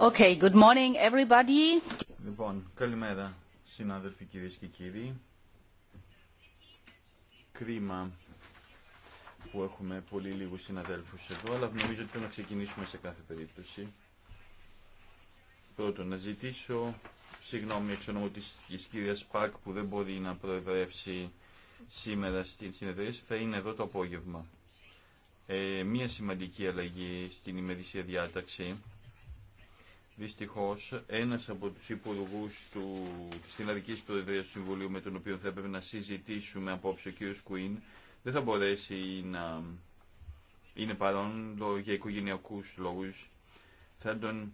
Okay, good morning everybody. Λοιπόν, καλημέρα συνάδελφοι κυρίες και κύριοι. Κρίμα που έχουμε πολύ λίγους συναδέλφους εδώ, αλλά νομίζω ότι πρέπει να ξεκινήσουμε σε κάθε περίπτωση. Πρώτον, να ζητήσω συγγνώμη εξ της, της κυρίας Πακ που δεν μπορεί να προεδρεύσει σήμερα στην συνεδρίαση, θα είναι εδώ το απόγευμα. Ε, μία σημαντική αλλαγή στην ημερησία διάταξη Δυστυχώ, ένας από τους υπουργούς του, της Προεδρία Προεδρίας του Συμβουλίου με τον οποίο θα έπρεπε να συζητήσουμε απόψε ο κ. Κουίν δεν θα μπορέσει να είναι παρόν για οικογενειακούς λόγους. Θα τον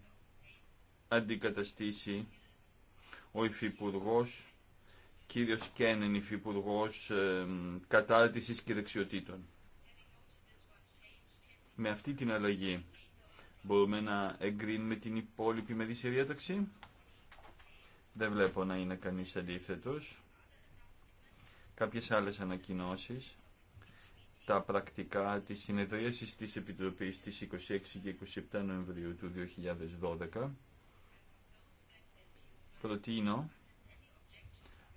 αντικαταστήσει ο υφυπουργό, κύριος Κένεν, υφυπουργό ε, κατάρτισης και δεξιοτήτων. Με αυτή την αλλαγή Μπορούμε να εγκρίνουμε την υπόλοιπη μερίσια διάταξη. Δεν βλέπω να είναι κανείς αντίθετος. Κάποιες άλλες ανακοινώσεις. Τα πρακτικά της συνεδρίασης της Επιτροπής της 26 και 27 Νοεμβρίου του 2012. Προτείνω,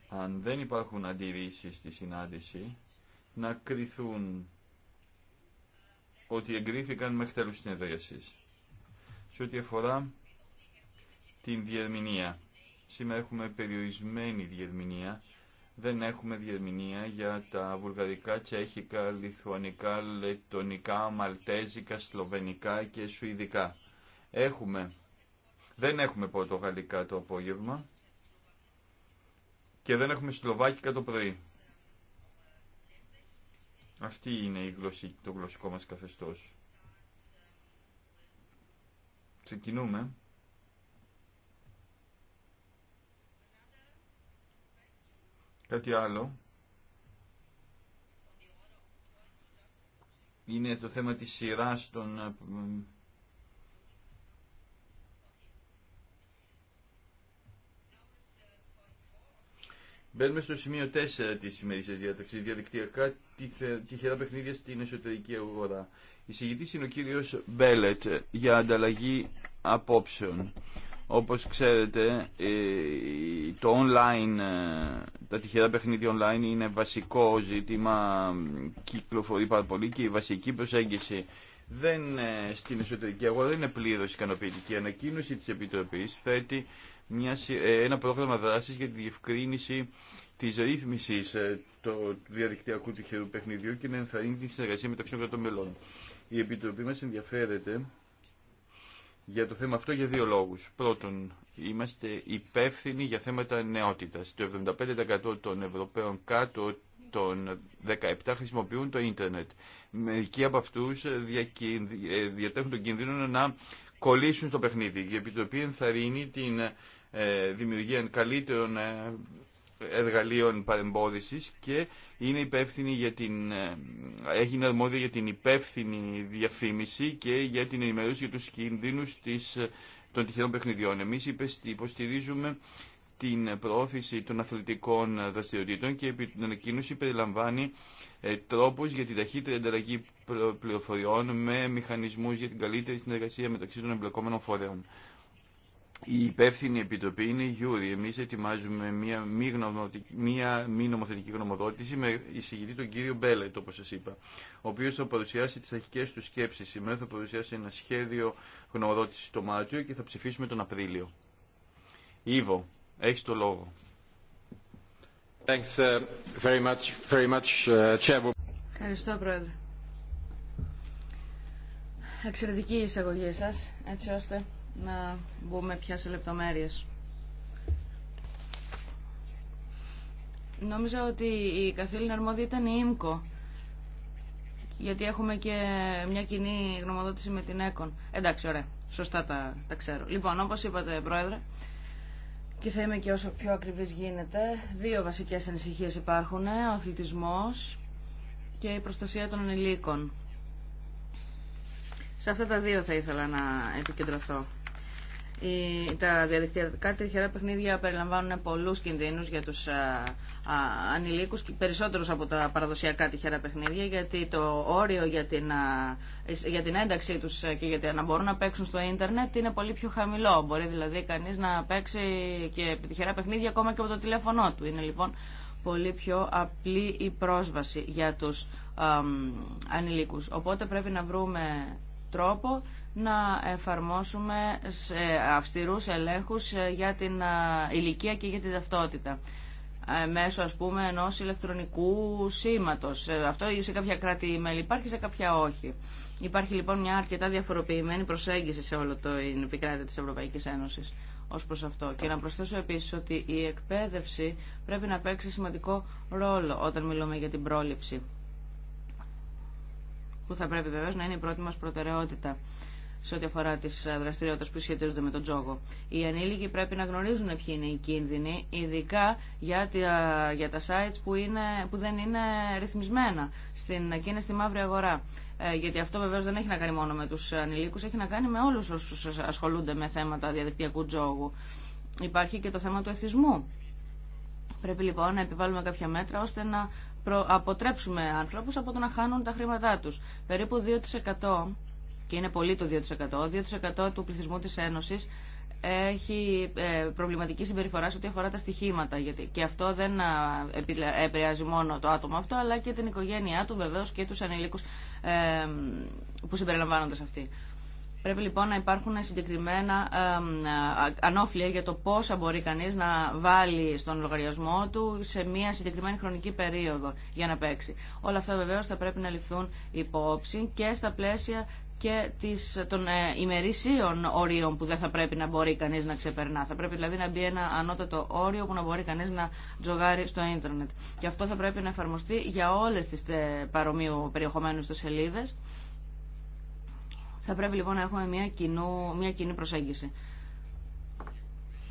αν δεν υπάρχουν αντιρρήσεις στη συνάντηση, να κριθούν ότι εγκρίθηκαν μέχρι τέλους συνεδρίασης σε ό,τι αφορά την διερμηνία. Σήμερα έχουμε περιορισμένη διερμηνία. Δεν έχουμε διερμηνία για τα βουλγαρικά, τσέχικα, λιθουανικά, λετονικά, μαλτέζικα, σλοβενικά και σουηδικά. Έχουμε. Δεν έχουμε πορτογαλικά το απόγευμα και δεν έχουμε σλοβάκικα το πρωί. Αυτή είναι η γλωσσή, το γλωσσικό μας καθεστώς. Ξεκινούμε. Κάτι άλλο. Είναι το θέμα της σειράς των ε, Μπαίνουμε στο σημείο 4 τη σημερινή διάταξη. διαδικτυακά τυχερά παιχνίδια στην εσωτερική αγορά. Η συγκριτή είναι ο κύριο Μπέλετ για ανταλλαγή απόψεων. Όπω ξέρετε, ε, το online, ε, τα τυχερά παιχνίδια online είναι βασικό ζήτημα, κυκλοφορεί πάρα πολύ και η βασική προσέγγιση δεν, ε, στην εσωτερική αγορά δεν είναι πλήρω ικανοποιητική. Η ανακοίνωση τη επιτροπή. θέτει μια, ε, ένα πρόγραμμα δράση για τη διευκρίνηση της ρύθμιση ε, του διαδικτυακού τυχερού παιχνιδιού και να ενθαρρύνει τη συνεργασία μεταξύ των κρατών μελών. Η Επιτροπή μα ενδιαφέρεται για το θέμα αυτό για δύο λόγους. Πρώτον, είμαστε υπεύθυνοι για θέματα νεότητας. Το 75% των Ευρωπαίων κάτω των 17 χρησιμοποιούν το ίντερνετ. Μερικοί από αυτούς ε, διατέχουν τον κίνδυνο να κολλήσουν στο παιχνίδι. Η Επιτροπή ενθαρρύνει την ε, δημιουργία καλύτερων ε, εργαλείων παρεμπόδισης και είναι υπεύθυνη για την, έγινε αρμόδια για την υπεύθυνη διαφήμιση και για την ενημερώση για τους κινδύνους της, ε, των τυχερών παιχνιδιών. Εμείς υποστηρίζουμε την προώθηση των αθλητικών δραστηριοτήτων και επί την ανακοίνωση περιλαμβάνει τρόπους για την ταχύτερη ανταλλαγή πληροφοριών με μηχανισμούς για την καλύτερη συνεργασία μεταξύ των εμπλεκόμενων φορέων. Η υπεύθυνη επιτροπή είναι η Γιούρη. Εμεί ετοιμάζουμε μία μη, μία μη νομοθετική γνωμοδότηση με εισηγητή τον κύριο Μπέλετ, όπω σα είπα, ο οποίο θα παρουσιάσει τι αρχικέ του σκέψει. Σήμερα θα παρουσιάσει ένα σχέδιο γνωμοδότηση το Μάρτιο και θα ψηφίσουμε τον Απρίλιο. Ήβο, έχει το λόγο. Thanks, uh, very much, very much, uh, Ευχαριστώ, Πρόεδρε. Εξαιρετική εισαγωγή σας, έτσι ώστε να μπούμε πια σε λεπτομέρειες. Νόμιζα ότι η καθήλυνα αρμόδια ήταν η ΙΜΚΟ, γιατί έχουμε και μια κοινή γνωμοδότηση με την ΕΚΟΝ. Εντάξει, ωραία. Σωστά τα, τα ξέρω. Λοιπόν, όπως είπατε, Πρόεδρε, και θα είμαι και όσο πιο ακριβής γίνεται, δύο βασικές ανησυχίες υπάρχουν, ο αθλητισμός και η προστασία των ενηλίκων. Σε αυτά τα δύο θα ήθελα να επικεντρωθώ τα διαδικτυακά τυχερά παιχνίδια περιλαμβάνουν πολλού κινδύνου για του ανηλίκους και από τα παραδοσιακά τυχερά παιχνίδια γιατί το όριο για την, για την ένταξή του και για να μπορούν να παίξουν στο ίντερνετ είναι πολύ πιο χαμηλό. Μπορεί δηλαδή κανεί να παίξει και τυχερά παιχνίδια ακόμα και από το τηλέφωνό του. Είναι λοιπόν πολύ πιο απλή η πρόσβαση για του ανηλίκους. Οπότε πρέπει να βρούμε τρόπο να εφαρμόσουμε σε αυστηρούς ελέγχους ε, για την ε, ηλικία και για την ταυτότητα ε, μέσω ας πούμε ενός ηλεκτρονικού σήματος. Αυτό σε κάποια κράτη μέλη υπάρχει, σε κάποια όχι. Υπάρχει λοιπόν μια αρκετά διαφοροποιημένη προσέγγιση σε όλο το επικράτη της Ευρωπαϊκής Ένωσης ως προς αυτό. Και να προσθέσω επίσης ότι η εκπαίδευση πρέπει να παίξει σημαντικό ρόλο όταν μιλούμε για την πρόληψη που θα πρέπει βεβαίως να είναι η πρώτη μας προτεραιότητα σε ό,τι αφορά τι δραστηριότητε που σχετίζονται με τον τζόγο. Οι ανήλικοι πρέπει να γνωρίζουν ποιοι είναι οι κίνδυνοι, ειδικά για τα, για τα sites που, είναι, που δεν είναι ρυθμισμένα στην, και είναι στη μαύρη αγορά. Ε, γιατί αυτό βεβαίω δεν έχει να κάνει μόνο με του ανηλίκου, έχει να κάνει με όλου όσου ασχολούνται με θέματα διαδικτυακού τζόγου. Υπάρχει και το θέμα του εθισμού. Πρέπει λοιπόν να επιβάλλουμε κάποια μέτρα ώστε να αποτρέψουμε ανθρώπους από το να χάνουν τα χρήματά τους. Περίπου 2% και είναι πολύ το 2%. 2% του πληθυσμού της Ένωσης έχει ε, προβληματική συμπεριφορά σε ό,τι αφορά τα στοιχήματα. Γιατί και αυτό δεν επηρεάζει μόνο το άτομο αυτό, αλλά και την οικογένειά του βεβαίω και του ανηλίκου ε, που συμπεριλαμβάνονται σε αυτή. Πρέπει λοιπόν να υπάρχουν συγκεκριμένα ε, ανώφλια για το πόσα μπορεί κανείς να βάλει στον λογαριασμό του σε μια συγκεκριμένη χρονική περίοδο για να παίξει. Όλα αυτά βεβαίως θα πρέπει να ληφθούν υπόψη και στα πλαίσια και της, των ε, ημερήσιων όριων που δεν θα πρέπει να μπορεί κανείς να ξεπερνά. Θα πρέπει δηλαδή να μπει ένα ανώτατο όριο που να μπορεί κανείς να τζογάρει στο ίντερνετ. Και αυτό θα πρέπει να εφαρμοστεί για όλες τις ε, παρομοίου περιεχομένου στο σελίδες. Θα πρέπει λοιπόν να έχουμε μια, μια κοινή προσέγγιση.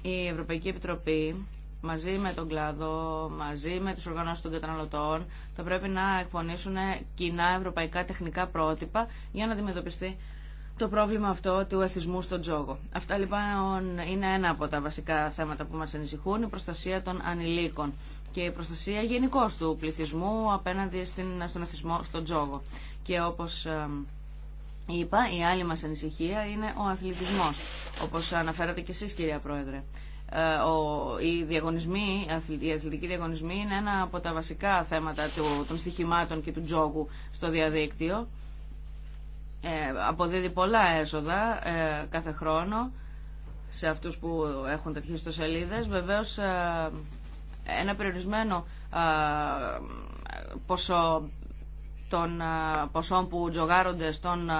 Η Ευρωπαϊκή Επιτροπή μαζί με τον κλάδο, μαζί με τις οργανώσεις των καταναλωτών, θα πρέπει να εκφωνήσουν κοινά ευρωπαϊκά τεχνικά πρότυπα για να αντιμετωπιστεί το πρόβλημα αυτό του εθισμού στον τζόγο. Αυτά λοιπόν είναι ένα από τα βασικά θέματα που μας ανησυχούν, η προστασία των ανηλίκων και η προστασία γενικώ του πληθυσμού απέναντι στον εθισμό στον τζόγο. Και όπως ε, είπα, η άλλη μας ανησυχία είναι ο αθλητισμός, όπως αναφέρατε και εσείς κυρία Πρόεδρε. Ε, ο, οι διαγωνισμοί, οι αθλητικοί διαγωνισμοί είναι ένα από τα βασικά θέματα του, των στοιχημάτων και του τζόγου στο διαδίκτυο. Ε, αποδίδει πολλά έσοδα ε, κάθε χρόνο σε αυτούς που έχουν τέτοιες ιστοσελίδες. Βεβαίως ε, ένα περιορισμένο ε, ποσό των ε, ποσών που τζογάρονται στον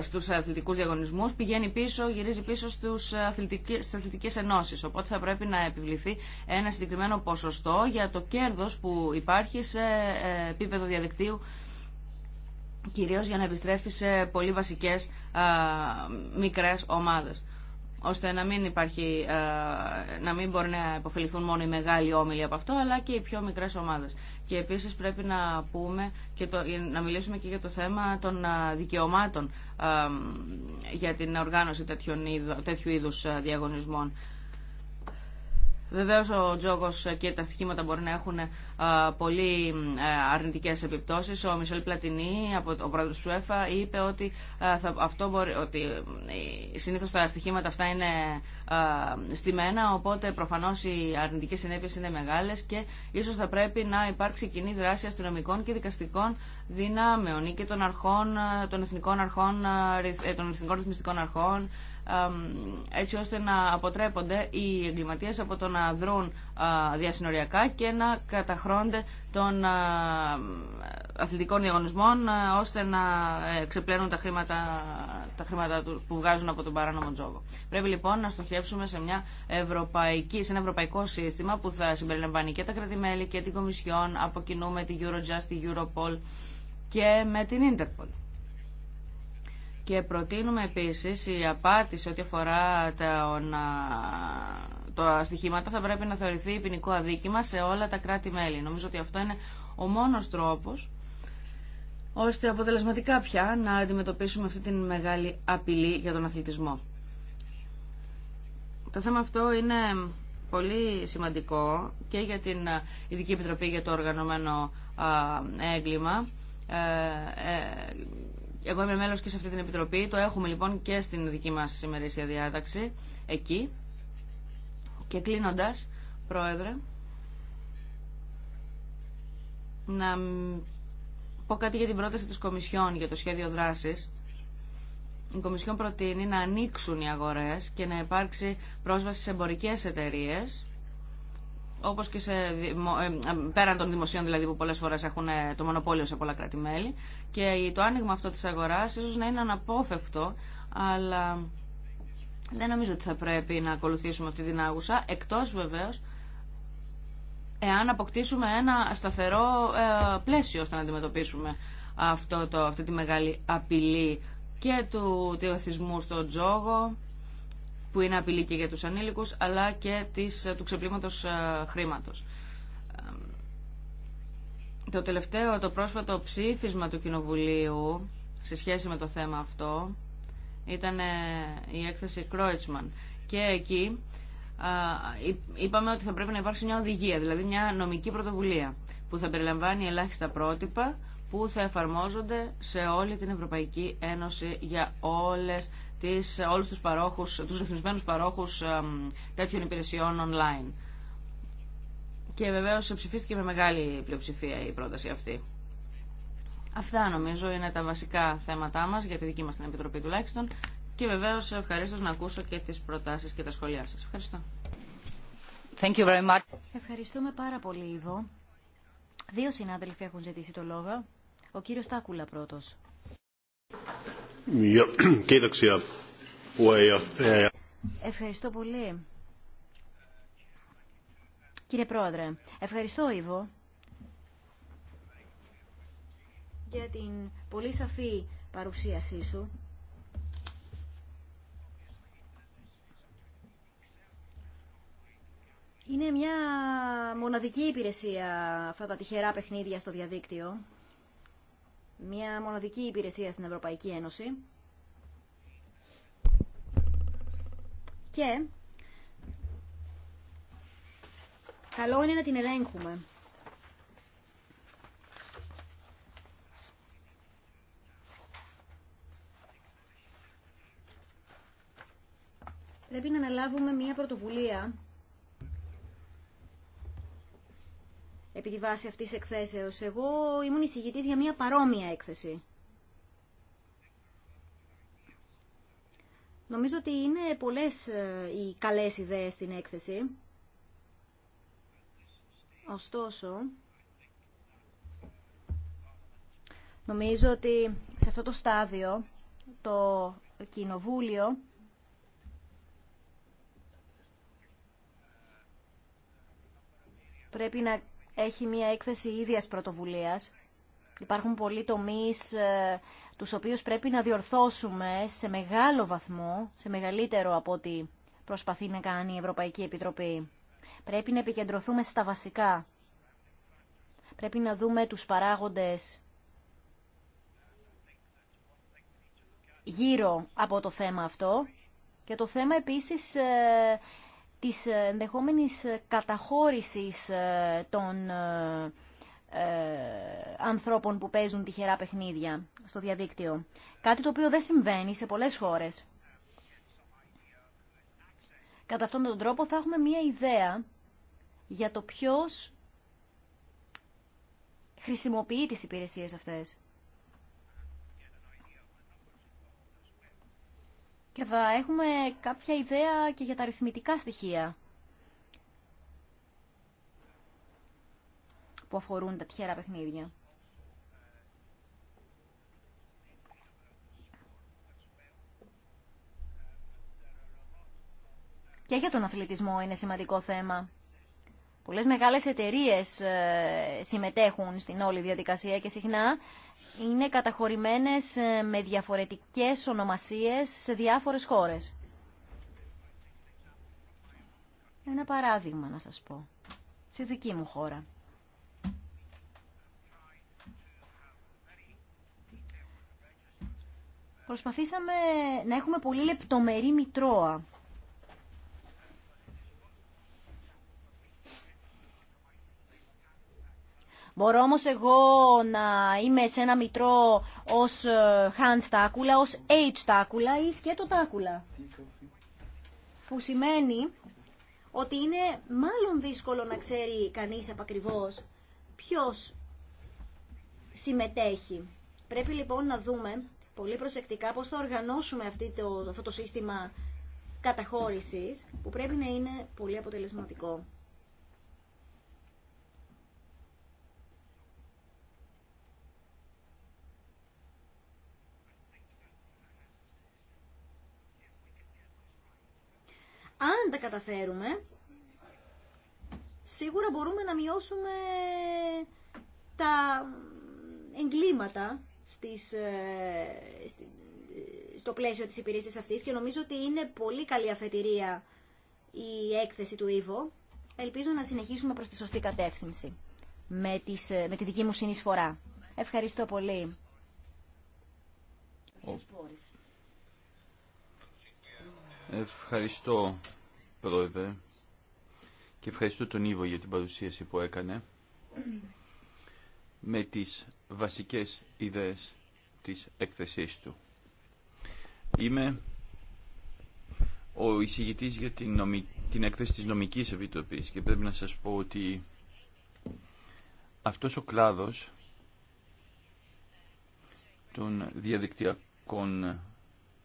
στους αθλητικούς διαγωνισμούς, πηγαίνει πίσω, γυρίζει πίσω στους ε, αθλητικές, στις αθλητικές ενώσεις. Οπότε θα πρέπει να επιβληθεί ένα συγκεκριμένο ποσοστό για το κέρδος που υπάρχει σε ε, επίπεδο διαδικτύου κυρίως για να επιστρέφει σε πολύ βασικές α, ε, μικρές ομάδες ώστε να μην, υπάρχει, ε, να μην μπορεί να υποφεληθούν μόνο οι μεγάλοι όμιλοι από αυτό, αλλά και οι πιο μικρές ομάδες. Και επίσης πρέπει να, πούμε και ε, να μιλήσουμε και για το θέμα των ε, δικαιωμάτων για την οργάνωση τέτοιου είδους διαγωνισμών. Βεβαίω ο τζόγο και τα στοιχήματα μπορεί να έχουν πολύ αρνητικέ επιπτώσει. Ο Μισελ Πλατινί, ο πρόεδρο του ΣΟΕΦΑ, είπε ότι, ότι ε, συνήθω τα στοιχήματα αυτά είναι στημένα, οπότε προφανώ οι αρνητικέ συνέπειε είναι μεγάλε και ίσω θα πρέπει να υπάρξει κοινή δράση αστυνομικών και δικαστικών δυνάμεων ή και των, αρχών, των εθνικών αρχών, ε, των εθνικών ρυθμιστικών αρχών, έτσι ώστε να αποτρέπονται οι εγκληματίες από το να δρουν διασυνοριακά και να καταχρώνται των αθλητικών διαγωνισμών ώστε να ε, ξεπλένουν τα χρήματα, τα που βγάζουν από τον παράνομο τζόγο. Πρέπει λοιπόν να στοχεύσουμε σε, μια ευρωπαϊκή, σε ένα ευρωπαϊκό σύστημα που θα συμπεριλαμβάνει και τα κρατημέλη και την Κομισιόν, από κοινού με την Eurojust, την Europol και με την Interpol. Και προτείνουμε επίσης η απάτη ό,τι αφορά τα, τα στοιχήματα θα πρέπει να θεωρηθεί ποινικό αδίκημα σε όλα τα κράτη-μέλη. Νομίζω ότι αυτό είναι ο μόνος τρόπος ώστε αποτελεσματικά πια να αντιμετωπίσουμε αυτή την μεγάλη απειλή για τον αθλητισμό. Το θέμα αυτό είναι πολύ σημαντικό και για την Ειδική Επιτροπή για το Οργανωμένο Έγκλημα ε, ε, εγώ είμαι μέλος και σε αυτή την επιτροπή. Το έχουμε λοιπόν και στην δική μας ημερήσια διάταξη εκεί. Και κλείνοντας, Πρόεδρε, να πω κάτι για την πρόταση της Κομισιόν για το σχέδιο δράσης. Η Κομισιόν προτείνει να ανοίξουν οι αγορές και να υπάρξει πρόσβαση σε εμπορικές εταιρείε, όπως και σε, ε, ε, πέραν των δημοσίων δηλαδή που πολλές φορές έχουν ε, το μονοπόλιο σε πολλά κράτη-μέλη και το άνοιγμα αυτό της αγοράς ίσως να είναι αναπόφευκτο, αλλά δεν νομίζω ότι θα πρέπει να ακολουθήσουμε αυτή την άγουσα, εκτός βεβαίως εάν αποκτήσουμε ένα σταθερό ε, πλαίσιο ώστε να αντιμετωπίσουμε αυτό το, αυτή τη μεγάλη απειλή και του διοθισμού στο τζόγο, που είναι απειλή και για τους ανήλικους, αλλά και της, του ξεπλήματος ε, χρήματος. Το τελευταίο, το πρόσφατο ψήφισμα του Κοινοβουλίου σε σχέση με το θέμα αυτό ήταν η έκθεση Κρόιτσμαν. Και εκεί είπαμε ότι θα πρέπει να υπάρξει μια οδηγία, δηλαδή μια νομική πρωτοβουλία που θα περιλαμβάνει ελάχιστα πρότυπα που θα εφαρμόζονται σε όλη την Ευρωπαϊκή Ένωση για όλες τις, όλους τους, παρόχους, τους ρυθμισμένους παρόχους τέτοιων υπηρεσιών online. Και βεβαίως ψηφίστηκε με μεγάλη πλειοψηφία η πρόταση αυτή. Αυτά νομίζω είναι τα βασικά θέματά μας για τη δική μας την Επιτροπή τουλάχιστον και βεβαίως ευχαριστώ να ακούσω και τις προτάσεις και τα σχόλιά σας. Ευχαριστώ. Thank you very much. Ευχαριστούμε πάρα πολύ, Ιβο. Δύο συνάδελφοι έχουν ζητήσει το λόγο. Ο κύριος Τάκουλα πρώτος. Ε, ε, ε, ευχαριστώ πολύ. Κύριε Πρόεδρε, ευχαριστώ Ιβο για την πολύ σαφή παρουσίασή σου. Είναι μια μοναδική υπηρεσία αυτά τα τυχερά παιχνίδια στο διαδίκτυο. Μια μοναδική υπηρεσία στην Ευρωπαϊκή Ένωση. Και Καλό είναι να την ελέγχουμε. Πρέπει να αναλάβουμε μία πρωτοβουλία επί τη βάση αυτής της εκθέσεως. Εγώ ήμουν εισηγητής για μία παρόμοια έκθεση. Νομίζω ότι είναι πολλές ε, οι καλές ιδέες στην έκθεση. Ωστόσο, νομίζω ότι σε αυτό το στάδιο το Κοινοβούλιο πρέπει να έχει μια έκθεση ίδιας πρωτοβουλίας. Υπάρχουν πολλοί τομείς ε, τους οποίους πρέπει να διορθώσουμε σε μεγάλο βαθμό, σε μεγαλύτερο από ό,τι προσπαθεί να κάνει η Ευρωπαϊκή Επιτροπή. Πρέπει να επικεντρωθούμε στα βασικά. Πρέπει να δούμε τους παράγοντες γύρω από το θέμα αυτό και το θέμα επίσης ε, της ενδεχόμενης καταχώρησης ε, των ε, ανθρώπων που παίζουν τυχερά παιχνίδια στο διαδίκτυο. Κάτι το οποίο δεν συμβαίνει σε πολλές χώρες. Κατά αυτόν τον τρόπο θα έχουμε μία ιδέα για το ποιος χρησιμοποιεί τις υπηρεσίες αυτές. Και θα έχουμε κάποια ιδέα και για τα αριθμητικά στοιχεία που αφορούν τα τυχερά παιχνίδια. και για τον αθλητισμό είναι σημαντικό θέμα. Πολλές μεγάλες εταιρείες ε, συμμετέχουν στην όλη διαδικασία και συχνά είναι καταχωρημένες ε, με διαφορετικές ονομασίες σε διάφορες χώρες. Ένα παράδειγμα να σας πω. Στη δική μου χώρα. Προσπαθήσαμε να έχουμε πολύ λεπτομερή μητρώα Μπορώ όμω εγώ να είμαι σε ένα μητρό ως ε, Hans Τάκουλα, ως H Τάκουλα ή σκέτο Τάκουλα. Που σημαίνει ότι είναι μάλλον δύσκολο να ξέρει κανείς ακριβώ ποιος συμμετέχει. Πρέπει λοιπόν να δούμε πολύ προσεκτικά πώς θα οργανώσουμε αυτή το, αυτό το σύστημα καταχώρησης που πρέπει να είναι πολύ αποτελεσματικό. καταφέρουμε, σίγουρα μπορούμε να μειώσουμε τα εγκλήματα στις, ε, ε, στο πλαίσιο της υπηρεσίας αυτής και νομίζω ότι είναι πολύ καλή αφετηρία η έκθεση του Ήβο. Ελπίζω να συνεχίσουμε προς τη σωστή κατεύθυνση με, τις, ε, με τη δική μου συνεισφορά. Ευχαριστώ πολύ. Ευχαριστώ. Πρόεδρε και ευχαριστώ τον Ήβο για την παρουσίαση που έκανε με τις βασικές ιδέες της έκθεσής του. Είμαι ο εισηγητής για την, την έκθεση της νομικής επιτροπής και πρέπει να σας πω ότι αυτός ο κλάδος των διαδικτυακών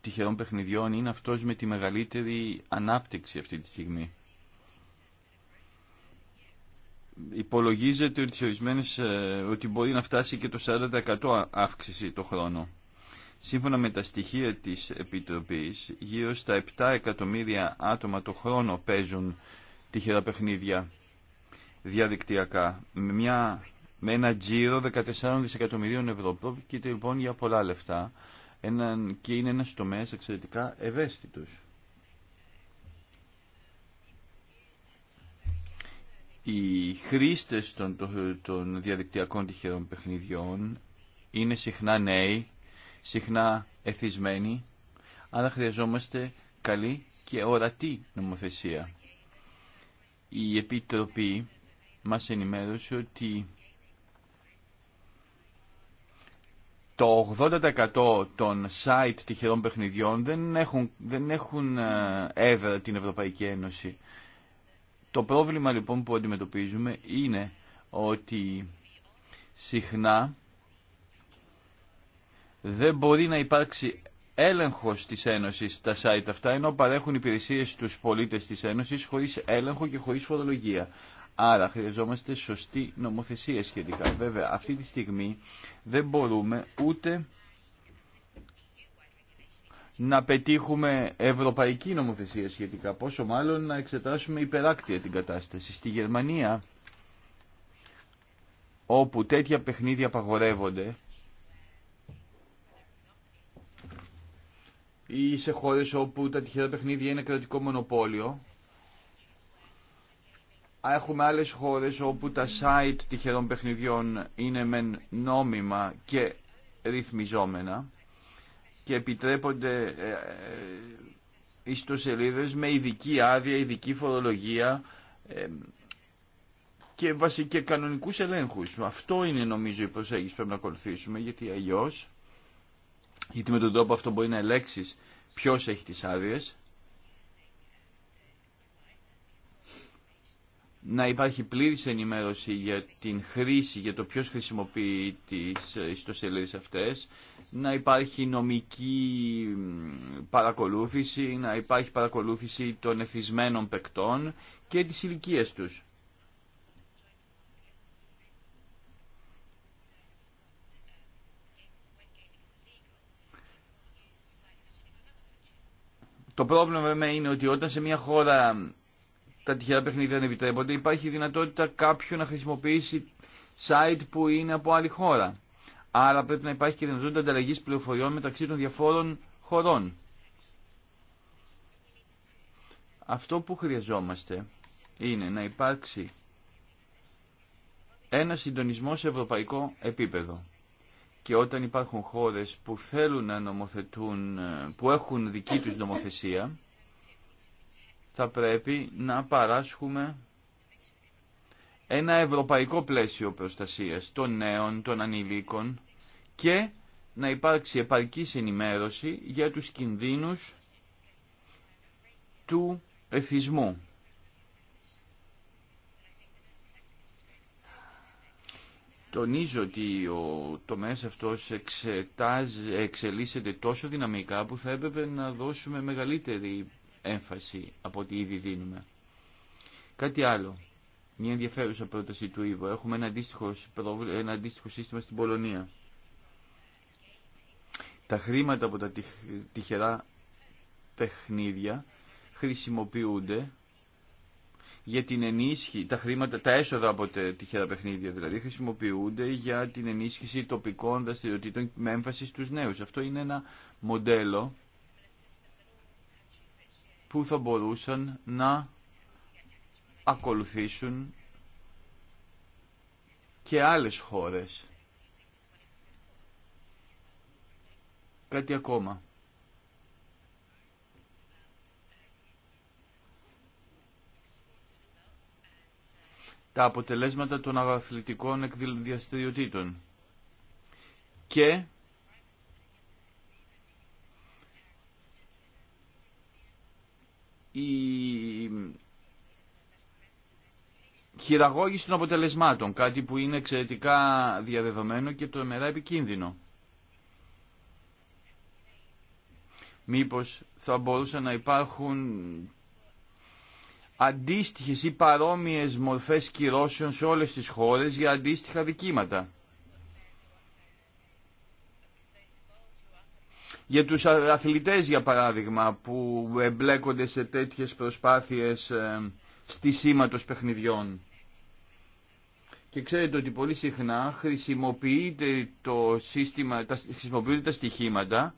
τυχερών παιχνιδιών είναι αυτός με τη μεγαλύτερη ανάπτυξη αυτή τη στιγμή. Υπολογίζεται ότι, ορισμένες, ε, ότι μπορεί να φτάσει και το 40% αύξηση το χρόνο. Σύμφωνα με τα στοιχεία της Επιτροπής, γύρω στα 7 εκατομμύρια άτομα το χρόνο παίζουν τυχερά παιχνίδια διαδικτυακά. Με, μια, με ένα τζίρο 14 δισεκατομμυρίων ευρώ. Πρόκειται λοιπόν για πολλά λεφτά έναν, και είναι ένας τομέας εξαιρετικά ευαίσθητος. Οι χρήστες των, των διαδικτυακών τυχερών παιχνιδιών είναι συχνά νέοι, συχνά εθισμένοι, άρα χρειαζόμαστε καλή και ορατή νομοθεσία. Η Επιτροπή μας ενημέρωσε ότι το 80% των site τυχερών παιχνιδιών δεν έχουν, δεν έχουν έδρα ε, την Ευρωπαϊκή Ένωση. Το πρόβλημα λοιπόν που αντιμετωπίζουμε είναι ότι συχνά δεν μπορεί να υπάρξει έλεγχος της Ένωσης στα site αυτά, ενώ παρέχουν υπηρεσίες στους πολίτες της Ένωσης χωρίς έλεγχο και χωρίς φορολογία. Άρα χρειαζόμαστε σωστή νομοθεσία σχετικά. Ε, βέβαια αυτή τη στιγμή δεν μπορούμε ούτε να πετύχουμε ευρωπαϊκή νομοθεσία σχετικά, πόσο μάλλον να εξετάσουμε υπεράκτια την κατάσταση. Στη Γερμανία, όπου τέτοια παιχνίδια απαγορεύονται, ή σε χώρες όπου τα τυχερά παιχνίδια είναι κρατικό μονοπόλιο, έχουμε άλλες χώρες όπου τα site τυχερών παιχνιδιών είναι μεν νόμιμα και ρυθμιζόμενα και επιτρέπονται ε, ε, ιστοσελίδες με ειδική άδεια, ειδική φορολογία ε, και βασικά κανονικούς ελέγχους. Αυτό είναι νομίζω η προσέγγιση που πρέπει να ακολουθήσουμε γιατί αλλιώς, γιατί με τον τρόπο αυτό μπορεί να ελέξεις ποιος έχει τις άδειες να υπάρχει πλήρης ενημέρωση για την χρήση, για το ποιος χρησιμοποιεί τις ιστοσελίδες αυτές, να υπάρχει νομική παρακολούθηση, να υπάρχει παρακολούθηση των εφισμένων παικτών και τις ηλικίε τους. Το πρόβλημα βέβαια είναι ότι όταν σε μια χώρα τα τυχερά παιχνίδια δεν επιτρέπονται, υπάρχει δυνατότητα κάποιου να χρησιμοποιήσει site που είναι από άλλη χώρα. Άρα πρέπει να υπάρχει και δυνατότητα ανταλλαγή πληροφοριών μεταξύ των διαφόρων χωρών. Αυτό που χρειαζόμαστε είναι να υπάρξει ένα συντονισμό σε ευρωπαϊκό επίπεδο. Και όταν υπάρχουν χώρες που θέλουν να νομοθετούν, ε, που έχουν δική τους νομοθεσία, θα πρέπει να παράσχουμε ένα ευρωπαϊκό πλαίσιο προστασίας των νέων, των ανηλίκων και να υπάρξει επαρκής ενημέρωση για τους κινδύνους του εθισμού. Τονίζω ότι ο τομέας αυτός εξετάζει, εξελίσσεται τόσο δυναμικά που θα έπρεπε να δώσουμε μεγαλύτερη έμφαση από ό,τι ήδη δίνουμε. Κάτι άλλο. Μια ενδιαφέρουσα πρόταση του Ήβο. Έχουμε ένα αντίστοιχο, σύστημα στην Πολωνία. Τα χρήματα από τα τυχερά παιχνίδια χρησιμοποιούνται για την ενίσχυση, τα χρήματα, τα έσοδα από τα τυχερά παιχνίδια δηλαδή χρησιμοποιούνται για την ενίσχυση τοπικών δραστηριοτήτων με έμφαση στους νέους. Αυτό είναι ένα μοντέλο που θα μπορούσαν να ακολουθήσουν και άλλες χώρες. Κάτι ακόμα. τα αποτελέσματα των αγαθλητικών εκδηλωτιαστηριοτήτων και η χειραγώγηση των αποτελεσμάτων, κάτι που είναι εξαιρετικά διαδεδομένο και το επικίνδυνο. Μήπως θα μπορούσαν να υπάρχουν αντίστοιχες ή παρόμοιες μορφές κυρώσεων σε όλες τις χώρες για αντίστοιχα δικήματα. Για τους αθλητές, για παράδειγμα, που εμπλέκονται σε τέτοιες προσπάθειες ε, στισίματος παιχνιδιών. Και ξέρετε ότι πολύ συχνά χρησιμοποιείται το σύστημα, τα, χρησιμοποιούνται τα στοιχήματα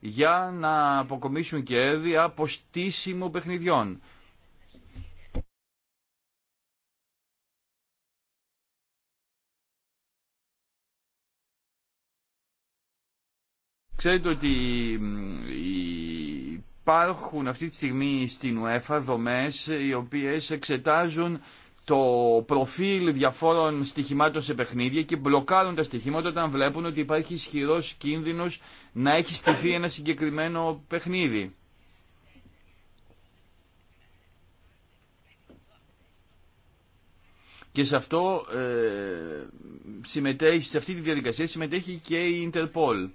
για να αποκομίσουν κέρδη από στήσιμο παιχνιδιών. Ξέρετε ότι υπάρχουν αυτή τη στιγμή στην UEFA δομές οι οποίες εξετάζουν το προφίλ διαφόρων στοιχημάτων σε παιχνίδια και μπλοκάρουν τα στοιχήματα όταν βλέπουν ότι υπάρχει ισχυρό κίνδυνος να έχει στηθεί ένα συγκεκριμένο παιχνίδι. Και σε αυτό ε, συμμετέχει, σε αυτή τη διαδικασία συμμετέχει και η Interpol.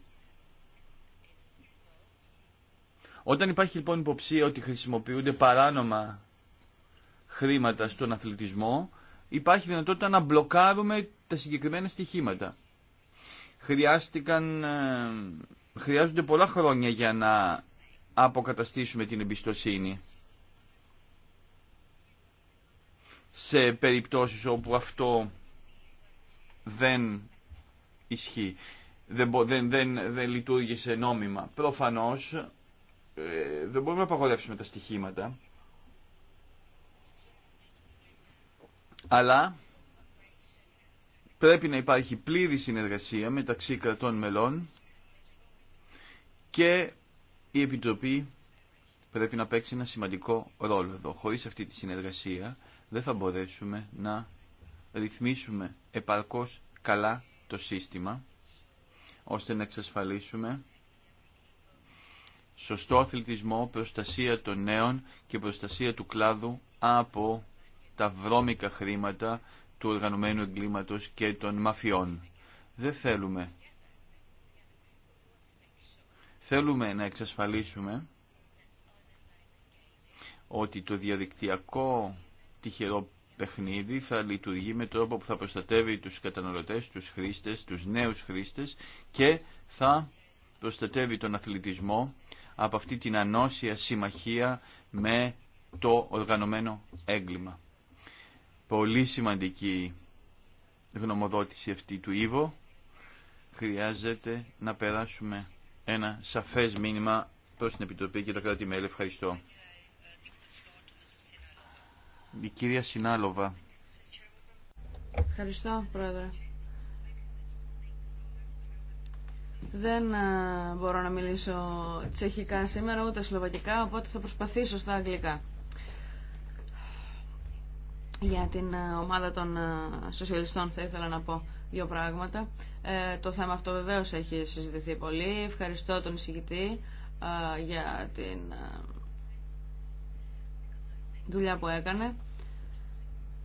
Όταν υπάρχει λοιπόν υποψία ότι χρησιμοποιούνται παράνομα χρήματα στον αθλητισμό, υπάρχει δυνατότητα να μπλοκάρουμε τα συγκεκριμένα στοιχήματα. Χρειάστηκαν, ε, χρειάζονται πολλά χρόνια για να αποκαταστήσουμε την εμπιστοσύνη σε περιπτώσεις όπου αυτό δεν ισχύει, δεν, δεν, δεν, δεν λειτουργήσε νόμιμα. Προφανώς ε, δεν μπορούμε να απαγορεύσουμε τα στοιχήματα. Αλλά πρέπει να υπάρχει πλήρη συνεργασία μεταξύ κρατών μελών και η Επιτροπή πρέπει να παίξει ένα σημαντικό ρόλο εδώ. Χωρίς αυτή τη συνεργασία δεν θα μπορέσουμε να ρυθμίσουμε επαρκώς καλά το σύστημα ώστε να εξασφαλίσουμε σωστό αθλητισμό, προστασία των νέων και προστασία του κλάδου από τα βρώμικα χρήματα του οργανωμένου εγκλήματος και των μαφιών. Δεν θέλουμε. Θέλουμε να εξασφαλίσουμε ότι το διαδικτυακό τυχερό παιχνίδι θα λειτουργεί με τρόπο που θα προστατεύει τους καταναλωτές, τους χρήστες, τους νέους χρήστες και θα προστατεύει τον αθλητισμό από αυτή την ανώσια συμμαχία με το οργανωμένο έγκλημα. Πολύ σημαντική γνωμοδότηση αυτή του Ήβο. Χρειάζεται να περάσουμε ένα σαφές μήνυμα προς την Επιτροπή και τα κράτη-μέλη. Ευχαριστώ. Η κυρία Συνάλοβα. Ευχαριστώ, Πρόεδρε. Δεν ε, μπορώ να μιλήσω τσεχικά σήμερα, ούτε σλοβακικά, οπότε θα προσπαθήσω στα αγγλικά. Για την ε, ομάδα των ε, σοσιαλιστών θα ήθελα να πω δύο πράγματα. το θέμα αυτό βεβαίως έχει συζητηθεί πολύ. Ευχαριστώ τον εισηγητή για την δουλειά που έκανε.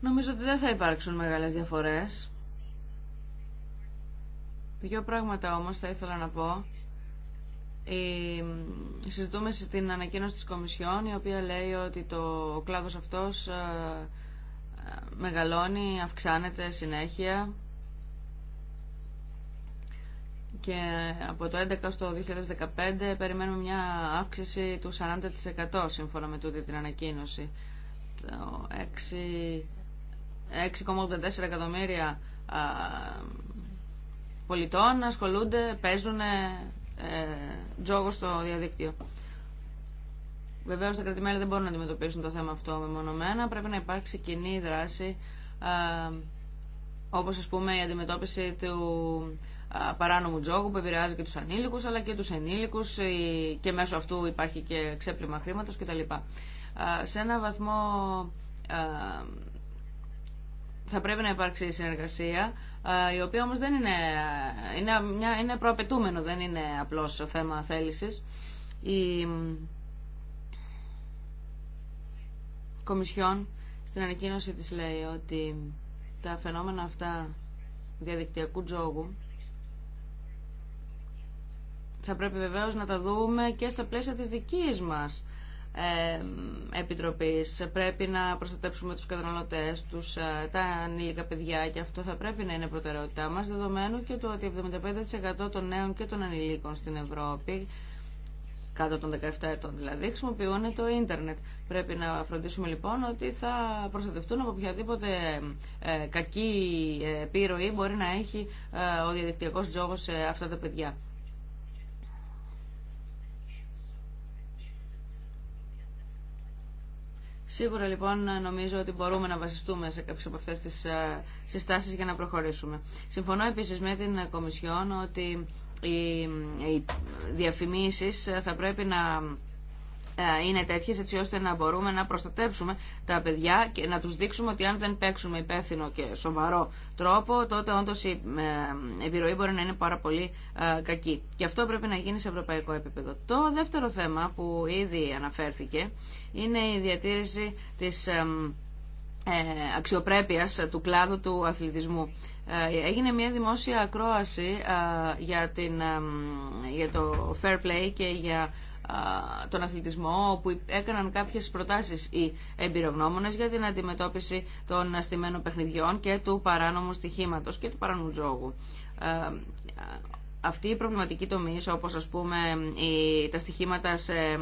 Νομίζω ότι δεν θα υπάρξουν μεγάλες διαφορές. Δύο πράγματα όμως θα ήθελα να πω. Συζητούμε την ανακοίνωση της Κομισιόν η οποία λέει ότι το κλάδος αυτός ε, ε, μεγαλώνει, αυξάνεται συνέχεια και από το 2011 στο 2015 περιμένουμε μια αύξηση του 40% σύμφωνα με τούτη την ανακοίνωση. 6,84 εκατομμύρια πολιτών ασχολούνται, παίζουν ε, τζόγο στο διαδίκτυο. Βεβαίω τα κρατημέρια δεν μπορούν να αντιμετωπίσουν το θέμα αυτό μεμονωμένα. Πρέπει να υπάρξει κοινή δράση, όπως ας πούμε η αντιμετώπιση του παράνομου τζόγου που επηρεάζει και τους ανήλικους αλλά και τους ενήλικους και μέσω αυτού υπάρχει και ξέπλυμα χρήματος κτλ. Σε ένα βαθμό θα πρέπει να υπάρξει συνεργασία, η οποία όμως δεν είναι, είναι, μια, είναι προαπαιτούμενο, δεν είναι απλώς θέμα θέλησης. Η Κομισιόν στην ανακοίνωση της λέει ότι τα φαινόμενα αυτά διαδικτυακού τζόγου θα πρέπει βεβαίως να τα δούμε και στα πλαίσια της δικής μας ε, επιτροπής. Πρέπει να προστατεύσουμε τους καταναλωτές, τους, ε, τα ανήλικα παιδιά και αυτό θα πρέπει να είναι προτεραιότητά μας, δεδομένου και του ότι 75% των νέων και των ανηλίκων στην Ευρώπη κάτω των 17 ετών δηλαδή, χρησιμοποιούν το ίντερνετ. Πρέπει να φροντίσουμε λοιπόν ότι θα προστατευτούν από οποιαδήποτε ε, κακή πύροη μπορεί να έχει ο διαδικτυακός τζόγος σε αυτά τα παιδιά. Σίγουρα λοιπόν νομίζω ότι μπορούμε να βασιστούμε σε κάποιε από αυτέ τι ε, συστάσει για να προχωρήσουμε. Συμφωνώ επίση με την Κομισιόν ότι οι διαφημίσει θα πρέπει να ε, είναι τέτοιε έτσι ώστε να μπορούμε να προστατεύσουμε τα παιδιά και να τους δείξουμε ότι αν δεν παίξουμε υπεύθυνο και σοβαρό τρόπο τότε όντω ε, η επιρροή μπορεί να είναι πάρα πολύ ε, κακή. Και αυτό πρέπει να γίνει σε ευρωπαϊκό επίπεδο. Το δεύτερο θέμα που ήδη αναφέρθηκε είναι η διατήρηση της αξιοπρέπειας του κλάδου του αθλητισμού. Έγινε μια δημόσια ακρόαση για, την, για το fair play και για τον αθλητισμό όπου έκαναν κάποιες προτάσεις οι εμπειρογνώμονε για την αντιμετώπιση των αστημένων παιχνιδιών και του παράνομου στοιχήματο και του παράνομου τζόγου. Ε, αυτή η προβληματική τομή όπως ας πούμε τα στοιχήματα σε ε,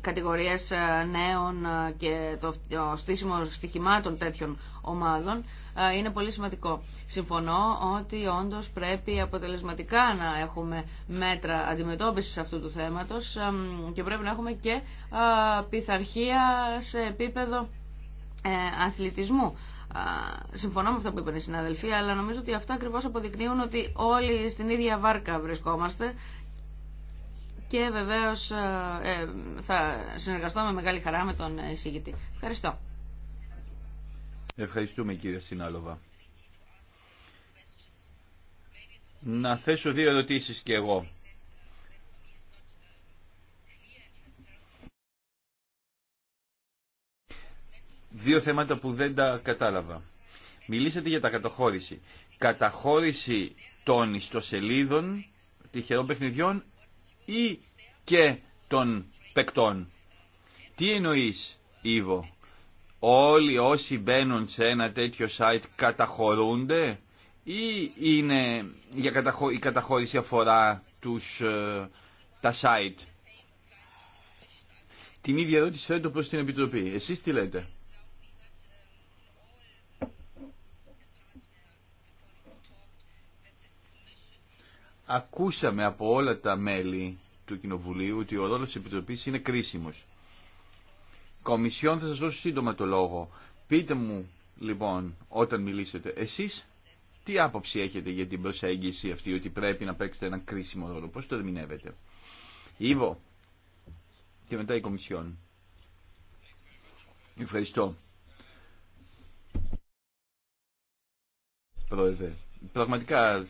κατηγορίες ε, νέων και το στήσιμο στοιχημάτων τέτοιων ομάδων είναι πολύ σημαντικό. Συμφωνώ ότι όντως πρέπει αποτελεσματικά να έχουμε μέτρα αντιμετώπισης αυτού του θέματος και πρέπει να έχουμε και πειθαρχία σε επίπεδο ε, αθλητισμού. Συμφωνώ με αυτό που είπαν οι συναδελφοί, αλλά νομίζω ότι αυτά ακριβώ αποδεικνύουν ότι όλοι στην ίδια βάρκα βρισκόμαστε και βεβαίως ε, ε, θα συνεργαστώ με μεγάλη χαρά με τον εισηγητή. Ευχαριστώ. Ευχαριστούμε κύριε Σινάλοβα. Να θέσω δύο ερωτήσεις και εγώ. Δύο θέματα που δεν τα κατάλαβα. Μιλήσατε για τα καταχώρηση. Καταχώρηση των ιστοσελίδων τυχερών παιχνιδιών ή και των παικτών. Τι εννοείς, Ήβο, όλοι όσοι μπαίνουν σε ένα τέτοιο site καταχωρούνται ή είναι για καταχω... η καταχώρηση αφορά τους, ε, τα site. Την ίδια ερώτηση θέτω προς την Επιτροπή. Εσείς τι λέτε. Ακούσαμε από όλα τα μέλη του Κοινοβουλίου ότι ο ρόλος της Επιτροπής είναι κρίσιμος. Κομισιόν θα σας δώσω σύντομα το λόγο. Πείτε μου λοιπόν όταν μιλήσετε εσείς τι άποψη έχετε για την προσέγγιση αυτή ότι πρέπει να παίξετε ένα κρίσιμο ρόλο. Πώς το ερμηνεύετε. Ήβο και μετά η Κομισιόν. Ευχαριστώ. Πρόεδρε, πραγματικά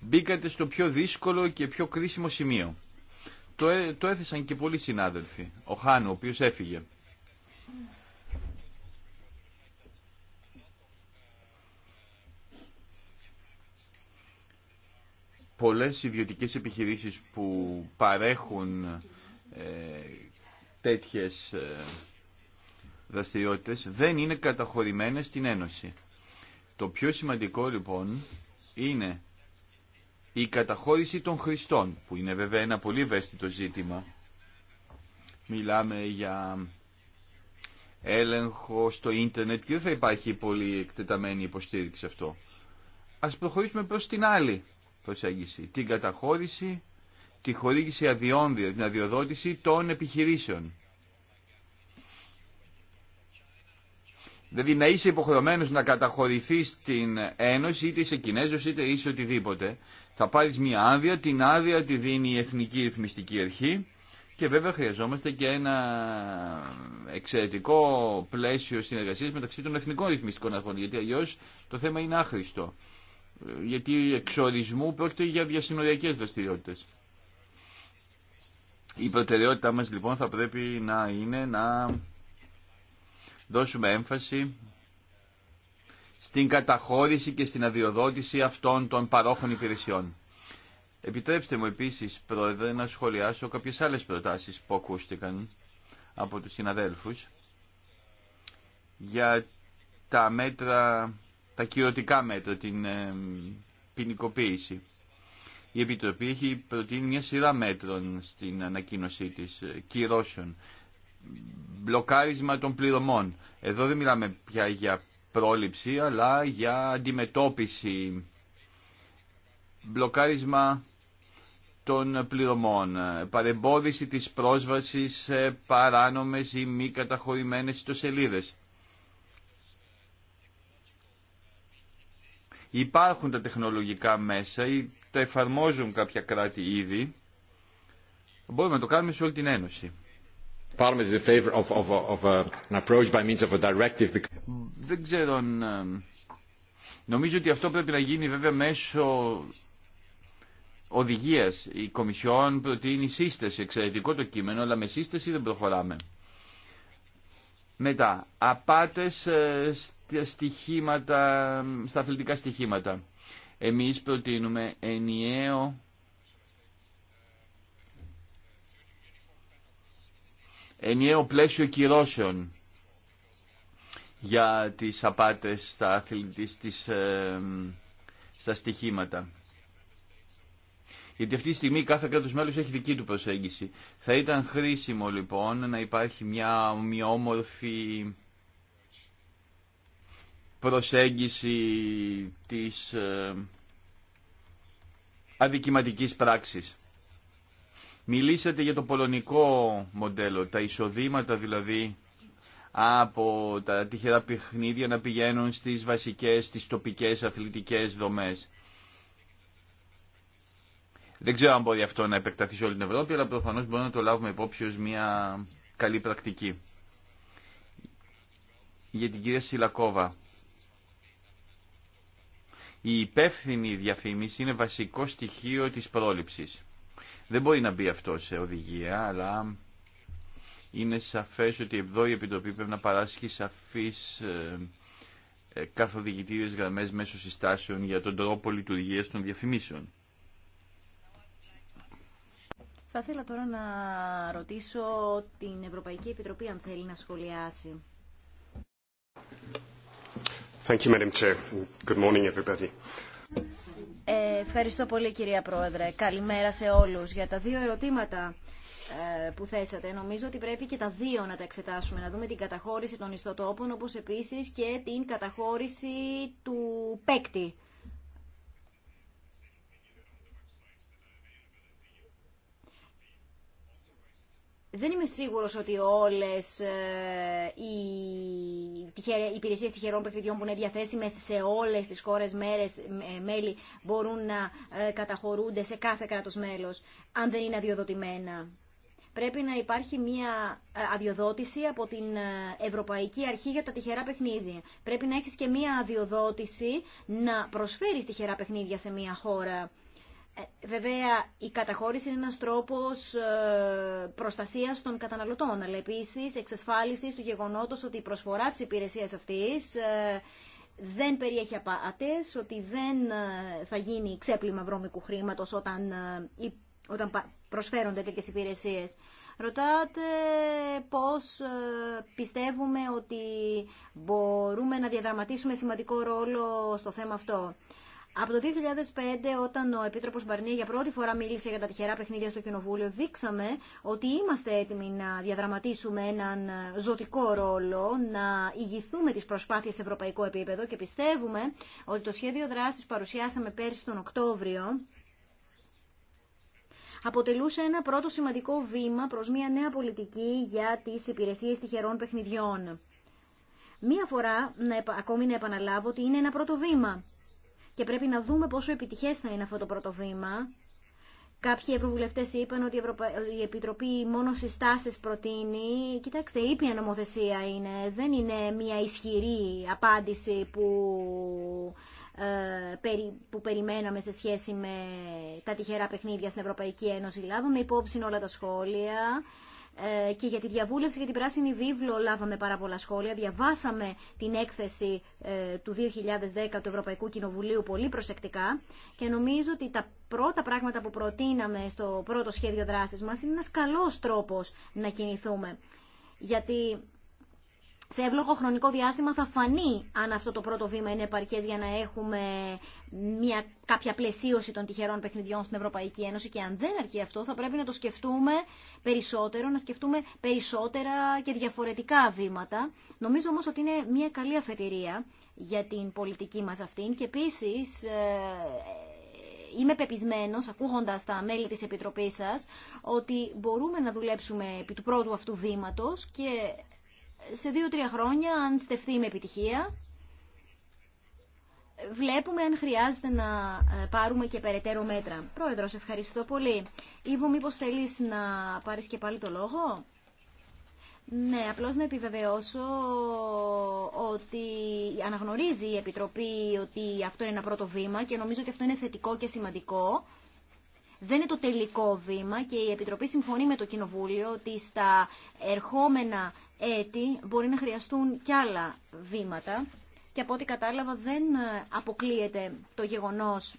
μπήκατε στο πιο δύσκολο και πιο κρίσιμο σημείο. Το, έ, το έθεσαν και πολλοί συνάδελφοι. Ο Χάνο, ο οποίος έφυγε. Πολλές ιδιωτικές επιχειρήσεις που παρέχουν το εθεσαν και πολλοι συναδελφοι ο Χάνου, ο οποιος εφυγε πολλες ιδιωτικες επιχειρησεις που παρεχουν ε, τετοιες ε, δεν είναι καταχωρημένες στην Ένωση. Το πιο σημαντικό λοιπόν είναι η καταχώρηση των χρηστών, που είναι βέβαια ένα πολύ ευαίσθητο ζήτημα. Μιλάμε για έλεγχο στο ίντερνετ και δεν θα υπάρχει πολύ εκτεταμένη υποστήριξη αυτό. Ας προχωρήσουμε προς την άλλη προσέγγιση, την καταχώρηση, τη χορήγηση αδειών, δηλαδή την αδειοδότηση των επιχειρήσεων. Δηλαδή να είσαι υποχρεωμένο να καταχωρηθεί στην Ένωση, είτε είσαι Κινέζο, είτε είσαι οτιδήποτε. Θα πάρει μία άδεια, την άδεια τη δίνει η Εθνική Ρυθμιστική Αρχή και βέβαια χρειαζόμαστε και ένα εξαιρετικό πλαίσιο συνεργασία μεταξύ των Εθνικών Ρυθμιστικών Αρχών, γιατί αλλιώ το θέμα είναι άχρηστο. Γιατί εξορισμού πρόκειται για διασυνοριακέ δραστηριότητε. Η προτεραιότητά μα λοιπόν θα πρέπει να είναι να δώσουμε έμφαση στην καταχώρηση και στην αδειοδότηση αυτών των παρόχων υπηρεσιών. Επιτρέψτε μου επίσης, Πρόεδρε, να σχολιάσω κάποιες άλλες προτάσεις που ακούστηκαν από τους συναδέλφους για τα μέτρα, τα κυρωτικά μέτρα, την ε, ποινικοποίηση. Η Επιτροπή έχει προτείνει μια σειρά μέτρων στην ανακοίνωσή της, ε, κυρώσεων μπλοκάρισμα των πληρωμών. Εδώ δεν μιλάμε πια για πρόληψη, αλλά για αντιμετώπιση, μπλοκάρισμα των πληρωμών, παρεμπόδιση της πρόσβασης σε παράνομες ή μη καταχωρημένες ιστοσελίδες. Υπάρχουν τα τεχνολογικά μέσα ή τα εφαρμόζουν κάποια κράτη ήδη. Μπορούμε να το κάνουμε σε όλη την Ένωση. Δεν ξέρω. Ε, νομίζω ότι αυτό πρέπει να γίνει βέβαια μέσω οδηγίας. Η Κομισιόν προτείνει σύσταση. Εξαιρετικό το κείμενο, αλλά με σύσταση δεν προχωράμε. Μετά, απάτες ε, στα, στοιχήματα, ε, στα αθλητικά στοιχήματα. Εμείς προτείνουμε ενιαίο ενιαίο πλαίσιο κυρώσεων για τις απάτες στα, αθλητής, ε, στα στοιχήματα. Γιατί αυτή τη στιγμή κάθε κράτος μέλος έχει δική του προσέγγιση. Θα ήταν χρήσιμο λοιπόν να υπάρχει μια ομοιόμορφη προσέγγιση της ε, αδικηματικής πράξης. Μιλήσατε για το πολωνικό μοντέλο, τα εισοδήματα δηλαδή από τα τυχερά παιχνίδια να πηγαίνουν στις βασικές, στις τοπικές αθλητικές δομές. Δεν ξέρω αν μπορεί αυτό να επεκταθεί σε όλη την Ευρώπη, αλλά προφανώς μπορούμε να το λάβουμε υπόψη ως μια καλή πρακτική. Για την κυρία Σιλακόβα. Η υπεύθυνη διαφήμιση είναι βασικό στοιχείο της πρόληψης. Δεν μπορεί να μπει αυτό σε οδηγία, αλλά είναι σαφές ότι εδώ η Επιτροπή πρέπει να παράσχει σαφείς ε, ε, καθοδηγητήριες γραμμές μέσω συστάσεων για τον τρόπο λειτουργίας των διαφημίσεων. Θα ήθελα τώρα να ρωτήσω την Ευρωπαϊκή Επιτροπή αν θέλει να σχολιάσει. Thank you, Madam Chair. Good morning, everybody. Ε, ευχαριστώ πολύ κυρία Πρόεδρε. Καλημέρα σε όλους. Για τα δύο ερωτήματα ε, που θέσατε. Νομίζω ότι πρέπει και τα δύο να τα εξετάσουμε, να δούμε την καταχώρηση των ιστοτόπων, όπως επίσης και την καταχώρηση του παίκτη. δεν είμαι σίγουρος ότι όλες ε, οι, τυχερε, οι υπηρεσίες τυχερών παιχνιδιών που είναι διαθέσιμες σε όλες τις χώρες μέρες, ε, μέλη μπορούν να ε, καταχωρούνται σε κάθε κράτος μέλος, αν δεν είναι αδειοδοτημένα. Πρέπει να υπάρχει μια αδειοδότηση από την Ευρωπαϊκή Αρχή για τα τυχερά παιχνίδια. Πρέπει να έχεις και μια αδειοδότηση να προσφέρεις τυχερά παιχνίδια σε μια χώρα. Ε, βέβαια, η καταχώρηση είναι ένας τρόπος ε, προστασίας των καταναλωτών, αλλά επίσης εξασφάλισης του γεγονότος ότι η προσφορά της υπηρεσίας αυτής ε, δεν περιέχει απάτες, ότι δεν θα γίνει ξέπλυμα βρώμικου χρήματος όταν, όταν προσφέρονται τέτοιες υπηρεσίες. Ρωτάτε πώς πιστεύουμε ότι μπορούμε να διαδραματίσουμε σημαντικό ρόλο στο θέμα αυτό. Από το 2005 όταν ο Επίτροπος Μπαρνί για πρώτη φορά μίλησε για τα τυχερά παιχνίδια στο Κοινοβούλιο δείξαμε ότι είμαστε έτοιμοι να διαδραματίσουμε έναν ζωτικό ρόλο, να ηγηθούμε τις προσπάθειες σε ευρωπαϊκό επίπεδο και πιστεύουμε ότι το σχέδιο δράσης παρουσιάσαμε πέρσι τον Οκτώβριο αποτελούσε ένα πρώτο σημαντικό βήμα προς μια νέα πολιτική για τις υπηρεσίες τυχερών παιχνιδιών. Μία φορά να, ακόμη να επαναλάβω ότι είναι ένα πρώτο βήμα και πρέπει να δούμε πόσο επιτυχέ θα είναι αυτό το πρώτο βήμα. Κάποιοι ευρωβουλευτέ είπαν ότι η Επιτροπή μόνο συστάσει προτείνει. Κοιτάξτε, η ήπια νομοθεσία είναι. Δεν είναι μια ισχυρή απάντηση που, ε, που περιμέναμε σε σχέση με τα τυχερά παιχνίδια στην Ευρωπαϊκή Ένωση. Λάβαμε υπόψη όλα τα σχόλια. Ε, και για τη διαβούλευση για την Πράσινη Βίβλο λάβαμε πάρα πολλά σχόλια. Διαβάσαμε την έκθεση ε, του 2010 του Ευρωπαϊκού Κοινοβουλίου πολύ προσεκτικά και νομίζω ότι τα πρώτα πράγματα που προτείναμε στο πρώτο σχέδιο δράσης μας είναι ένας καλός τρόπος να κινηθούμε. Γιατί σε εύλογο χρονικό διάστημα θα φανεί αν αυτό το πρώτο βήμα είναι επαρκές για να έχουμε μια, κάποια πλαισίωση των τυχερών παιχνιδιών στην Ευρωπαϊκή Ένωση και αν δεν αρκεί αυτό θα πρέπει να το σκεφτούμε περισσότερο, να σκεφτούμε περισσότερα και διαφορετικά βήματα. Νομίζω όμως ότι είναι μια καλή αφετηρία για την πολιτική μας αυτή και επίσης ε, είμαι πεπισμένος, ακούγοντας τα μέλη της Επιτροπής σας, ότι μπορούμε να δουλέψουμε επί του πρώτου αυτού βήματος και σε δύο-τρία χρόνια, αν στεφθεί με επιτυχία, βλέπουμε αν χρειάζεται να ε, πάρουμε και περαιτέρω μέτρα. Πρόεδρος, ευχαριστώ πολύ. Ήβο, μήπως θέλεις να πάρεις και πάλι το λόγο. Ναι, απλώς να επιβεβαιώσω ότι αναγνωρίζει η Επιτροπή ότι αυτό είναι ένα πρώτο βήμα και νομίζω ότι αυτό είναι θετικό και σημαντικό δεν είναι το τελικό βήμα και η Επιτροπή συμφωνεί με το Κοινοβούλιο ότι στα ερχόμενα έτη μπορεί να χρειαστούν κι άλλα βήματα και από ό,τι κατάλαβα δεν ε, αποκλείεται το γεγονός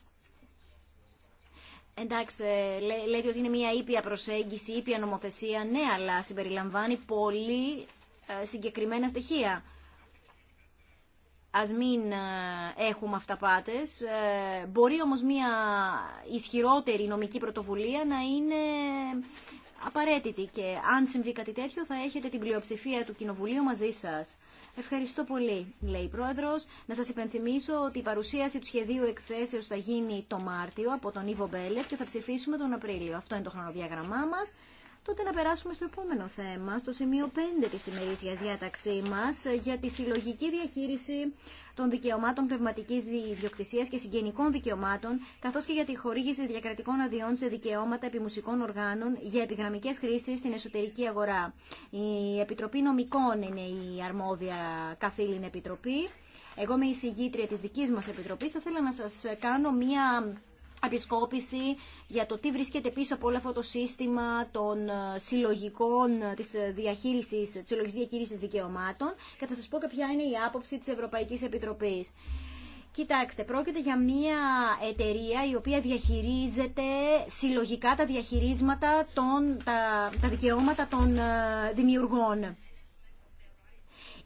Εντάξει, ε, λέτε ότι είναι μια ήπια προσέγγιση, ήπια νομοθεσία. Ναι, αλλά συμπεριλαμβάνει πολύ ε, συγκεκριμένα στοιχεία. Ας μην ε, έχουμε αυταπάτες. Ε, μπορεί όμως μια ισχυρότερη νομική πρωτοβουλία να είναι απαραίτητη και αν συμβεί κάτι τέτοιο θα έχετε την πλειοψηφία του Κοινοβουλίου μαζί σας. Ευχαριστώ πολύ, λέει η Πρόεδρο. Να σα υπενθυμίσω ότι η παρουσίαση του σχεδίου εκθέσεως θα γίνει το Μάρτιο από τον Ιβο Μπέλεφ και θα ψηφίσουμε τον Απρίλιο. Αυτό είναι το χρονοδιάγραμμά μα. Τότε να περάσουμε στο επόμενο θέμα, στο σημείο 5 της ημερήσιας διάταξή μας ε, για τη συλλογική διαχείριση των δικαιωμάτων πνευματικής ιδιοκτησίας και συγγενικών δικαιωμάτων, καθώς και για τη χορήγηση διακρατικών αδειών σε δικαιώματα επιμουσικών οργάνων για επιγραμμικές χρήσεις στην εσωτερική αγορά. Η Επιτροπή Νομικών είναι η αρμόδια καθήλυν επιτροπή. Εγώ είμαι η συγγήτρια της δικής μας επιτροπής. Θα ήθελα να σας κάνω μία επισκόπηση για το τι βρίσκεται πίσω από όλο αυτό το σύστημα των ε, συλλογικών, ε, της ε, διαχείρισης, της συλλογικής διαχείρισης δικαιωμάτων και θα σας πω και ποια είναι η άποψη της Ευρωπαϊκής Επιτροπής. Κοιτάξτε, πρόκειται για μια εταιρεία η οποία διαχειρίζεται συλλογικά τα διαχειρίσματα, των, τα, τα δικαιώματα των δημιουργών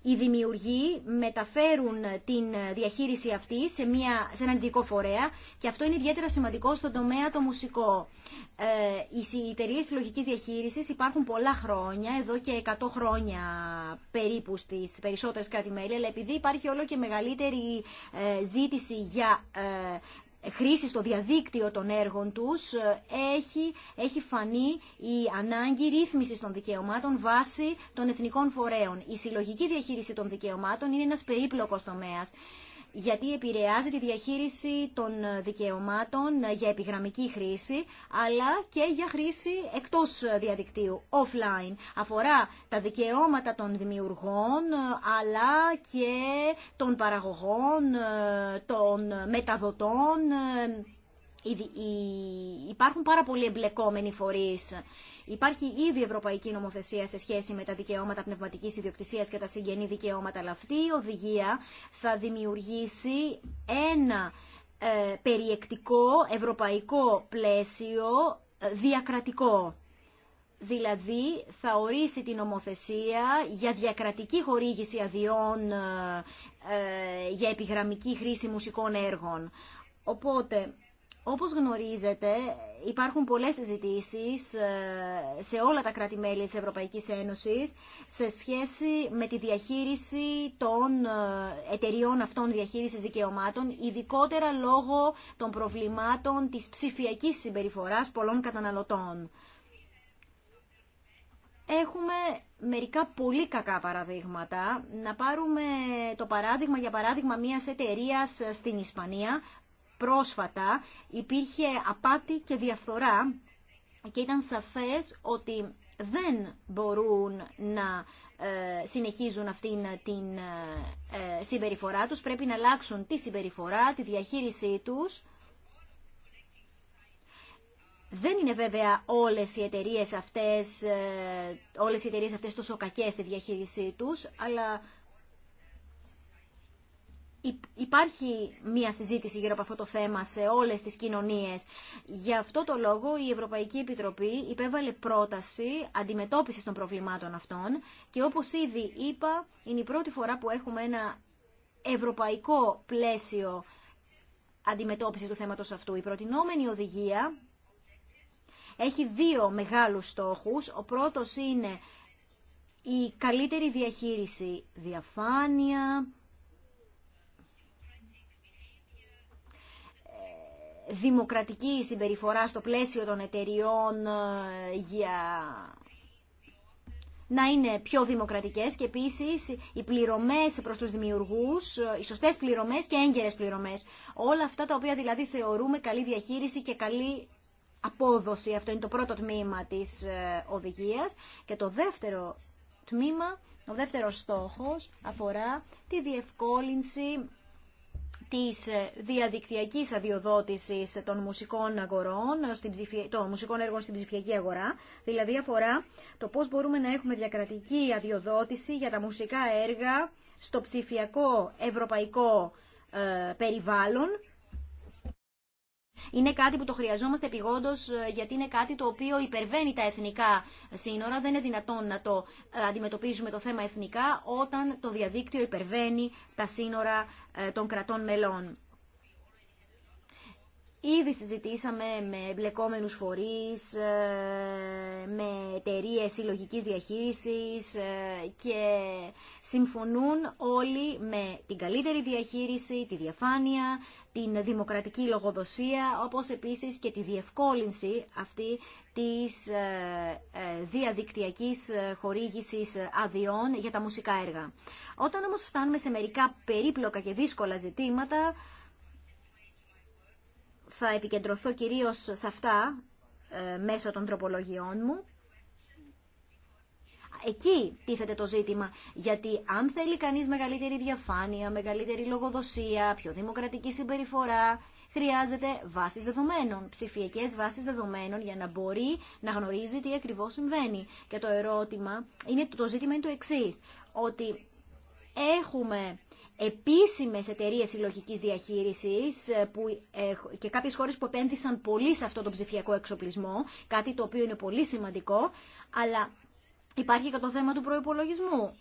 οι δημιουργοί μεταφέρουν την διαχείριση αυτή σε, μια, σε έναν ειδικό φορέα και αυτό είναι ιδιαίτερα σημαντικό στον τομέα το μουσικό. Ε, οι εταιρείε συλλογική διαχείρισης υπάρχουν πολλά χρόνια, εδώ και 100 χρόνια περίπου στις περισσότερες κράτη-μέλη, αλλά επειδή υπάρχει όλο και μεγαλύτερη ε, ζήτηση για ε, χρήση στο διαδίκτυο των έργων τους ε, έχει, έχει φανεί η ανάγκη ρύθμισης των δικαιωμάτων βάσει των εθνικών φορέων. Η συλλογική διαχείριση των δικαιωμάτων είναι ένας περίπλοκος τομέας γιατί επηρεάζει τη διαχείριση των δικαιωμάτων για επιγραμμική χρήση, αλλά και για χρήση εκτός διαδικτύου, offline. Αφορά τα δικαιώματα των δημιουργών, αλλά και των παραγωγών, των μεταδοτών. Ε, υπάρχουν πάρα πολλοί εμπλεκόμενοι φορείς. Υπάρχει ήδη ευρωπαϊκή νομοθεσία σε σχέση με τα δικαιώματα πνευματική ιδιοκτησία και τα συγγενή δικαιώματα, αλλά αυτή η οδηγία θα δημιουργήσει ένα ε, περιεκτικό ευρωπαϊκό πλαίσιο ε, διακρατικό. Δηλαδή θα ορίσει την νομοθεσία για διακρατική χορήγηση αδειών ε, ε για επιγραμμική χρήση μουσικών έργων. Οπότε όπως γνωρίζετε, υπάρχουν πολλές συζητήσει ε, σε όλα τα κράτη-μέλη της Ευρωπαϊκής Ένωσης σε σχέση με τη διαχείριση των ε, εταιριών αυτών διαχείρισης δικαιωμάτων, ειδικότερα λόγω των προβλημάτων της ψηφιακής συμπεριφοράς πολλών καταναλωτών. Έχουμε μερικά πολύ κακά παραδείγματα. Να πάρουμε το παράδειγμα, για παράδειγμα, μιας εταιρείας ε, στην Ισπανία πρόσφατα υπήρχε απάτη και διαφθορά και ήταν σαφές ότι δεν μπορούν να ε, συνεχίζουν αυτήν την ε, συμπεριφορά τους. Πρέπει να αλλάξουν τη συμπεριφορά, τη διαχείρισή τους. Δεν είναι βέβαια όλες οι εταιρείες αυτές, ε, όλες οι εταιρείες αυτές τόσο κακές στη διαχείρισή τους, αλλά υπάρχει μία συζήτηση γύρω από αυτό το θέμα σε όλες τις κοινωνίες. Γι' αυτό το λόγο η Ευρωπαϊκή Επιτροπή υπέβαλε πρόταση αντιμετώπισης των προβλημάτων αυτών και όπως ήδη είπα είναι η πρώτη φορά που έχουμε ένα ευρωπαϊκό πλαίσιο αντιμετώπισης του θέματος αυτού. Η προτινόμενη οδηγία έχει δύο μεγάλους στόχους. Ο πρώτος είναι η καλύτερη διαχείριση διαφάνεια, δημοκρατική συμπεριφορά στο πλαίσιο των εταιριών ε, για να είναι πιο δημοκρατικές και επίσης οι πληρωμές προς τους δημιουργούς, ε, οι σωστές πληρωμές και έγκαιρες πληρωμές. Όλα αυτά τα οποία δηλαδή θεωρούμε καλή διαχείριση και καλή απόδοση. Αυτό είναι το πρώτο τμήμα της ε, οδηγίας. Και το δεύτερο τμήμα, ο δεύτερος στόχος αφορά τη διευκόλυνση της ε, διαδικτυακής αδειοδότησης των μουσικών, αγορών, των μουσικών έργων στην ψηφιακή αγορά, δηλαδή αφορά το πώς μπορούμε να έχουμε διακρατική αδειοδότηση για τα μουσικά έργα στο ψηφιακό ευρωπαϊκό ε, περιβάλλον είναι κάτι που το χρειαζόμαστε επιγόντω, ε, γιατί είναι κάτι το οποίο υπερβαίνει τα εθνικά σύνορα. Δεν είναι δυνατόν να το ε, αντιμετωπίζουμε το θέμα εθνικά, όταν το διαδίκτυο υπερβαίνει τα σύνορα ε, των κρατών μελών. Ήδη συζητήσαμε με εμπλεκόμενους φορείς, ε, με εταιρείε συλλογική διαχείρισης ε, και συμφωνούν όλοι με την καλύτερη διαχείριση, τη διαφάνεια, την δημοκρατική λογοδοσία, όπως επίσης και τη διευκόλυνση αυτή της ε, διαδικτυακής χορήγησης αδειών για τα μουσικά έργα. Όταν όμως φτάνουμε σε μερικά περίπλοκα και δύσκολα ζητήματα, θα επικεντρωθώ κυρίως σε αυτά ε, μέσω των τροπολογιών μου. Εκεί τίθεται το ζήτημα, γιατί αν θέλει κανείς μεγαλύτερη διαφάνεια, μεγαλύτερη λογοδοσία, πιο δημοκρατική συμπεριφορά, χρειάζεται βάσεις δεδομένων, ψηφιακές βάσεις δεδομένων για να μπορεί να γνωρίζει τι ακριβώς συμβαίνει. Και το ερώτημα, είναι, το ζήτημα είναι το εξή ότι έχουμε επίσημες εταιρείες συλλογική διαχείρισης ε, που, ε, και κάποιες χώρες που επένδυσαν πολύ σε αυτό το ψηφιακό εξοπλισμό, κάτι το οποίο είναι πολύ σημαντικό, αλλά υπάρχει και το θέμα του προϋπολογισμού.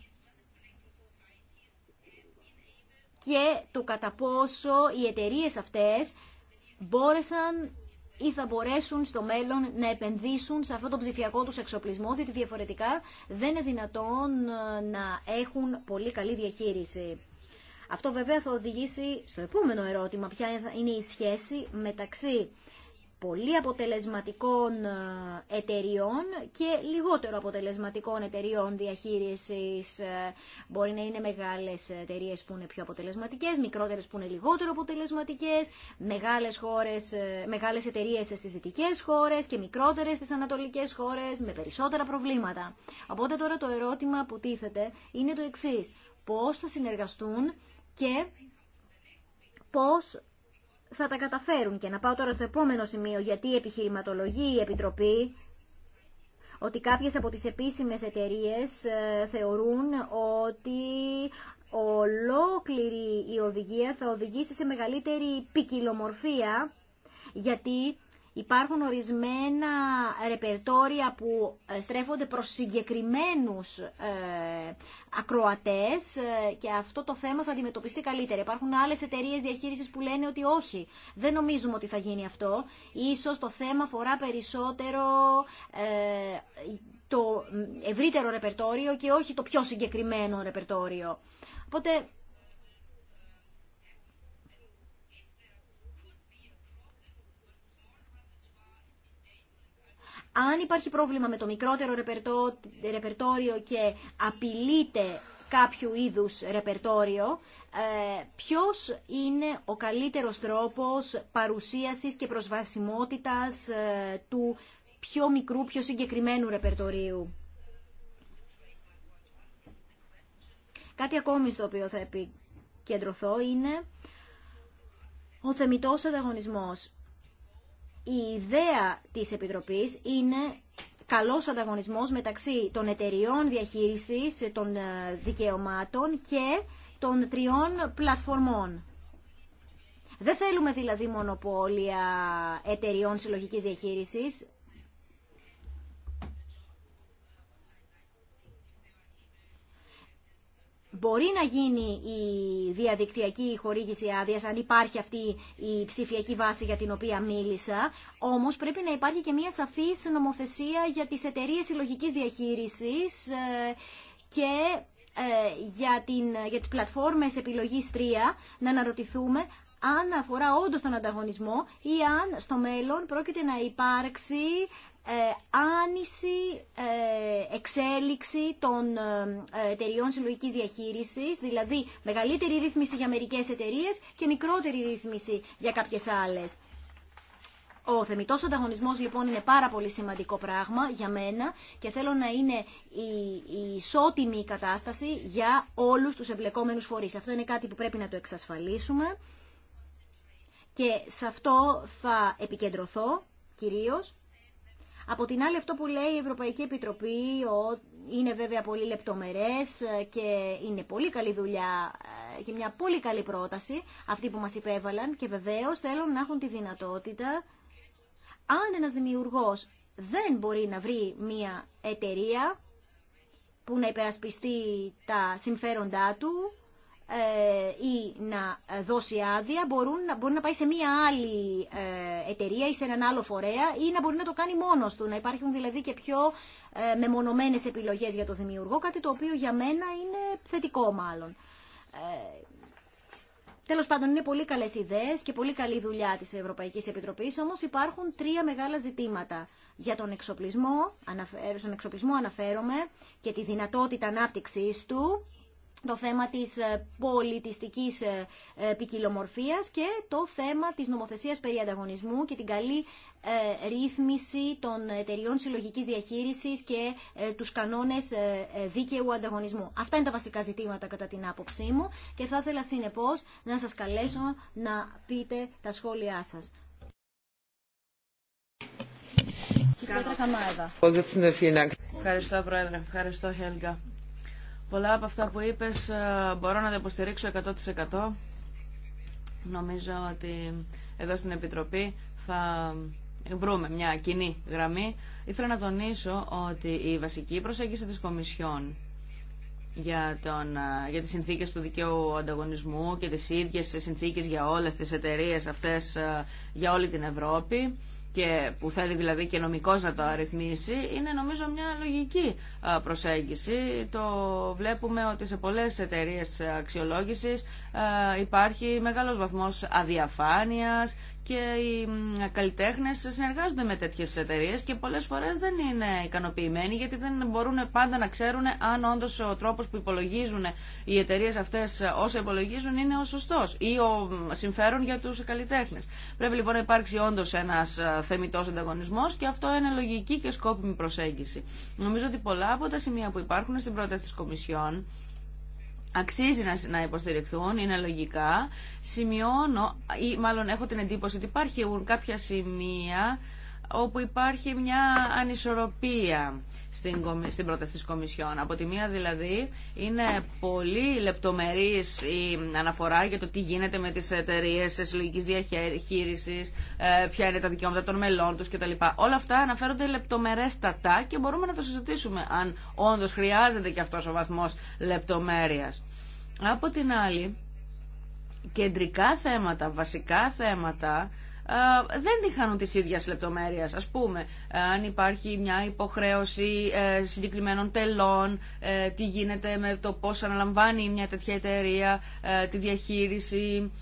Και το κατά πόσο οι εταιρείε αυτές μπόρεσαν ή θα μπορέσουν στο μέλλον να επενδύσουν σε αυτό το ψηφιακό τους εξοπλισμό, διότι διαφορετικά δεν είναι δυνατόν ε, να έχουν πολύ καλή διαχείριση. Αυτό βέβαια θα οδηγήσει στο επόμενο ερώτημα, ποια είναι η σχέση μεταξύ πολύ αποτελεσματικών ε, εταιριών και λιγότερο αποτελεσματικών εταιριών διαχείρισης. Ε, μπορεί να είναι μεγάλες εταιρείε που είναι πιο αποτελεσματικές, μικρότερες που είναι λιγότερο αποτελεσματικές, μεγάλες, χώρες, ε, μεγάλες εταιρείε στις δυτικές χώρες και μικρότερες στις ανατολικές χώρες με περισσότερα προβλήματα. Οπότε τώρα το ερώτημα που τίθεται είναι το εξής. Πώς θα συνεργαστούν και πώς θα τα καταφέρουν. Και να πάω τώρα στο επόμενο σημείο, γιατί επιχειρηματολογεί η Επιτροπή ότι κάποιες από τις επίσημες εταιρείες ε, θεωρούν ότι ολόκληρη η οδηγία θα οδηγήσει σε μεγαλύτερη ποικιλομορφία, γιατί Υπάρχουν ορισμένα ρεπερτόρια που ε, στρέφονται προς συγκεκριμένους ε, ακροατές ε, και αυτό το θέμα θα αντιμετωπιστεί καλύτερα. Υπάρχουν άλλες εταιρείες διαχείρισης που λένε ότι όχι, δεν νομίζουμε ότι θα γίνει αυτό. Ίσως το θέμα φορά περισσότερο το ευρύτερο ρεπερτόριο και όχι το πιο συγκεκριμένο ρεπερτόριο. Αν υπάρχει πρόβλημα με το μικρότερο ρεπερτόριο και απειλείται κάποιο είδους ρεπερτόριο, ε, ποιος είναι ο καλύτερος τρόπος παρουσίασης και προσβασιμότητας ε, του πιο μικρού, πιο συγκεκριμένου ρεπερτορίου. Κάτι ακόμη στο οποίο θα επικεντρωθώ είναι ο θεμητός ανταγωνισμός η ιδέα της Επιτροπής είναι καλός ανταγωνισμός μεταξύ των εταιριών διαχείρισης των ε, δικαιωμάτων και των τριών πλατφορμών. Δεν θέλουμε δηλαδή μονοπόλια εταιριών συλλογικής διαχείρισης, μπορεί να γίνει η διαδικτυακή χορήγηση άδεια αν υπάρχει αυτή η ψηφιακή βάση για την οποία μίλησα. Όμω πρέπει να υπάρχει και μια σαφή νομοθεσία για τι εταιρείε συλλογική διαχείριση ε, και ε, για, την, για τις πλατφόρμες επιλογής 3 να αναρωτηθούμε αν αφορά όντως τον ανταγωνισμό ή αν στο μέλλον πρόκειται να υπάρξει ε, άνηση ε, εξέλιξη των ε, εταιριών συλλογική διαχείρισης, δηλαδή μεγαλύτερη ρύθμιση για μερικές εταιρείες και μικρότερη ρύθμιση για κάποιες άλλες. Ο θεμητό ανταγωνισμό λοιπόν είναι πάρα πολύ σημαντικό πράγμα για μένα και θέλω να είναι η ισότιμη κατάσταση για όλους του εμπλεκόμενου φορεί. Αυτό είναι κάτι που πρέπει να το εξασφαλίσουμε και σε αυτό θα επικεντρωθώ κυρίως από την άλλη αυτό που λέει η Ευρωπαϊκή Επιτροπή είναι βέβαια πολύ λεπτομερές και είναι πολύ καλή δουλειά ε, και μια πολύ καλή πρόταση αυτή που μας υπέβαλαν και βεβαίως θέλουν να έχουν τη δυνατότητα αν ένας δημιουργός δεν μπορεί να βρει μια εταιρεία που να υπερασπιστεί τα συμφέροντά του ε, ή να δώσει άδεια μπορούν, μπορεί να πάει σε μία άλλη ε, εταιρεία ή σε έναν άλλο φορέα ή να μπορεί να το κάνει μόνος του. Να υπάρχουν δηλαδή και πιο ε, μεμονωμένες επιλογές για το δημιουργό, κάτι το οποίο για μένα είναι θετικό μάλλον. Τέλο πάντων, είναι πολύ καλέ ιδέε και πολύ καλή δουλειά τη Ευρωπαϊκή Επιτροπή. Όμω υπάρχουν τρία μεγάλα ζητήματα. Για τον εξοπλισμό, στον εξοπλισμό αναφέρομαι και τη δυνατότητα ανάπτυξή του το θέμα της ε, πολιτιστικής ε, ε, ποικιλομορφία και το θέμα της νομοθεσίας περί ανταγωνισμού και την καλή ρύθμιση των εταιριών συλλογικής διαχείρισης και τους κανόνες δίκαιου ανταγωνισμού. Αυτά είναι τα βασικά ζητήματα κατά την άποψή μου και θα ήθελα συνεπώς να σας καλέσω να πείτε τα σχόλιά σας. Ευχαριστώ Πρόεδρε, ευχαριστώ Χέλγα. Πολλά από αυτά που είπες ε, μπορώ να τα υποστηρίξω 100%. Νομίζω ότι εδώ στην Επιτροπή θα βρούμε μια κοινή γραμμή. Ήθελα να τονίσω ότι η βασική προσέγγιση της Κομισιόν για, τον, ε, για τις συνθήκες του δικαίου ανταγωνισμού και τις ίδιες συνθήκες για όλες τις εταιρείες αυτές ε, για όλη την Ευρώπη και που θέλει δηλαδή και νομικός να το αριθμίσει είναι νομίζω μια λογική προσέγγιση. Το βλέπουμε ότι σε πολλές εταιρείε αξιολόγησης υπάρχει μεγάλος βαθμός αδιαφάνειας και οι καλλιτέχνε συνεργάζονται με τέτοιε εταιρείε και πολλέ φορέ δεν είναι ικανοποιημένοι γιατί δεν μπορούν πάντα να ξέρουν αν όντω ο τρόπο που υπολογίζουν οι εταιρείε αυτέ όσα υπολογίζουν είναι ο σωστό ή ο συμφέρον για του καλλιτέχνε. Πρέπει λοιπόν να υπάρξει όντω ένα θεμητό ανταγωνισμό και αυτό είναι λογική και σκόπιμη προσέγγιση. Νομίζω ότι πολλά από τα σημεία που υπάρχουν στην πρόταση τη Κομισιόν αξίζει να, υποστηριχθούν, είναι λογικά. Σημειώνω, ή μάλλον έχω την εντύπωση ότι υπάρχουν κάποια σημεία όπου υπάρχει μια ανισορροπία στην πρόταση της Κομισιόν. Από τη μία δηλαδή είναι πολύ λεπτομερής η αναφορά για το τι γίνεται με τις εταιρείε συλλογική διαχείρισης, ε, ποια είναι τα δικαιώματα των μελών τους κτλ. Όλα αυτά αναφέρονται λεπτομερέστατα και μπορούμε να το συζητήσουμε αν όντως χρειάζεται και αυτός ο βαθμός λεπτομέρειας. Από την άλλη, κεντρικά θέματα, βασικά θέματα ε, δεν τη τις ίδιες λεπτομέρειες. Ας πούμε, αν υπάρχει μια υποχρέωση ε, συγκεκριμένων τελών, ε, τι γίνεται με το πώς αναλαμβάνει μια τέτοια εταιρεία, τη διαχείριση.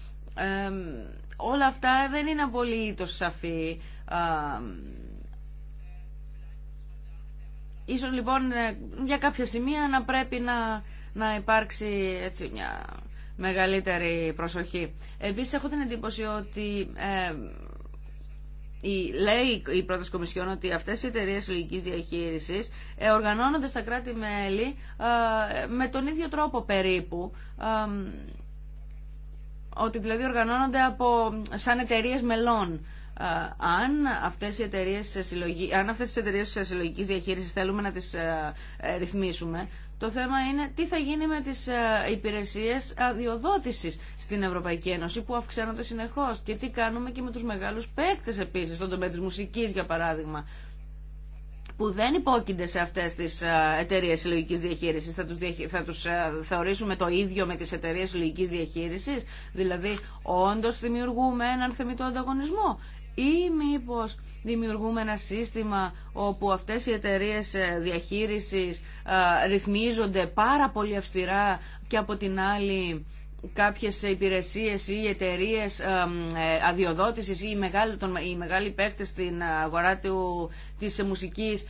Όλα αυτά δεν είναι απολύτως σαφή. Ίσως λοιπόν για κάποια σημεία να πρέπει να, να υπάρξει έτσι μια μεγαλύτερη προσοχή. Επίσης έχω την εντύπωση ότι ε, η, λέει η πρώτης Κομισιόν ότι αυτές οι εταιρείε συλλογική διαχείρισης ε, οργανώνονται στα κράτη-μέλη ε, με τον ίδιο τρόπο περίπου ε, ότι δηλαδή οργανώνονται από, σαν εταιρείε μελών. Ε, αν αυτές οι εταιρείε αν αυτές τις διαχείρισης θέλουμε να τι ε, ε, ρυθμίσουμε, το θέμα είναι τι θα γίνει με τις υπηρεσίες αδειοδότησης στην Ευρωπαϊκή Ένωση που αυξάνονται συνεχώς και τι κάνουμε και με τους μεγάλους παίκτες επίσης, στον τομέα της μουσικής για παράδειγμα που δεν υπόκεινται σε αυτέ τι εταιρείε συλλογική διαχείριση. Θα του διαχει... θα τους θεωρήσουμε το ίδιο με τι εταιρείε συλλογική διαχείριση. Δηλαδή, όντω δημιουργούμε έναν θεμητό ανταγωνισμό ή μήπως δημιουργούμε ένα σύστημα όπου αυτές οι εταιρείες ε, διαχείρισης ε, ρυθμίζονται πάρα πολύ αυστηρά και από την άλλη κάποιες υπηρεσίες ή εταιρείε ε, αδειοδότησης ή οι μεγάλοι, παίκτες στην αγορά του, της μουσικής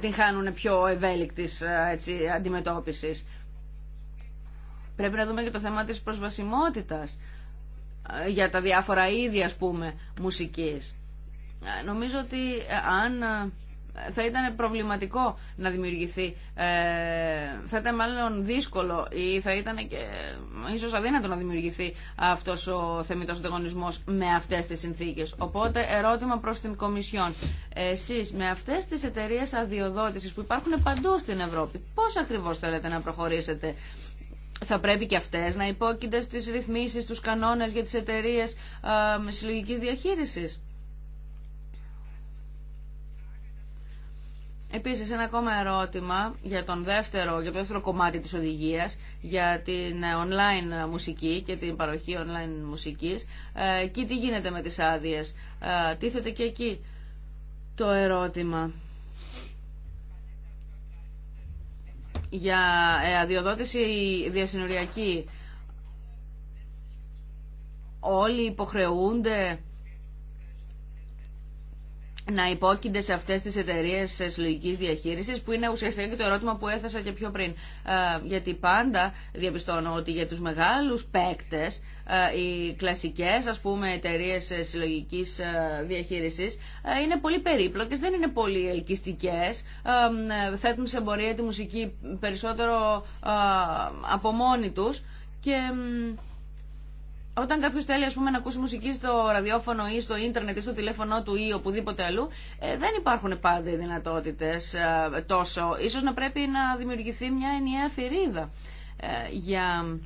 την χάνουν πιο ευέλικτης έτσι, αντιμετώπισης. Πρέπει να δούμε και το θέμα της προσβασιμότητας για τα διάφορα είδη ας πούμε μουσικής. Ε, νομίζω ότι ε, αν ε, θα ήταν προβληματικό να δημιουργηθεί, θα ήταν μάλλον δύσκολο ή θα ήταν και ίσως αδύνατο να δημιουργηθεί αυτός ο θεμητός ανταγωνισμός με αυτές τις συνθήκες. Οπότε ερώτημα προς την Κομισιόν. Εσείς με αυτές τις εταιρείες αδειοδότησης που υπάρχουν παντού στην Ευρώπη, πώς ακριβώς θέλετε να προχωρήσετε θα πρέπει και αυτές να υπόκεινται στις ρυθμίσεις, τους κανόνες για τις εταιρείε συλλογική ε, συλλογικής διαχείρισης. Επίσης, ένα ακόμα ερώτημα για, τον δεύτερο, για το δεύτερο κομμάτι της οδηγίας, για την ε, online μουσική και την παροχή online μουσικής. Ε, τι γίνεται με τις άδειες. Ε, τίθεται και εκεί το ερώτημα. για ε, αδειοδότηση διασυνοριακή όλοι υποχρεούνται να υπόκεινται σε αυτές τις εταιρείες συλλογικής διαχείρισης που είναι ουσιαστικά και το ερώτημα που έθεσα και πιο πριν. Ε, γιατί πάντα διαπιστώνω ότι για τους μεγάλους παίκτες ε, οι κλασικές ας πούμε εταιρείες ε, συλλογική διαχείρισης είναι πολύ περίπλοκες, δεν είναι πολύ ελκυστικές, θέτουν σε εμπορία τη μουσική περισσότερο από μόνοι τους και όταν κάποιο θέλει ας πούμε, να ακούσει μουσική στο ραδιόφωνο ή στο ίντερνετ ή στο τηλέφωνό του ή οπουδήποτε αλλού, ε, δεν υπάρχουν πάντα οι δυνατότητε ε, τόσο. σω να πρέπει να δημιουργηθεί μια ενιαία θηρίδα ε, για,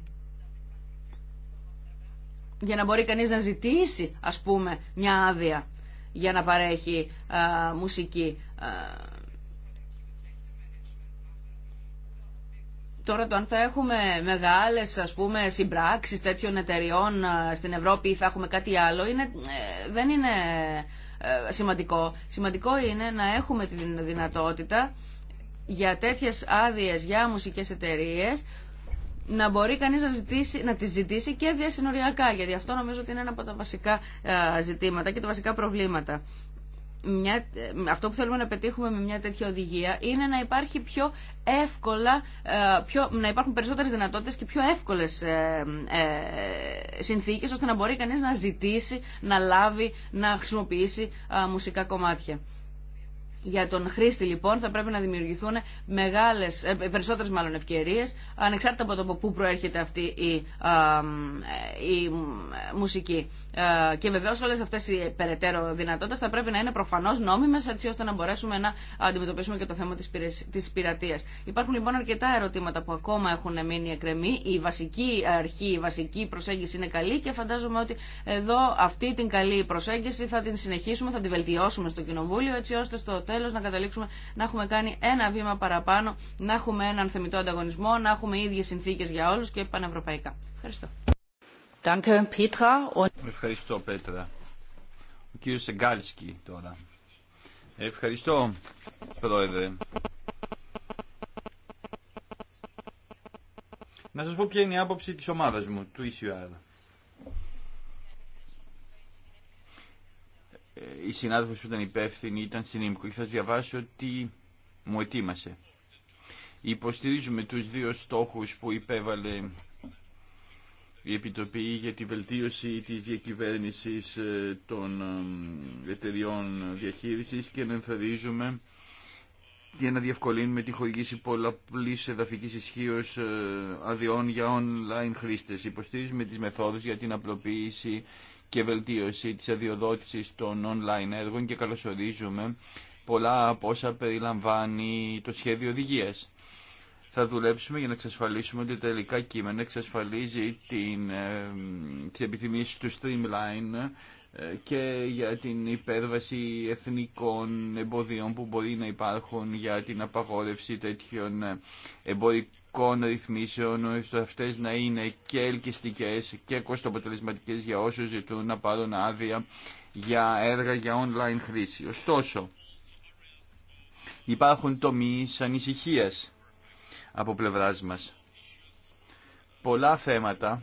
για να μπορεί κανεί να ζητήσει, ας πούμε, μια άδεια για να παρέχει μουσική. Τώρα το αν θα έχουμε μεγάλες ας πούμε συμπράξεις τέτοιων εταιριών ε, στην Ευρώπη ή θα έχουμε κάτι άλλο είναι, ε, δεν είναι ε, σημαντικό. Σημαντικό είναι να έχουμε τη δυνατότητα για τέτοιες άδειες για μουσικές εταιρείε να μπορεί κανείς να, ζητήσει, να τις ζητήσει και διασυνοριακά, γιατί αυτό νομίζω ότι είναι ένα από τα βασικά ζητήματα και τα βασικά προβλήματα μια, ε, αυτό που θέλουμε να πετύχουμε με μια τέτοια οδηγία είναι να υπάρχει πιο εύκολα, ε, πιο, να υπάρχουν περισσότερες δυνατότητες και πιο εύκολες ε, ε, συνθήκες ώστε να μπορεί κανείς να ζητήσει, να λάβει, να χρησιμοποιήσει μουσικά κομμάτια. Για τον χρήστη λοιπόν θα πρέπει να δημιουργηθούν μεγάλες, ε, περισσότερες μάλλον ευκαιρίες ανεξάρτητα από το πού προέρχεται αυτή η, ε, η μουσική. Ε, και βεβαίως όλες αυτές οι περαιτέρω δυνατότητες θα πρέπει να είναι προφανώς νόμιμες έτσι ώστε να μπορέσουμε να αντιμετωπίσουμε και το θέμα της πειρατείας. Υπάρχουν λοιπόν αρκετά ερωτήματα που ακόμα έχουν μείνει εκκρεμή. Η βασική αρχή, η βασική προσέγγιση είναι καλή και φαντάζομαι ότι εδώ αυτή την καλή προσέγγιση θα την συνεχίσουμε, θα την βελτιώσουμε στο Κοινοβούλιο έτσι ώστε στο τέλο να καταλήξουμε να έχουμε κάνει ένα βήμα παραπάνω, να έχουμε έναν θεμητό ανταγωνισμό, να έχουμε ίδιε συνθήκε για όλου και πανευρωπαϊκά. Ευχαριστώ. Ευχαριστώ Πέτρα. Ο κύριο Σεγκάλσκι τώρα. Ευχαριστώ Πρόεδρε. Να σας πω ποια είναι η άποψη της ομάδας μου, του ECR. Ε, η συνάδελφοι που ήταν υπεύθυνη ήταν στην ΙΜΚΟ και θα διαβάσω τι μου ετοίμασε. Υποστηρίζουμε τους δύο στόχους που υπέβαλε η Επιτροπή για τη βελτίωση της διακυβέρνησης ε, των ε, εταιριών διαχείρισης και ενθαρρύνουμε για να διευκολύνουμε τη χορηγήση πολλαπλή εδαφική ισχύω αδειών για online χρήστε. Υποστηρίζουμε τι μεθόδου για την απλοποίηση και βελτίωση της αδειοδότησης των online έργων και καλωσορίζουμε πολλά από όσα περιλαμβάνει το σχέδιο οδηγίας. Θα δουλέψουμε για να εξασφαλίσουμε ότι τα κείμενα εξασφαλίζει την, ε, τις του streamline ε, και για την υπέρβαση εθνικών εμποδιών που μπορεί να υπάρχουν για την απαγόρευση τέτοιων ε, εμπορικών φορολογικών ρυθμίσεων, ώστε αυτέ να είναι και ελκυστικέ και κοστοποτελεσματικέ για όσους ζητούν να πάρουν άδεια για έργα για online χρήση. Ωστόσο, υπάρχουν τομεί ανησυχία από πλευρά μας. Πολλά θέματα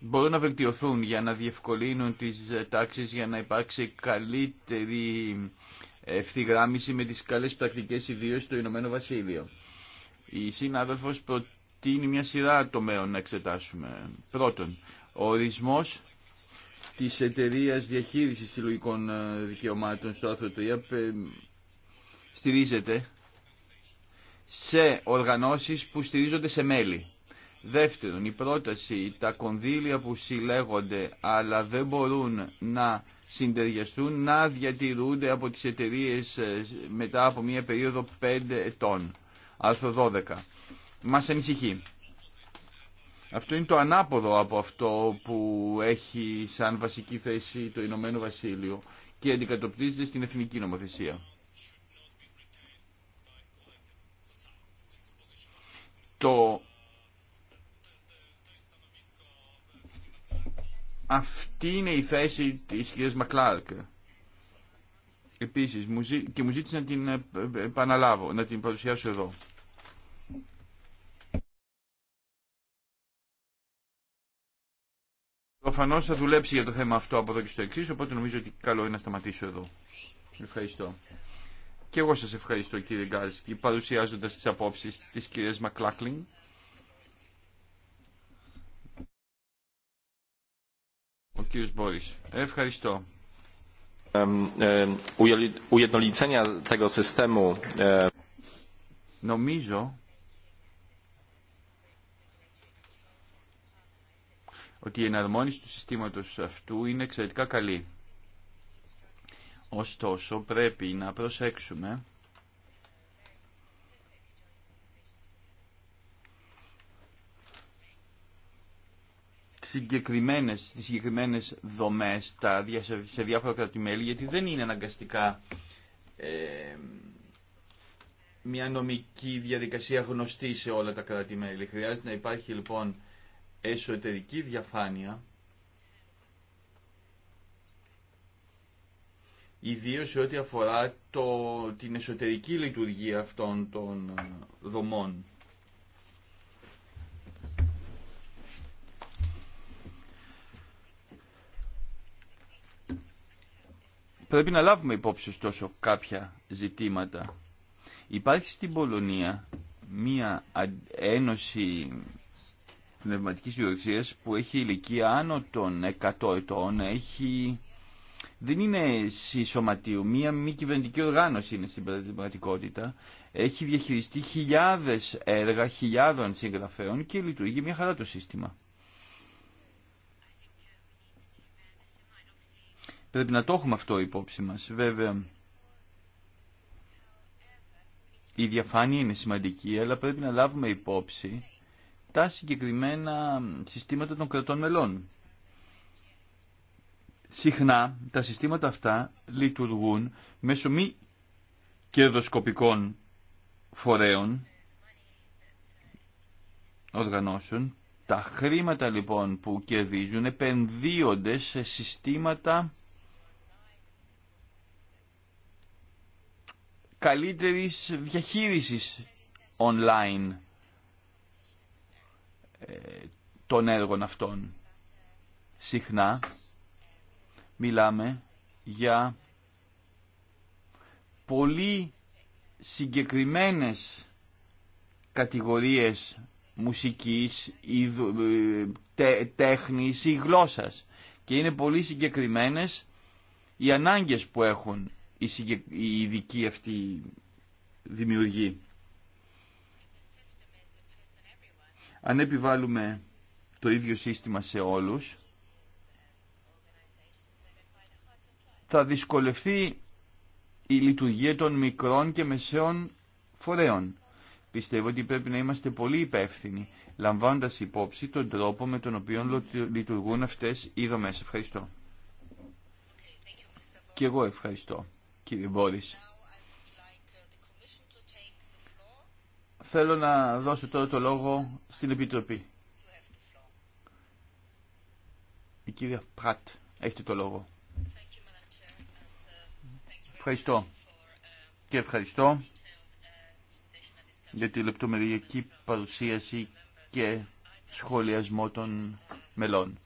μπορούν να βελτιωθούν για να διευκολύνουν τις τάξεις, για να υπάρξει καλύτερη ευθυγράμμιση με τις καλές πρακτικές ιδίωσης στο Ηνωμένο Βασίλειο. Η συνάδελφος προτείνει μια σειρά τομέων να εξετάσουμε. Πρώτον, ο ορισμός της εταιρεία διαχείρισης συλλογικών ε, δικαιωμάτων στο άρθρο 3 στηρίζεται σε οργανώσεις που στηρίζονται σε μέλη. Δεύτερον, η πρόταση, τα κονδύλια που συλλέγονται αλλά δεν μπορούν να συντεριαστούν να διατηρούνται από τις εταιρείε ε, μετά από μια περίοδο 5 ετών. Άρθρο 12. Μας ανησυχεί. Αυτό είναι το ανάποδο από αυτό που έχει σαν βασική θέση το Ηνωμένο Βασίλειο και αντικατοπτρίζεται στην εθνική νομοθεσία. Το Αυτή είναι η θέση της κυρίας Μακλάρκ. Επίσης, και μου ζήτησε να την ε, ε, επαναλάβω, να την παρουσιάσω εδώ. Προφανώ θα δουλέψει για το θέμα αυτό από εδώ και στο εξή, οπότε νομίζω ότι καλό είναι να σταματήσω εδώ. Ευχαριστώ. Και εγώ σας ευχαριστώ κύριε Γκάλσκι, παρουσιάζοντας τις απόψεις της κυρίας Μακλάκλιν. Ο κύριος Μπόρις. Ευχαριστώ. Ε, Νομίζω ότι η εναρμόνιση του συστήματος αυτού είναι εξαιρετικά καλή. Ωστόσο πρέπει να προσέξουμε συγκεκριμένες, τις συγκεκριμένες δομές τα, σε διάφορα κράτη-μέλη, γιατί δεν είναι αναγκαστικά ε, μια νομική διαδικασία γνωστή σε όλα τα κράτη-μέλη. Χρειάζεται να υπάρχει λοιπόν εσωτερική διαφάνεια, ιδίως σε ό,τι αφορά το, την εσωτερική λειτουργία αυτών των δομών. πρέπει να λάβουμε υπόψη ωστόσο κάποια ζητήματα. Υπάρχει στην Πολωνία μία ένωση πνευματικής ιδιοξίας που έχει ηλικία άνω των 100 ετών, έχει... δεν είναι συσσωματίου, μία μη κυβερνητική οργάνωση είναι στην πραγματικότητα, έχει διαχειριστεί χιλιάδες έργα χιλιάδων συγγραφέων και λειτουργεί μια χαρά το σύστημα. Πρέπει να το έχουμε αυτό υπόψη μας. Βέβαια, η διαφάνεια είναι σημαντική, αλλά πρέπει να λάβουμε υπόψη τα συγκεκριμένα συστήματα των κρατών μελών. Συχνά τα συστήματα αυτά λειτουργούν μέσω μη κερδοσκοπικών φορέων, οργανώσεων. Τα χρήματα λοιπόν που κερδίζουν επενδύονται σε συστήματα καλύτερης διαχείρισης online ε, των έργων αυτών. Συχνά μιλάμε για πολύ συγκεκριμένες κατηγορίες μουσικής, ε, τέχνης ή γλώσσας και είναι πολύ συγκεκριμένες οι ανάγκες που έχουν η ειδική αυτή δημιουργεί. Αν επιβάλλουμε το ίδιο σύστημα σε όλους, θα δυσκολευτεί η λειτουργία των μικρών και μεσαίων φορέων. Πιστεύω ότι πρέπει να είμαστε πολύ υπεύθυνοι, λαμβάνοντας υπόψη τον τρόπο με τον οποίο λειτουργούν αυτές οι δομές. Ευχαριστώ. Και εγώ ευχαριστώ κύριε Μπόρις. Θέλω να δώσω τώρα το λόγο στην Επιτροπή. Η κυρία Πράτ, έχετε το λόγο. Ευχαριστώ. Και ευχαριστώ για τη λεπτομεριακή παρουσίαση και σχολιασμό των μελών.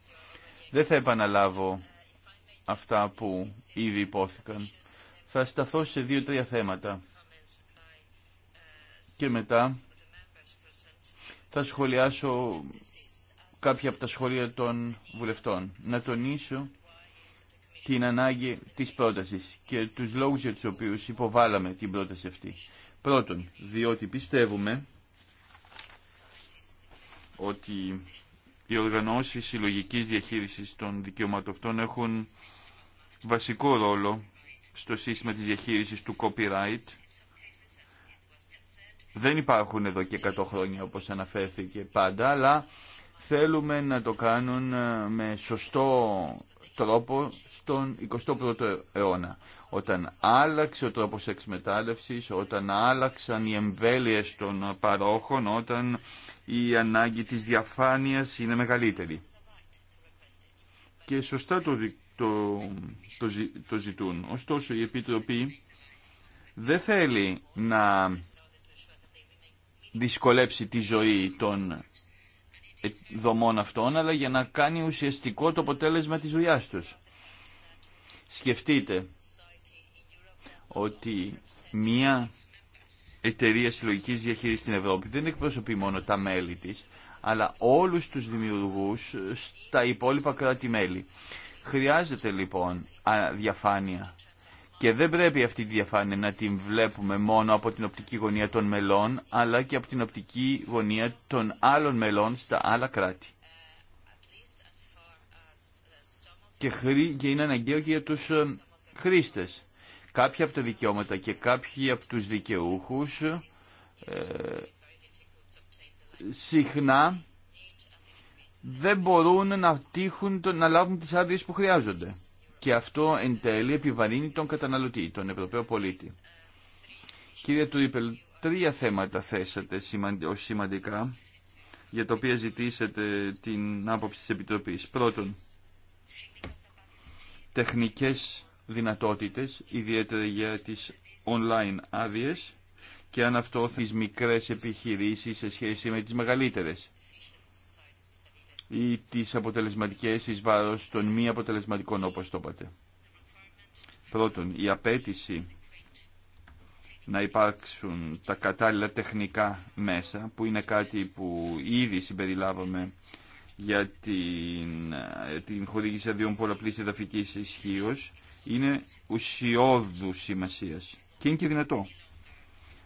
Δεν θα επαναλάβω αυτά που ήδη υπόθηκαν. Θα σταθώ σε δύο-τρία θέματα και μετά θα σχολιάσω κάποια από τα σχόλια των βουλευτών. Να τονίσω την ανάγκη της πρότασης και τους λόγους για τους οποίους υποβάλαμε την πρόταση αυτή. Πρώτον, διότι πιστεύουμε ότι οι οργανώσεις συλλογική διαχείρισης των δικαιωματοφτών έχουν βασικό ρόλο στο σύστημα της διαχείρισης του copyright δεν υπάρχουν εδώ και 100 χρόνια όπως αναφέρθηκε πάντα, αλλά θέλουμε να το κάνουν ε, με σωστό τρόπο στον 21ο αιώνα. Όταν άλλαξε ο τρόπος εξμετάλλευσης, όταν άλλαξαν οι εμβέλειες των παρόχων, όταν η ανάγκη της διαφάνειας είναι μεγαλύτερη. Και σωστά το το, το, το ζητούν. Ωστόσο η Επιτροπή δεν θέλει να δυσκολέψει τη ζωή των δομών αυτών, αλλά για να κάνει ουσιαστικό το αποτέλεσμα της δουλειά τους. Σκεφτείτε ότι μία εταιρεία συλλογικής διαχείρισης στην Ευρώπη δεν εκπροσωπεί μόνο τα μέλη της, αλλά όλους τους δημιουργούς στα υπόλοιπα κράτη-μέλη. Χρειάζεται λοιπόν διαφάνεια και δεν πρέπει αυτή τη διαφάνεια να την βλέπουμε μόνο από την οπτική γωνία των μελών αλλά και από την οπτική γωνία των άλλων μελών στα άλλα κράτη. Και, και είναι αναγκαίο και για τους ε, χρήστες. Κάποια από τα δικαιώματα και κάποιοι από τους δικαιούχους ε, συχνά δεν μπορούν να, τύχουν, να λάβουν τις άδειε που χρειάζονται. Και αυτό εν τέλει επιβαρύνει τον καταναλωτή, τον Ευρωπαίο πολίτη. Κύριε Τρίπελ, τρία θέματα θέσατε ως σημαντικά για τα οποία ζητήσατε την άποψη της Επιτροπής. Πρώτον, τεχνικές δυνατότητες, ιδιαίτερα για τις online άδειε και αν αυτό μικρές επιχειρήσεις σε σχέση με τις μεγαλύτερες ή τις αποτελεσματικές εις βάρος των μη αποτελεσματικών όπως το είπατε. Πρώτον, η απέτηση να υπάρξουν τα κατάλληλα τεχνικά μέσα, που είναι κάτι που ήδη συμπεριλάβαμε για την, την χορήγηση αδειών πολλαπλής εδαφικής ισχύω, είναι ουσιώδου σημασίας και είναι και δυνατό.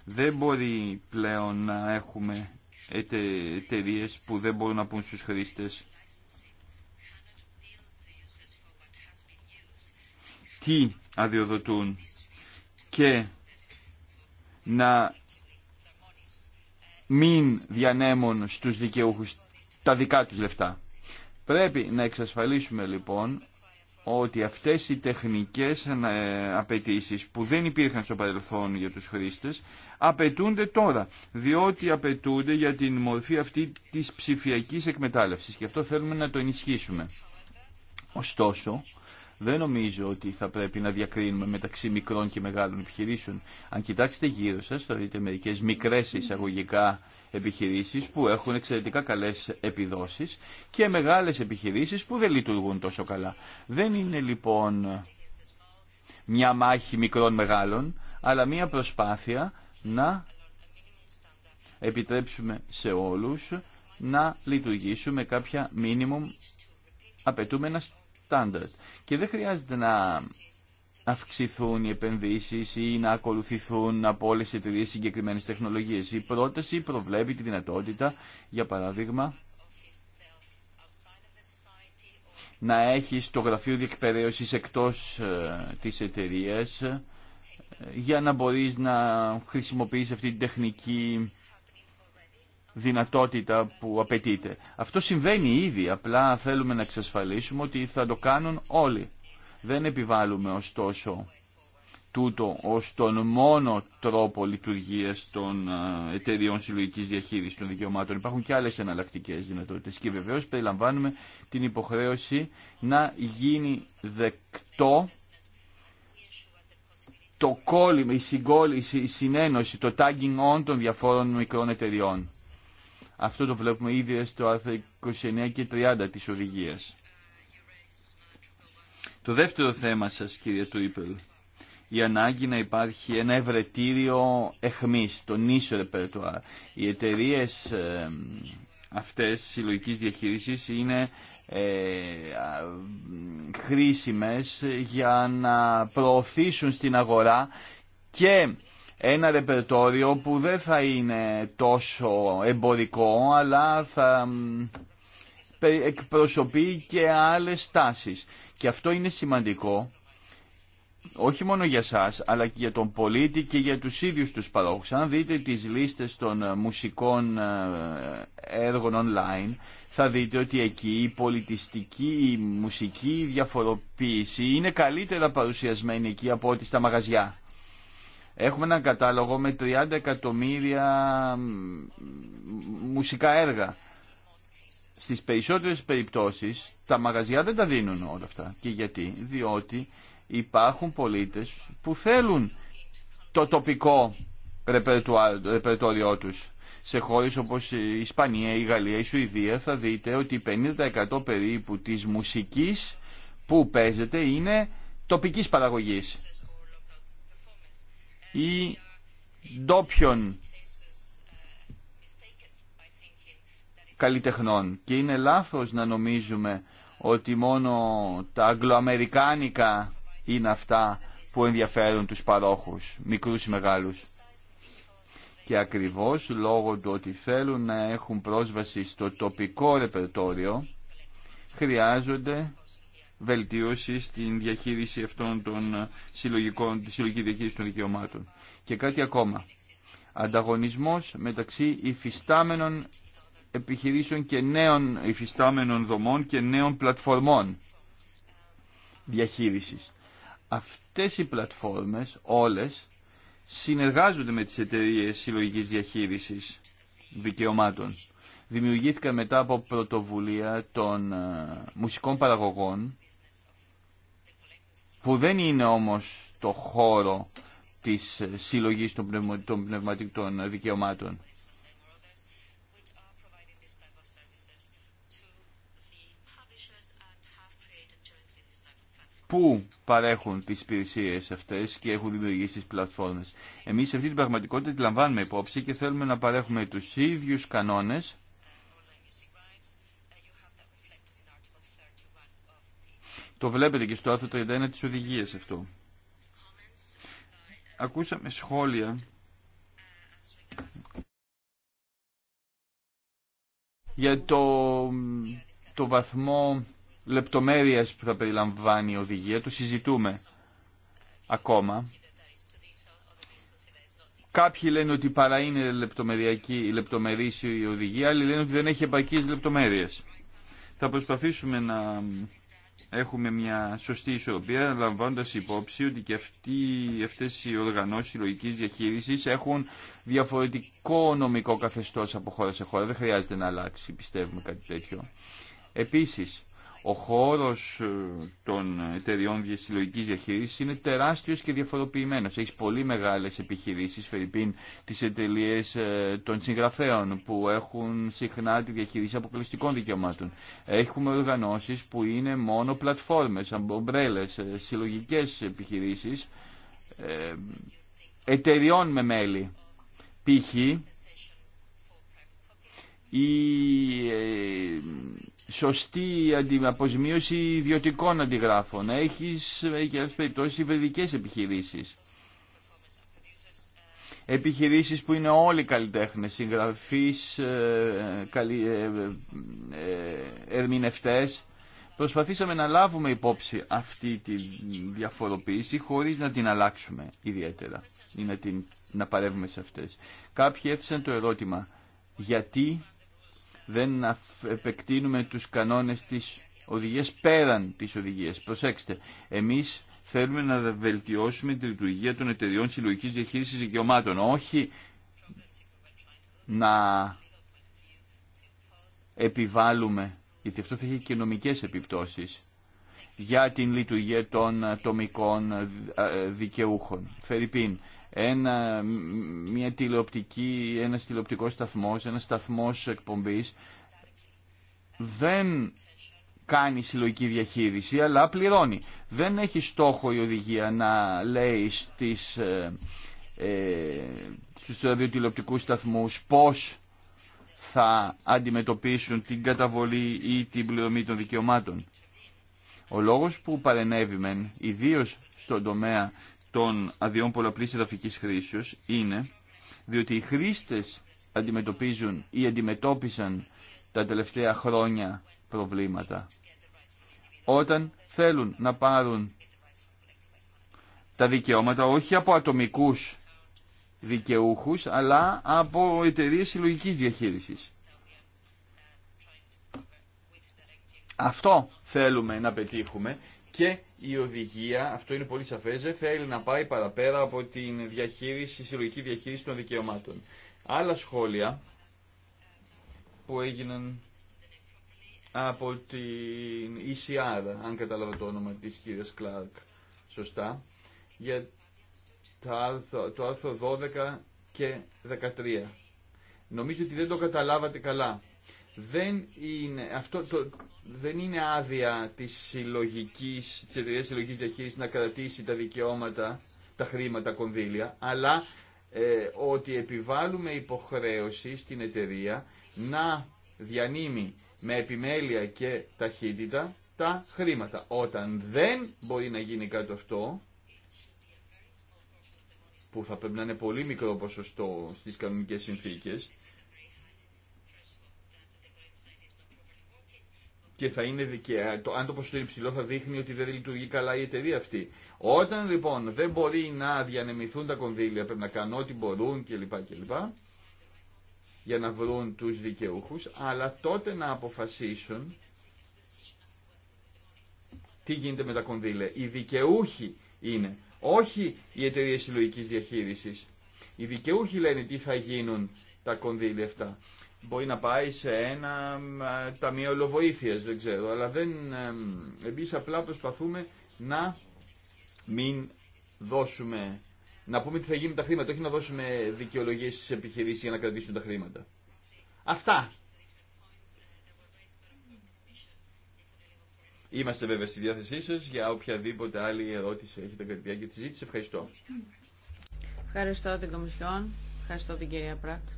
Δεν μπορεί πλέον να έχουμε εταιρείε που δεν μπορούν να πούν στους χρήστες τι αδειοδοτούν και να μην διανέμουν στους δικαιούχους τα δικά τους λεφτά. Πρέπει να εξασφαλίσουμε λοιπόν ότι αυτές οι τεχνικές ε, απαιτήσει που δεν υπήρχαν στο παρελθόν για τους χρήστες απαιτούνται τώρα, διότι απαιτούνται για την μορφή αυτή της ψηφιακής εκμετάλλευσης και αυτό θέλουμε να το ενισχύσουμε. Ωστόσο, δεν νομίζω ότι θα πρέπει να διακρίνουμε μεταξύ μικρών και μεγάλων επιχειρήσεων. Αν κοιτάξετε γύρω σας, θα δείτε μερικές μικρές εισαγωγικά επιχειρήσεις που έχουν εξαιρετικά καλές επιδόσεις και μεγάλες επιχειρήσεις που δεν λειτουργούν τόσο καλά. Δεν είναι λοιπόν μια μάχη μικρών μεγάλων, αλλά μια προσπάθεια να επιτρέψουμε σε όλους να λειτουργήσουμε κάποια minimum απαιτούμενα standard. Και δεν χρειάζεται να αυξηθούν οι επενδύσεις ή να ακολουθηθούν από όλες τις εταιρείες συγκεκριμένες τεχνολογίες. Η πρόταση προβλέπει τη δυνατότητα, για παράδειγμα, να έχει το γραφείο διεκπαιρέωσης εκτός ε, της εταιρείας για να μπορείς να χρησιμοποιείς αυτή την τεχνική δυνατότητα που απαιτείται. Αυτό συμβαίνει ήδη, απλά θέλουμε να εξασφαλίσουμε ότι θα το κάνουν όλοι. Δεν επιβάλλουμε ωστόσο τούτο ως τον μόνο τρόπο λειτουργίας των ε, εταιριών συλλογική διαχείριση των δικαιωμάτων. Υπάρχουν και άλλες εναλλακτικέ δυνατότητες και βεβαίως περιλαμβάνουμε την υποχρέωση να γίνει δεκτό το κόλλημα, η συγκόλληση, η συνένωση, το tagging on των διαφόρων μικρών εταιριών. Αυτό το βλέπουμε ήδη στο άρθρο 29 και 30 της οδηγίας. Το δεύτερο θέμα σας, κύριε Τουίπελ, η ανάγκη να υπάρχει ένα ευρετήριο εχμής, το νήσο ρεπερτουάρ. Οι εταιρείε αυτές συλλογικής διαχείρισης είναι ε, χρήσιμες για να προωθήσουν στην αγορά και ένα ρεπερτόριο που δεν θα είναι τόσο εμπορικό αλλά θα εκπροσωπεί και άλλες τάσεις. Και αυτό είναι σημαντικό όχι μόνο για σας, αλλά και για τον πολίτη και για τους ίδιους τους παρόχους. Αν δείτε τις λίστες των ε, μουσικών ε, έργων online, θα δείτε ότι εκεί η πολιτιστική, η μουσική διαφοροποίηση είναι καλύτερα παρουσιασμένη εκεί από ό,τι στα μαγαζιά. Έχουμε έναν κατάλογο με 30 εκατομμύρια μουσικά έργα. Στις περισσότερες περιπτώσεις τα μαγαζιά δεν τα δίνουν όλα αυτά. Και γιατί, διότι υπάρχουν πολίτες που θέλουν το τοπικό ρεπερτόριό τους. Σε χώρες όπως η Ισπανία, η Γαλλία, η Σουηδία θα δείτε ότι 50% περίπου της μουσικής που παίζεται είναι τοπικής παραγωγής ή ντόπιων καλλιτεχνών. Και είναι λάθος να νομίζουμε ότι μόνο τα αγγλοαμερικάνικα είναι αυτά που ενδιαφέρουν τους παρόχους, μικρούς ή μεγάλους. Και ακριβώς λόγω του ότι θέλουν να έχουν πρόσβαση στο τοπικό ρεπερτόριο, χρειάζονται βελτίωση στην διαχείριση αυτών των συλλογικών, τη συλλογική διαχείριση των δικαιωμάτων. Και κάτι ακόμα. Ανταγωνισμός μεταξύ υφιστάμενων επιχειρήσεων και νέων υφιστάμενων δομών και νέων πλατφορμών διαχείρισης αυτές οι πλατφόρμες όλες συνεργάζονται με τις εταιρείες συλλογικής διαχείρισης δικαιωμάτων. Δημιουργήθηκαν μετά από πρωτοβουλία των ε, μουσικών παραγωγών που δεν είναι όμως το χώρο της ε, συλλογής των, πνευματικών δικαιωμάτων. που παρέχουν τις υπηρεσίε αυτές και έχουν δημιουργήσει τις πλατφόρμες. Εμείς αυτή την πραγματικότητα τη λαμβάνουμε υπόψη και θέλουμε να παρέχουμε τους ίδιους κανόνες Το βλέπετε και στο άρθρο 31 της οδηγίας αυτό. Ακούσαμε σχόλια για το, το βαθμό λεπτομέρειες που θα περιλαμβάνει η οδηγία, το συζητούμε ακόμα. Κάποιοι λένε ότι παρά είναι λεπτομεριακή, λεπτομερής η οδηγία, άλλοι λένε ότι δεν έχει επαρκείς λεπτομέρειες. Θα προσπαθήσουμε να έχουμε μια σωστή ισορροπία, λαμβάνοντα υπόψη ότι και αυτοί, αυτές οι οργανώσεις συλλογική διαχείρισης έχουν διαφορετικό νομικό καθεστώς από χώρα σε χώρα. Δεν χρειάζεται να αλλάξει, πιστεύουμε κάτι τέτοιο. Επίσης, ο χώρος ε, των εταιριών συλλογική διαχείρισης είναι τεράστιος και διαφοροποιημένος. Έχει πολύ μεγάλες επιχειρήσεις, φερειπίν τις εταιρείε των συγγραφέων που έχουν συχνά τη διαχείριση αποκλειστικών δικαιωμάτων. Έχουμε οργανώσεις που είναι μόνο πλατφόρμες, αμπομπρέλες ε, συλλογικέ επιχειρήσεις, ε, εταιριών με μέλη. Π.χ η ε, σωστή αποζημίωση ιδιωτικών αντιγράφων. Έχεις, έχει άλλες περιπτώσεις, υβριδικές επιχειρήσεις. Επιχειρήσεις που είναι όλοι καλλιτέχνες, συγγραφείς, ε, ε, ερμηνευτές. Προσπαθήσαμε να λάβουμε υπόψη αυτή τη διαφοροποίηση χωρίς να την αλλάξουμε ιδιαίτερα ή να, την, να παρεύουμε σε αυτές. Κάποιοι έφυσαν το ερώτημα γιατί δεν επεκτείνουμε τους κανόνες της οδηγίας πέραν της οδηγίας. Προσέξτε, εμείς θέλουμε να βελτιώσουμε τη λειτουργία των εταιριών συλλογικής διαχείρισης δικαιωμάτων, όχι να επιβάλλουμε, γιατί αυτό θα έχει και νομικές επιπτώσεις για την λειτουργία των ατομικών ε, δικαιούχων ένα, μια τηλεοπτική, ένας τηλεοπτικός σταθμός, ένας σταθμός εκπομπής δεν κάνει συλλογική διαχείριση αλλά πληρώνει. Δεν έχει στόχο η οδηγία να λέει στις, ε, σταθμού ε, στους σταθμούς πώς θα αντιμετωπίσουν την καταβολή ή την πληρωμή των δικαιωμάτων. Ο λόγος που παρενέβημεν, ιδίως στον τομέα των αδειών πολλαπλής εδαφικής χρήσεως είναι διότι οι χρήστε αντιμετωπίζουν ή αντιμετώπισαν τα τελευταία χρόνια προβλήματα. Όταν θέλουν να πάρουν τα δικαιώματα όχι από ατομικούς δικαιούχους αλλά από εταιρείε συλλογική διαχείρισης. Αυτό θέλουμε να πετύχουμε και η οδηγία, αυτό είναι πολύ σαφές, δεν θέλει να πάει παραπέρα από τη διαχείριση, συλλογική διαχείριση των δικαιωμάτων. Άλλα σχόλια που έγιναν από την ECR, αν κατάλαβα το όνομα της κυρίας Κλάρκ σωστά, για το άρθρο, το 12 και 13. Νομίζω ότι δεν το καταλάβατε καλά. Δεν είναι, αυτό, δεν είναι άδεια της συλλογική, της εταιρείας να κρατήσει τα δικαιώματα, τα χρήματα, κονδύλια, αλλά ε, ότι επιβάλλουμε υποχρέωση στην εταιρεία να διανύμει με επιμέλεια και ταχύτητα τα χρήματα. Όταν δεν μπορεί να γίνει κάτι αυτό, που θα πρέπει να είναι πολύ μικρό ποσοστό στις κανονικές συνθήκες, και θα είναι δικαία. Το, αν το ποσοστό είναι υψηλό θα δείχνει ότι δεν λειτουργεί καλά η εταιρεία αυτή. Όταν λοιπόν δεν μπορεί να διανεμηθούν τα κονδύλια, πρέπει να κάνουν ό,τι μπορούν κλπ. κλπ για να βρουν τους δικαιούχους, αλλά τότε να αποφασίσουν τι γίνεται με τα κονδύλια. Οι δικαιούχοι είναι, όχι οι εταιρείε συλλογική διαχείρισης. Οι δικαιούχοι λένε τι θα γίνουν τα κονδύλια αυτά μπορεί να πάει σε ένα ταμείο ολοβοήθεια, δεν ξέρω. Αλλά δεν, εμείς απλά προσπαθούμε να μην δώσουμε, να πούμε τι θα γίνει με τα χρήματα, όχι να δώσουμε δικαιολογίες στις επιχειρήσεις για να κρατήσουν τα χρήματα. Αυτά. Είμαστε βέβαια στη διάθεσή σα για οποιαδήποτε άλλη ερώτηση έχετε κατά τη διάρκεια τη συζήτηση. Ευχαριστώ. Ευχαριστώ την Κομισιόν. Ευχαριστώ την κυρία Πράτ.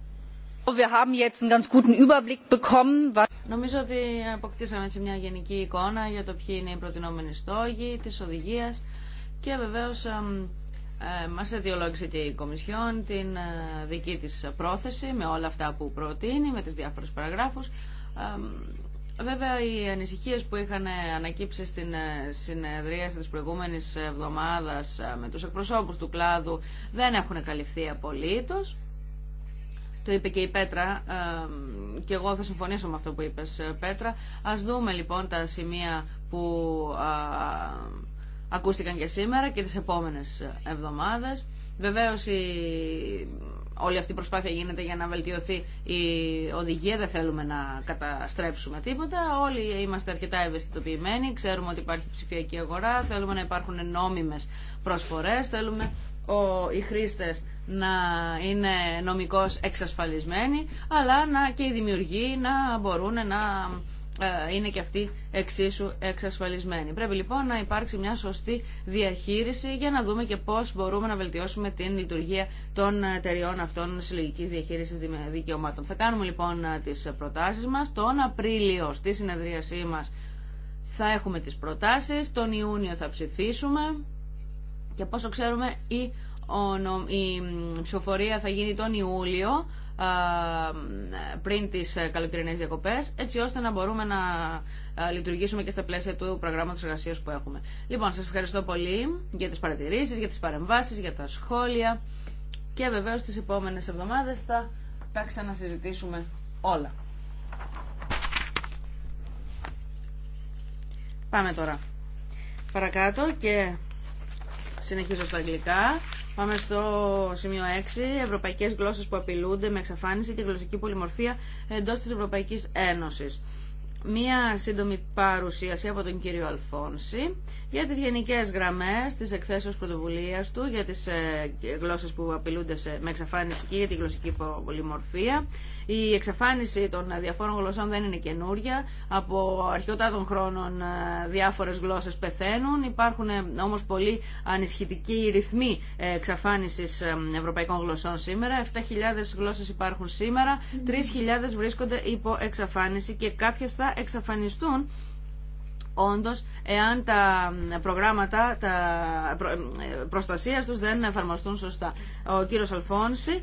Νομίζω ότι αποκτήσαμε έτσι μια γενική εικόνα για το ποιοι είναι οι προτινόμενοι στόχοι της οδηγίας και βεβαίως ε, μας αιτιολόγησε και η Κομισιόν την ε, δική της πρόθεση με όλα αυτά που προτείνει, με τις διάφορες παραγράφους. βέβαια οι ανησυχίες που είχαν ε, ανακύψει στην ε, συνεδρία της προηγούμενης εβδομάδας με τους εκπροσώπους του κλάδου δεν έχουν καλυφθεί απολύτως. Το είπε και η Πέτρα ε, και εγώ θα συμφωνήσω με αυτό που είπες ε, Πέτρα. Ας δούμε λοιπόν τα σημεία που ακούστηκαν και σήμερα και τις επόμενες εβδομάδες. Βεβαίως η... όλη αυτή η προσπάθεια γίνεται για να βελτιωθεί η οδηγία, δεν θέλουμε να καταστρέψουμε τίποτα. Όλοι είμαστε αρκετά ευαισθητοποιημένοι, ξέρουμε ότι υπάρχει ψηφιακή αγορά, θέλουμε να υπάρχουν νόμιμες προσφορές, θέλουμε ο... οι χρήστες να είναι νομικώς εξασφαλισμένοι, αλλά να, και οι δημιουργοί να μπορούν να ε, είναι και αυτοί εξίσου εξασφαλισμένοι. Πρέπει λοιπόν να υπάρξει μια σωστή διαχείριση για να δούμε και πώς μπορούμε να βελτιώσουμε την λειτουργία των εταιριών αυτών συλλογική διαχείρισης δικαιωμάτων. Θα κάνουμε λοιπόν ε, τις προτάσεις μας τον Απρίλιο στη συνεδρίασή μας θα έχουμε τις προτάσεις, τον Ιούνιο θα ψηφίσουμε και πόσο ξέρουμε η η ψηφοφορία θα γίνει τον Ιούλιο πριν τις ε, καλοκαιρινές διακοπές έτσι ώστε να μπορούμε να λειτουργήσουμε και στα πλαίσια του προγράμματος εργασίας που έχουμε. Λοιπόν, σας ευχαριστώ πολύ για τις παρατηρήσεις, για τις παρεμβάσεις, για τα σχόλια και βεβαίως τις επόμενες εβδομάδες θα τα ξανασυζητήσουμε όλα. Πάμε τώρα παρακάτω και Συνεχίζω στα αγγλικά. Πάμε στο σημείο 6. Ευρωπαϊκές γλώσσες που απειλούνται με εξαφάνιση και γλωσσική πολυμορφία εντός της Ευρωπαϊκής Ένωσης μία σύντομη παρουσίαση από τον κύριο Αλφόνση για τις γενικές γραμμές της εκθέσεως πρωτοβουλίας του, για τις ε, γλώσσες που απειλούνται σε, με εξαφάνιση και για τη γλωσσική πολυμορφία. Η εξαφάνιση των διαφόρων γλωσσών δεν είναι καινούρια. Από αρχαιότητα των χρόνων ε, διάφορες γλώσσες πεθαίνουν. Υπάρχουν ε, όμως πολύ ανισχυτικοί ρυθμοί εξαφάνισης ευρωπαϊκών γλωσσών σήμερα. 7.000 γλώσσες υπάρχουν σήμερα, 3.000 βρίσκονται υπό εξαφάνιση και κάποιες θα εξαφανιστούν Όντω, εάν τα προγράμματα τα ε, προστασίας τους δεν εφαρμοστούν σωστά. Ο κύριο Αλφόνση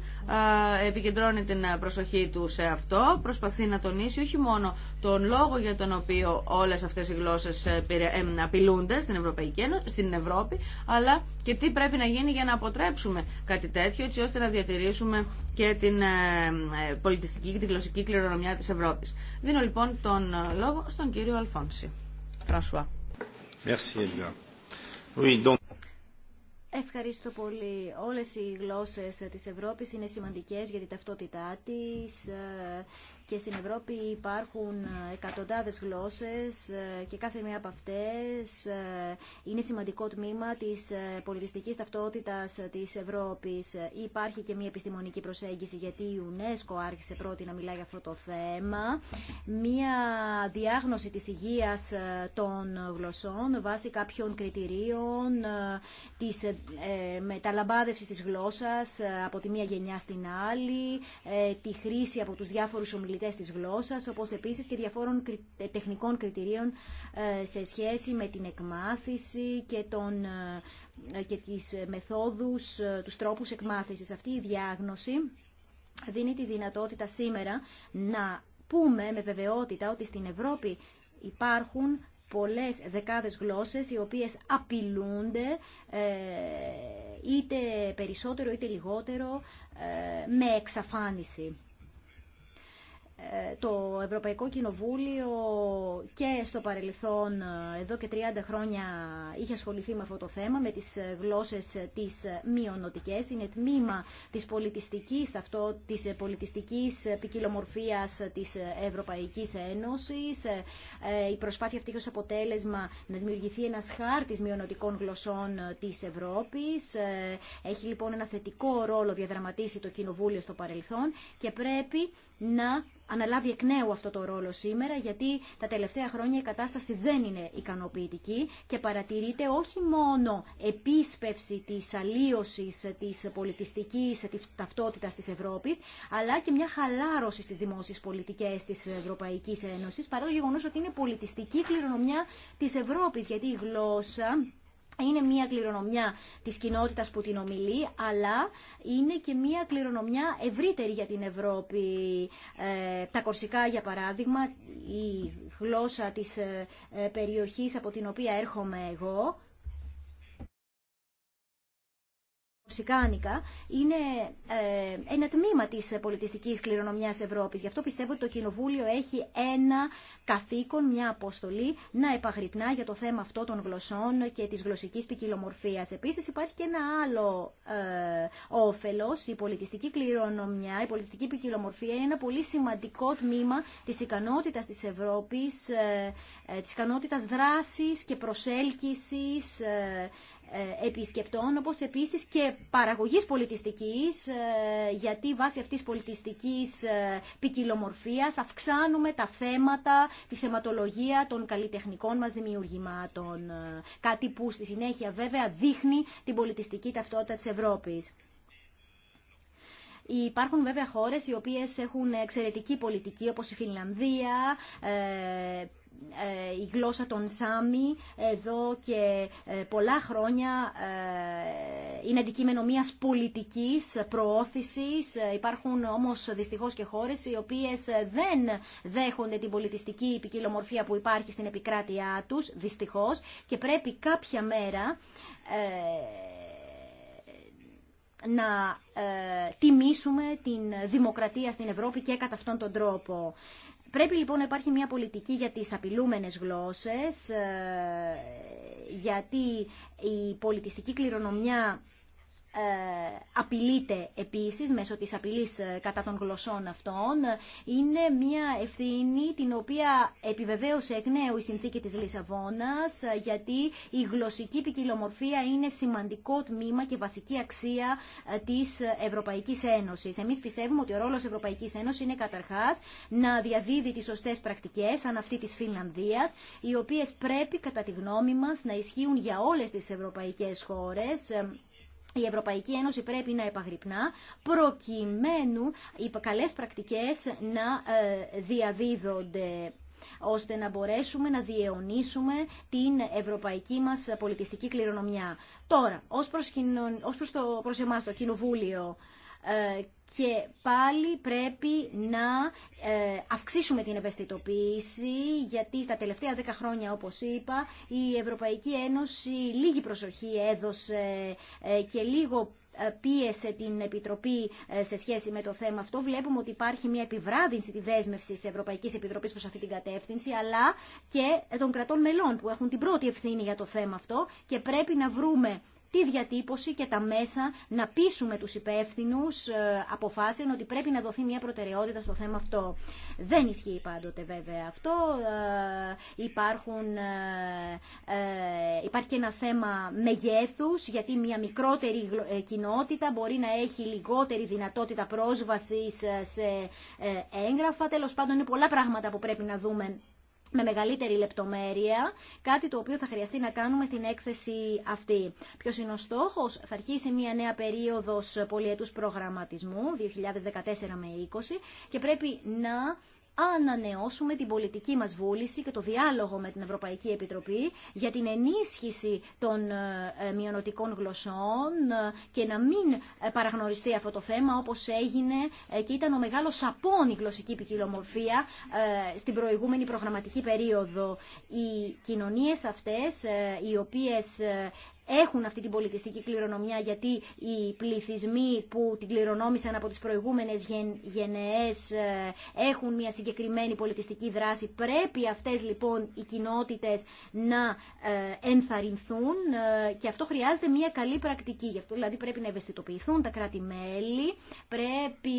επικεντρώνει την προσοχή του σε αυτό, προσπαθεί να τονίσει όχι μόνο τον λόγο για τον οποίο όλες αυτές οι γλώσσες ε, ε, απειλούνται στην, Ευρωπαϊκή, στην Ευρώπη, αλλά και τι πρέπει να γίνει για να αποτρέψουμε κάτι τέτοιο, έτσι ώστε να διατηρήσουμε και την πολιτιστική και την γλωσσική κληρονομιά τη Ευρώπη. Δίνω λοιπόν τον λόγο στον κύριο Αλφόνση. Ευχαριστώ πολύ. Όλες οι γλώσσες της Ευρώπης είναι σημαντικές για τη ταυτότητά της ε, και στην Ευρώπη υπάρχουν εκατοντάδες γλώσσες ε, και κάθε μία από αυτές ε, είναι σημαντικό τμήμα της ε, πολιτιστικής ταυτότητας της Ευρώπης. Υπάρχει και μία επιστημονική προσέγγιση γιατί η UNESCO άρχισε πρώτη να μιλάει για αυτό το θέμα. Μία διάγνωση της υγείας των γλωσσών βάσει κάποιων κριτηρίων της μεταλαμπάδευσης της γλώσσας από τη μία γενιά στην άλλη, τη χρήση από τους διάφορους ομιλητές ομιλητές της γλώσσας, όπως επίσης και διαφόρων τεχνικών κριτηρίων ε, σε σχέση με την εκμάθηση και, τον, ε, και τις μεθόδους, ε, τους τρόπους εκμάθησης. Αυτή η διάγνωση δίνει τη δυνατότητα σήμερα να πούμε με βεβαιότητα ότι στην Ευρώπη υπάρχουν πολλές δεκάδες γλώσσες οι οποίες απειλούνται είτε περισσότερο είτε λιγότερο με εξαφάνιση. Ε, το Ευρωπαϊκό Κοινοβούλιο και στο παρελθόν ε, εδώ και 30 χρόνια είχε ασχοληθεί με αυτό το θέμα, με τις ε, γλώσσες τις μειονοτικές. Είναι τμήμα της πολιτιστικής, αυτό, της πολιτιστικής ποικιλομορφίας της Ευρωπαϊκής Ένωσης. Η προσπάθεια αυτή ως αποτέλεσμα να δημιουργηθεί ένας χάρτης μειονοτικών γλωσσών της Ευρώπης. Έχει λοιπόν ένα θετικό ρόλο διαδραματίσει το Κοινοβούλιο στο παρελθόν και πρέπει να αναλάβει εκ νέου αυτό το ρόλο σήμερα, γιατί τα τελευταία χρόνια η κατάσταση δεν είναι ικανοποιητική και παρατηρείται όχι μόνο επίσπευση της αλλίωσης της πολιτιστικής ταυτότητας της Ευρώπης, αλλά και μια χαλάρωση στις δημόσιες πολιτικές της Ευρωπαϊκής Ένωσης, παρά το γεγονός ότι είναι πολιτιστική κληρονομιά της Ευρώπης, γιατί η γλώσσα είναι μια κληρονομιά της κοινότητα που την ομιλεί, αλλά είναι και μια κληρονομιά ευρύτερη για την Ευρώπη. Ε, τα Κορσικά, για παράδειγμα, η γλώσσα της ε, ε, περιοχής από την οποία έρχομαι εγώ, ψικάνικα είναι ε, ένα τμήμα της πολιτιστικής κληρονομιάς Ευρώπης. Γι' αυτό πιστεύω ότι το Κοινοβούλιο έχει ένα καθήκον, μια αποστολή να επαγρυπνά για το θέμα αυτό των γλωσσών και της γλωσσικής ποικιλομορφία. Επίσης υπάρχει και ένα άλλο ε, όφελος, η πολιτιστική κληρονομιά, η πολιτιστική ποικιλομορφία είναι ένα πολύ σημαντικό τμήμα της ικανότητας της Ευρώπης, ε, ε, της ικανότητας δράσης και προσέλκυσης ε, ε, επισκεπτών, όπως επίσης και παραγωγής πολιτιστικής, ε, γιατί βάσει αυτής πολιτιστικής ε, ποικιλομορφία αυξάνουμε τα θέματα, τη θεματολογία των καλλιτεχνικών μας δημιουργημάτων. Κάτι που στη συνέχεια βέβαια δείχνει την πολιτιστική ταυτότητα της Ευρώπης. Υπάρχουν βέβαια χώρες οι οποίες έχουν εξαιρετική πολιτική όπως η Φινλανδία ε, η γλώσσα των Σάμι εδώ και ε, πολλά χρόνια ε, είναι αντικείμενο μιας πολιτικής προώθησης. Υπάρχουν όμως δυστυχώς και χώρες οι οποίες δεν δέχονται την πολιτιστική ποικιλομορφία που υπάρχει στην επικράτειά τους, δυστυχώς, και πρέπει κάποια μέρα να τιμήσουμε την δημοκρατία στην Ευρώπη και κατά αυτόν τον τρόπο. Πρέπει λοιπόν να υπάρχει μια πολιτική για τις απειλούμενες γλώσσες, ε, γιατί η πολιτιστική κληρονομιά ε, απειλείται επίσης μέσω της απειλής ε, κατά των γλωσσών αυτών είναι μια ευθύνη την οποία επιβεβαίωσε εκ νέου η συνθήκη της Λισαβόνας ε, γιατί η γλωσσική ποικιλομορφία είναι σημαντικό τμήμα και βασική αξία της Ευρωπαϊκής Ένωσης. Εμείς πιστεύουμε ότι ο ρόλος Ευρωπαϊκής Ένωσης είναι καταρχάς να διαδίδει τις σωστές πρακτικές σαν αυτή της Φινλανδίας οι οποίες πρέπει κατά τη γνώμη μας να ισχύουν για όλες τις ευρωπαϊκές χώρες η Ευρωπαϊκή Ένωση πρέπει να επαγρυπνά προκειμένου οι καλές πρακτικές να ε, διαδίδονται ώστε να μπορέσουμε να διαιωνίσουμε την ευρωπαϊκή μας πολιτιστική κληρονομιά. Τώρα, ως προς, ως προς, το... προς εμάς το Κοινοβούλιο, ε, και πάλι πρέπει να ε, αυξήσουμε την ευαισθητοποίηση γιατί στα τελευταία δέκα χρόνια όπως είπα η Ευρωπαϊκή Ένωση λίγη προσοχή έδωσε ε, και λίγο πίεσε την Επιτροπή σε σχέση με το θέμα αυτό. Βλέπουμε ότι υπάρχει μια επιβράδυνση τη δέσμευση τη Ευρωπαϊκή Επιτροπής προ αυτή την κατεύθυνση, αλλά και των κρατών μελών που έχουν την πρώτη ευθύνη για το θέμα αυτό και πρέπει να βρούμε τη διατύπωση και τα μέσα να πείσουμε τους υπεύθυνου ε, αποφάσεων ότι πρέπει να δοθεί μια προτεραιότητα στο θέμα αυτό. Δεν ισχύει πάντοτε βέβαια αυτό. Ε, υπάρχουν, ε, υπάρχει και ένα θέμα μεγέθους γιατί μια μικρότερη κοινότητα μπορεί να έχει λιγότερη δυνατότητα πρόσβασης σε έγγραφα. Τέλος πάντων είναι πολλά πράγματα που πρέπει να δούμε με μεγαλύτερη λεπτομέρεια, κάτι το οποίο θα χρειαστεί να κάνουμε στην έκθεση αυτή. Ποιο είναι ο στόχο, θα αρχίσει μια νέα περίοδο πολιετού προγραμματισμού, 2014 με 2020, και πρέπει να ανανεώσουμε την πολιτική μας βούληση και το διάλογο με την Ευρωπαϊκή Επιτροπή για την ενίσχυση των ε, ε, μειονοτικών γλωσσών ε, και να μην παραγνωριστεί αυτό το θέμα όπως έγινε και ήταν ο μεγάλος σαπών η γλωσσική ποικιλομορφία στην προηγούμενη προγραμματική περίοδο. Οι κοινωνίες αυτές οι οποίες έχουν αυτή την πολιτιστική κληρονομιά γιατί οι πληθυσμοί που την κληρονόμησαν από τις προηγούμενες γενναίες ε, έχουν μια συγκεκριμένη πολιτιστική δράση. Πρέπει αυτές λοιπόν οι κοινότητες να ε, ενθαρρυνθούν ε, και αυτό χρειάζεται μια καλή πρακτική. Γι' αυτό δηλαδή πρέπει να ευαισθητοποιηθούν τα κράτη-μέλη, πρέπει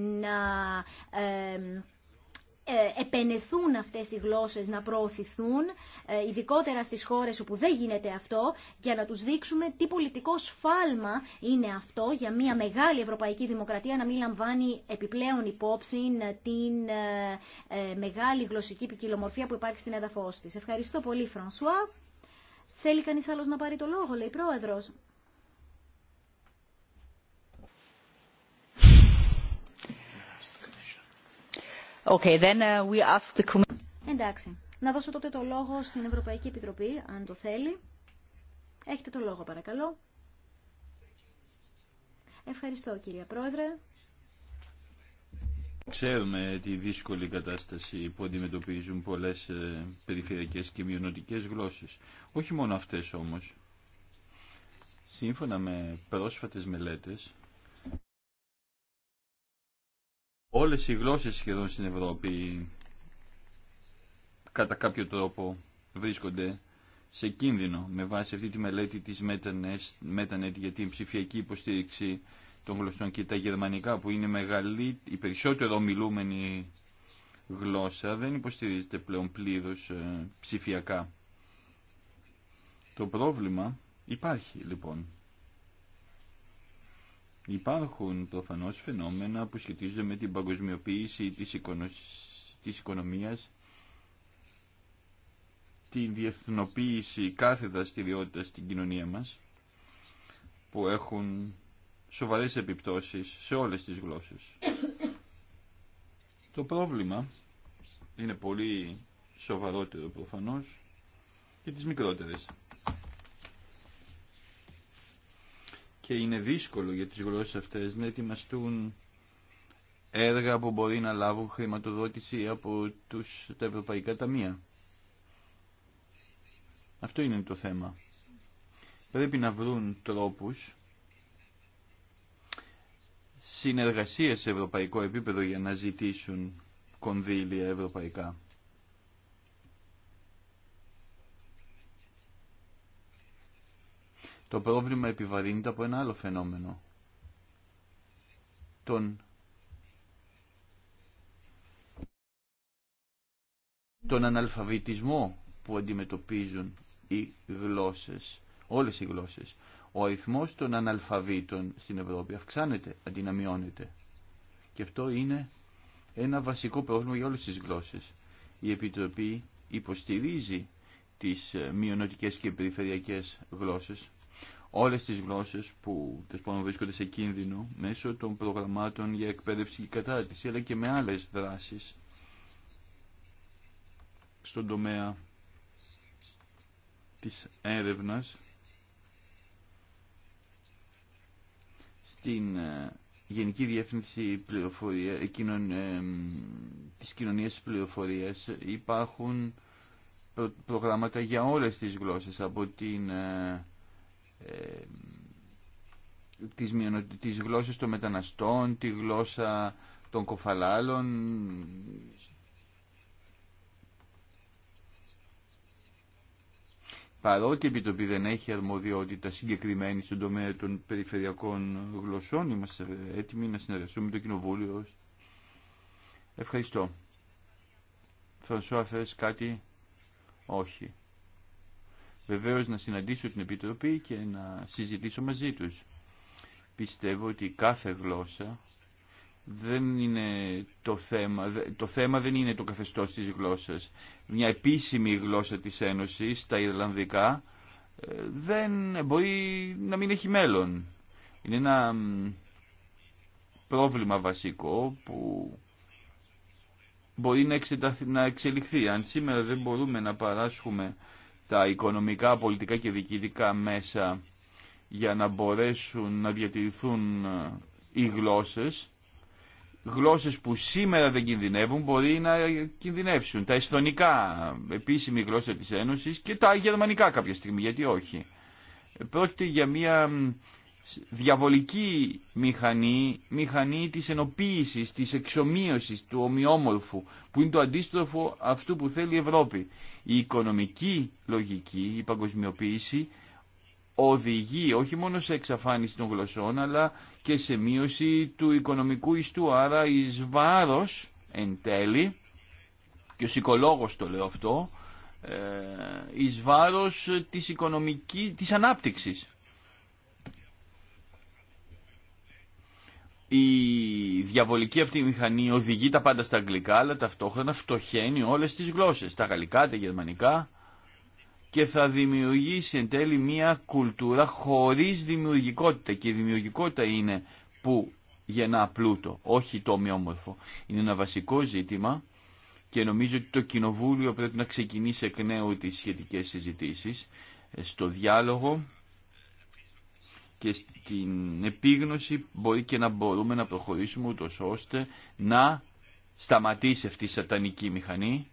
να ε, επενεθούν αυτές οι γλώσσες να προωθηθούν, ε, ειδικότερα στις χώρες όπου δεν γίνεται αυτό, για να τους δείξουμε τι πολιτικό σφάλμα είναι αυτό για μια μεγάλη ευρωπαϊκή δημοκρατία να μην λαμβάνει επιπλέον υπόψη ε, την μεγάλη γλωσσική ποικιλομορφία που υπάρχει στην έδαφος της. Ευχαριστώ πολύ, Φρανσουά. Θέλει κανείς άλλος να πάρει το λόγο, λέει η Πρόεδρος. Uh, Εντάξει. Να δώσω τότε το λόγο στην Ευρωπαϊκή Επιτροπή, αν το θέλει. Έχετε το λόγο, παρακαλώ. Ευχαριστώ, κυρία Πρόεδρε. Ξέρουμε τη δύσκολη κατάσταση που αντιμετωπίζουν πολλές ε, περιφερειακές και μειονοτικές γλώσσες. Όχι μόνο αυτές όμως. Σύμφωνα με πρόσφατες μελέτες, Όλες οι γλώσσες σχεδόν στην Ευρώπη κατά κάποιο τρόπο βρίσκονται σε κίνδυνο με βάση αυτή τη μελέτη της Metanet για την ψηφιακή υποστήριξη των γλωσσών και τα γερμανικά που είναι η περισσότερο μιλούμενη γλώσσα δεν υποστηρίζεται πλέον πλήρως ε, ψηφιακά. Το πρόβλημα υπάρχει λοιπόν. Υπάρχουν προφανώς φαινόμενα που σχετίζονται με την παγκοσμιοποίηση της, της οικονομίας, τη διεθνοποίηση κάθε δραστηριότητα στην κοινωνία μας, που έχουν σοβαρές επιπτώσεις σε όλες τις γλώσσες. Το πρόβλημα είναι πολύ σοβαρότερο προφανώς και τις μικρότερες και είναι δύσκολο για τις γλώσσες αυτές να ετοιμαστούν έργα που μπορεί να λάβουν χρηματοδότηση από τους, τα ευρωπαϊκά ταμεία. Αυτό είναι το θέμα. Πρέπει να βρουν τρόπους συνεργασίες σε ευρωπαϊκό επίπεδο για να ζητήσουν κονδύλια ευρωπαϊκά. Το πρόβλημα επιβαρύνεται από ένα άλλο φαινόμενο. Τον τον αναλφαβητισμό που αντιμετωπίζουν οι γλώσσες, όλες οι γλώσσες. Ο αριθμός των αναλφαβήτων στην Ευρώπη αυξάνεται, αντί να μειώνεται. Και αυτό είναι ένα βασικό πρόβλημα για όλες τις γλώσσες. Η Επιτροπή υποστηρίζει τις μειονοτικές και περιφερειακές γλώσσες όλες τις γλώσσες που πάνω, βρίσκονται σε κίνδυνο μέσω των προγραμμάτων για εκπαίδευση και κατάρτιση αλλά και με άλλες δράσεις στον τομέα της έρευνας στην ε, Γενική Διεύθυνση πληροφορία, ε, κοινων, ε, της Κοινωνίας υπάρχουν προγράμματα για όλες τις γλώσσες από την ε, ε, τις, τις γλώσσες των μεταναστών, τη γλώσσα των κοφαλάλων, παρότι η Επιτροπή δεν έχει αρμοδιότητα συγκεκριμένη στον τομέα των περιφερειακών γλωσσών, είμαστε έτοιμοι να συνεργαστούμε με το Κοινοβούλιο. Ευχαριστώ. Φρανσουά, θες κάτι? Όχι. Βεβαίω να συναντήσω την Επιτροπή και να συζητήσω μαζί τους. Πιστεύω ότι κάθε γλώσσα δεν είναι το θέμα, το θέμα δεν είναι το καθεστώς της γλώσσας. Μια επίσημη γλώσσα της Ένωσης, τα Ιρλανδικά, ε, δεν μπορεί να μην έχει μέλλον. Είναι ένα πρόβλημα βασικό που μπορεί να, εξελιχθεί. Αν σήμερα δεν μπορούμε να παράσχουμε τα οικονομικά, πολιτικά και διοικητικά μέσα για να μπορέσουν να διατηρηθούν ε, οι γλώσσες. Γλώσσες που σήμερα δεν κινδυνεύουν μπορεί να κινδυνεύσουν. Τα εσθονικά, επίσημη γλώσσα της Ένωσης και τα γερμανικά κάποια στιγμή, γιατί όχι. Πρόκειται για μια διαβολική μηχανή, μηχανή της ενοποίησης, της εξομοίωσης του ομοιόμορφου, που είναι το αντίστροφο αυτού που θέλει η Ευρώπη. Η οικονομική λογική, η παγκοσμιοποίηση, οδηγεί όχι μόνο σε εξαφάνιση των γλωσσών, αλλά και σε μείωση του οικονομικού ιστού, άρα εις βάρος, εν τέλει, και ο σικολόγος το λέω αυτό, ε, εις βάρος της, οικονομικής, της ανάπτυξης η διαβολική αυτή μηχανή οδηγεί τα πάντα στα αγγλικά, αλλά ταυτόχρονα φτωχαίνει όλες τις γλώσσες, τα γαλλικά, τα γερμανικά, και θα δημιουργήσει εν τέλει μια κουλτούρα χωρίς δημιουργικότητα. Και η δημιουργικότητα είναι που γεννά πλούτο, όχι το ομοιόμορφο. Είναι ένα βασικό ζήτημα και νομίζω ότι το Κοινοβούλιο πρέπει να ξεκινήσει εκ νέου τις σχετικές συζητήσεις ε, στο διάλογο και στην επίγνωση μπορεί και να μπορούμε να προχωρήσουμε ούτως ώστε να σταματήσει αυτή η σατανική μηχανή.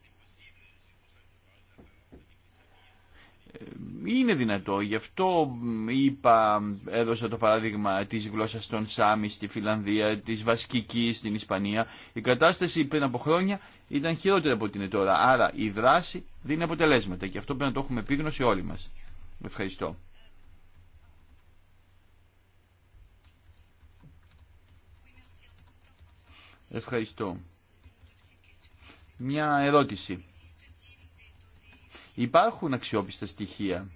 Ε, είναι δυνατό, γι' αυτό είπα, έδωσα το παράδειγμα της γλώσσας των Σάμι στη Φιλανδία, της Βασκικής στην Ισπανία. Η κατάσταση πριν από χρόνια ήταν χειρότερη από ό,τι είναι τώρα. Άρα η δράση δίνει αποτελέσματα και αυτό πρέπει να το έχουμε επίγνωση όλοι μας. Ευχαριστώ. Ευχαριστώ. Μια ερώτηση. Υπάρχουν αξιόπιστα στοιχεία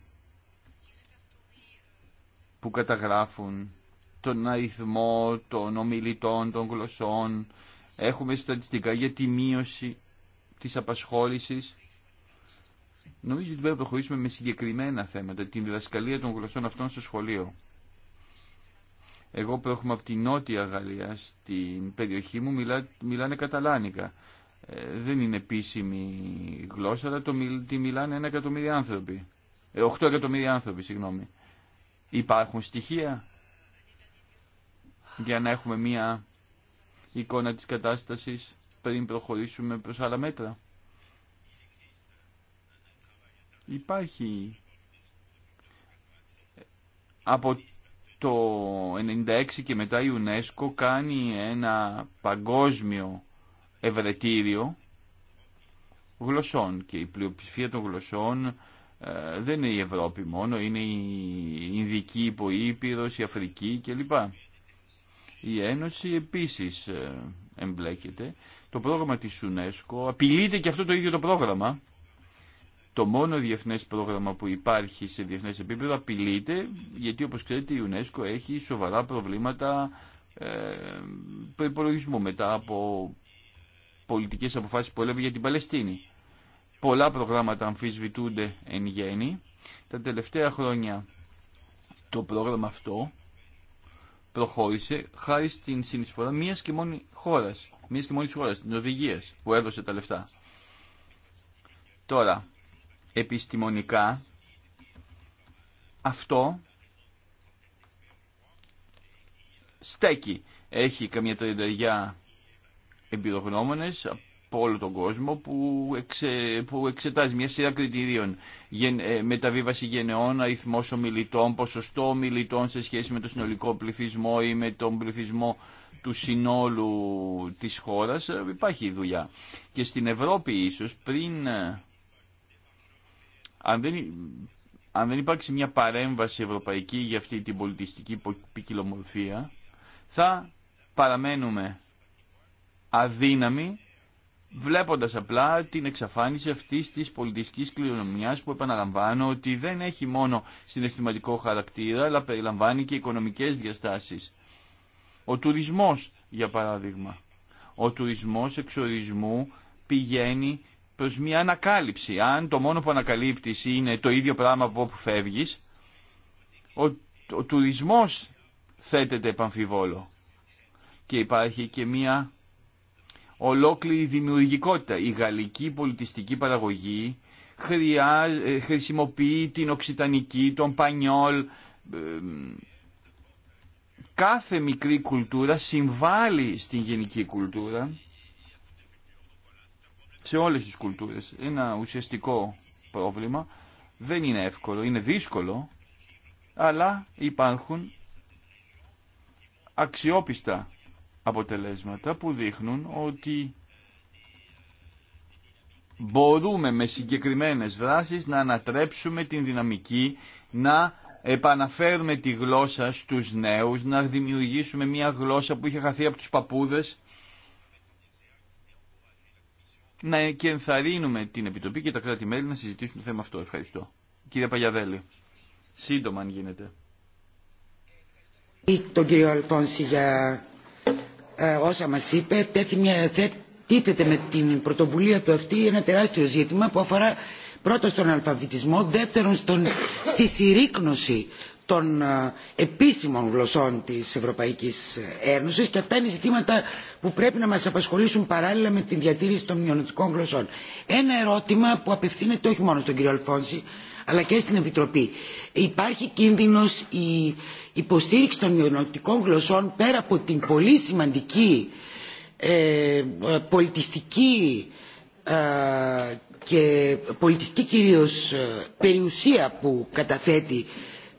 που καταγράφουν τον αριθμό των ομιλητών, των γλωσσών. Έχουμε στατιστικά για τη μείωση της απασχόλησης. Νομίζω ότι πρέπει να προχωρήσουμε με συγκεκριμένα θέματα, την διδασκαλία των γλωσσών αυτών στο σχολείο. Εγώ προέρχομαι από τη νότια Γαλλία, στην περιοχή μου μιλά, μιλάνε καταλάνικα. Ε, δεν είναι επίσημη γλώσσα, αλλά το, τη μιλάνε ένα εκατομμύριο άνθρωποι. 8 ε, εκατομμύρια άνθρωποι, συγγνώμη. Υπάρχουν στοιχεία για να έχουμε μία εικόνα της κατάστασης πριν προχωρήσουμε προς άλλα μέτρα. Υπάρχει από το 1996 και μετά η UNESCO κάνει ένα παγκόσμιο ευρετήριο γλωσσών και η πλειοψηφία των γλωσσών ε, δεν είναι η Ευρώπη μόνο, είναι η Ινδική υποήπειρος, η Αφρική κλπ. Η Ένωση επίσης ε, εμπλέκεται. Το πρόγραμμα της UNESCO απειλείται και αυτό το ίδιο το πρόγραμμα το μόνο διεθνές πρόγραμμα που υπάρχει σε διεθνές επίπεδο απειλείται, γιατί όπως ξέρετε η UNESCO έχει σοβαρά προβλήματα ε, προπολογισμού μετά από πολιτικές αποφάσεις που έλαβε για την Παλαιστίνη. Πολλά προγράμματα αμφισβητούνται εν γέννη. Τα τελευταία χρόνια το πρόγραμμα αυτό προχώρησε χάρη στην συνεισφορά μίας και μόνη χώρας, μίας και μόνης χώρας, την που έδωσε τα λεφτά. Τώρα, επιστημονικά αυτό στέκει. Έχει καμία τριανταριά εμπειρογνώμονες από όλο τον κόσμο που, που εξετάζει μια σειρά κριτηρίων. με ε, μεταβίβαση γενεών, αριθμό ομιλητών, ποσοστό ομιλητών σε σχέση με το συνολικό πληθυσμό ή με τον πληθυσμό του συνόλου της χώρας. Ε, υπάρχει δουλειά. Και στην Ευρώπη ίσως πριν αν δεν, αν δεν υπάρξει μια παρέμβαση ευρωπαϊκή για αυτή την πολιτιστική ποικιλομορφία, θα παραμένουμε αδύναμοι βλέποντας απλά την εξαφάνιση αυτής της πολιτιστικής κληρονομιάς που επαναλαμβάνω ότι δεν έχει μόνο συναισθηματικό χαρακτήρα αλλά περιλαμβάνει και οικονομικές διαστάσεις. Ο τουρισμός για παράδειγμα. Ο τουρισμός εξορισμού πηγαίνει Προ μια ανακάλυψη. Αν το μόνο που ανακαλύπτεις είναι το ίδιο πράγμα από όπου φεύγεις, ο, ο τουρισμός θέτεται επαμφιβόλο. Και υπάρχει και μια ολόκληρη δημιουργικότητα. Η γαλλική πολιτιστική παραγωγή ε, χρησιμοποιεί την οξυτανική, τον πανιόλ. Ε, κάθε μικρή κουλτούρα συμβάλλει στην γενική κουλτούρα σε όλες τις κουλτούρες. Ένα ουσιαστικό πρόβλημα. Δεν είναι εύκολο, είναι δύσκολο, αλλά υπάρχουν αξιόπιστα αποτελέσματα που δείχνουν ότι μπορούμε με συγκεκριμένες βράσεις να ανατρέψουμε την δυναμική, να επαναφέρουμε τη γλώσσα στους νέους, να δημιουργήσουμε μια γλώσσα που είχε χαθεί από τους παππούδες να εκενθαρρύνουμε την Επιτροπή και τα κράτη-μέλη να συζητήσουν το θέμα αυτό. Ευχαριστώ. Κύριε Παγιαδέλη, σύντομα αν γίνεται. Τον κύριο Αλφόνση για ε, όσα μας είπε, μια, τίθεται με την πρωτοβουλία του αυτή ένα τεράστιο ζήτημα που αφορά πρώτον στον αλφαβητισμό, δεύτερον στον, στη συρρήκνωση των ε, επίσημων γλωσσών της Ευρωπαϊκής Ένωσης και αυτά είναι ζητήματα που πρέπει να μας απασχολήσουν παράλληλα με την διατήρηση των μειωνοτικών γλωσσών. Ένα ερώτημα που απευθύνεται όχι μόνο στον κύριο Αλφόνση αλλά και στην Επιτροπή. Υπάρχει κίνδυνος η υποστήριξη των μειωνοτικών γλωσσών πέρα από την πολύ σημαντική ε, πολιτιστική ε, και πολιτιστική κυρίως περιουσία που καταθέτει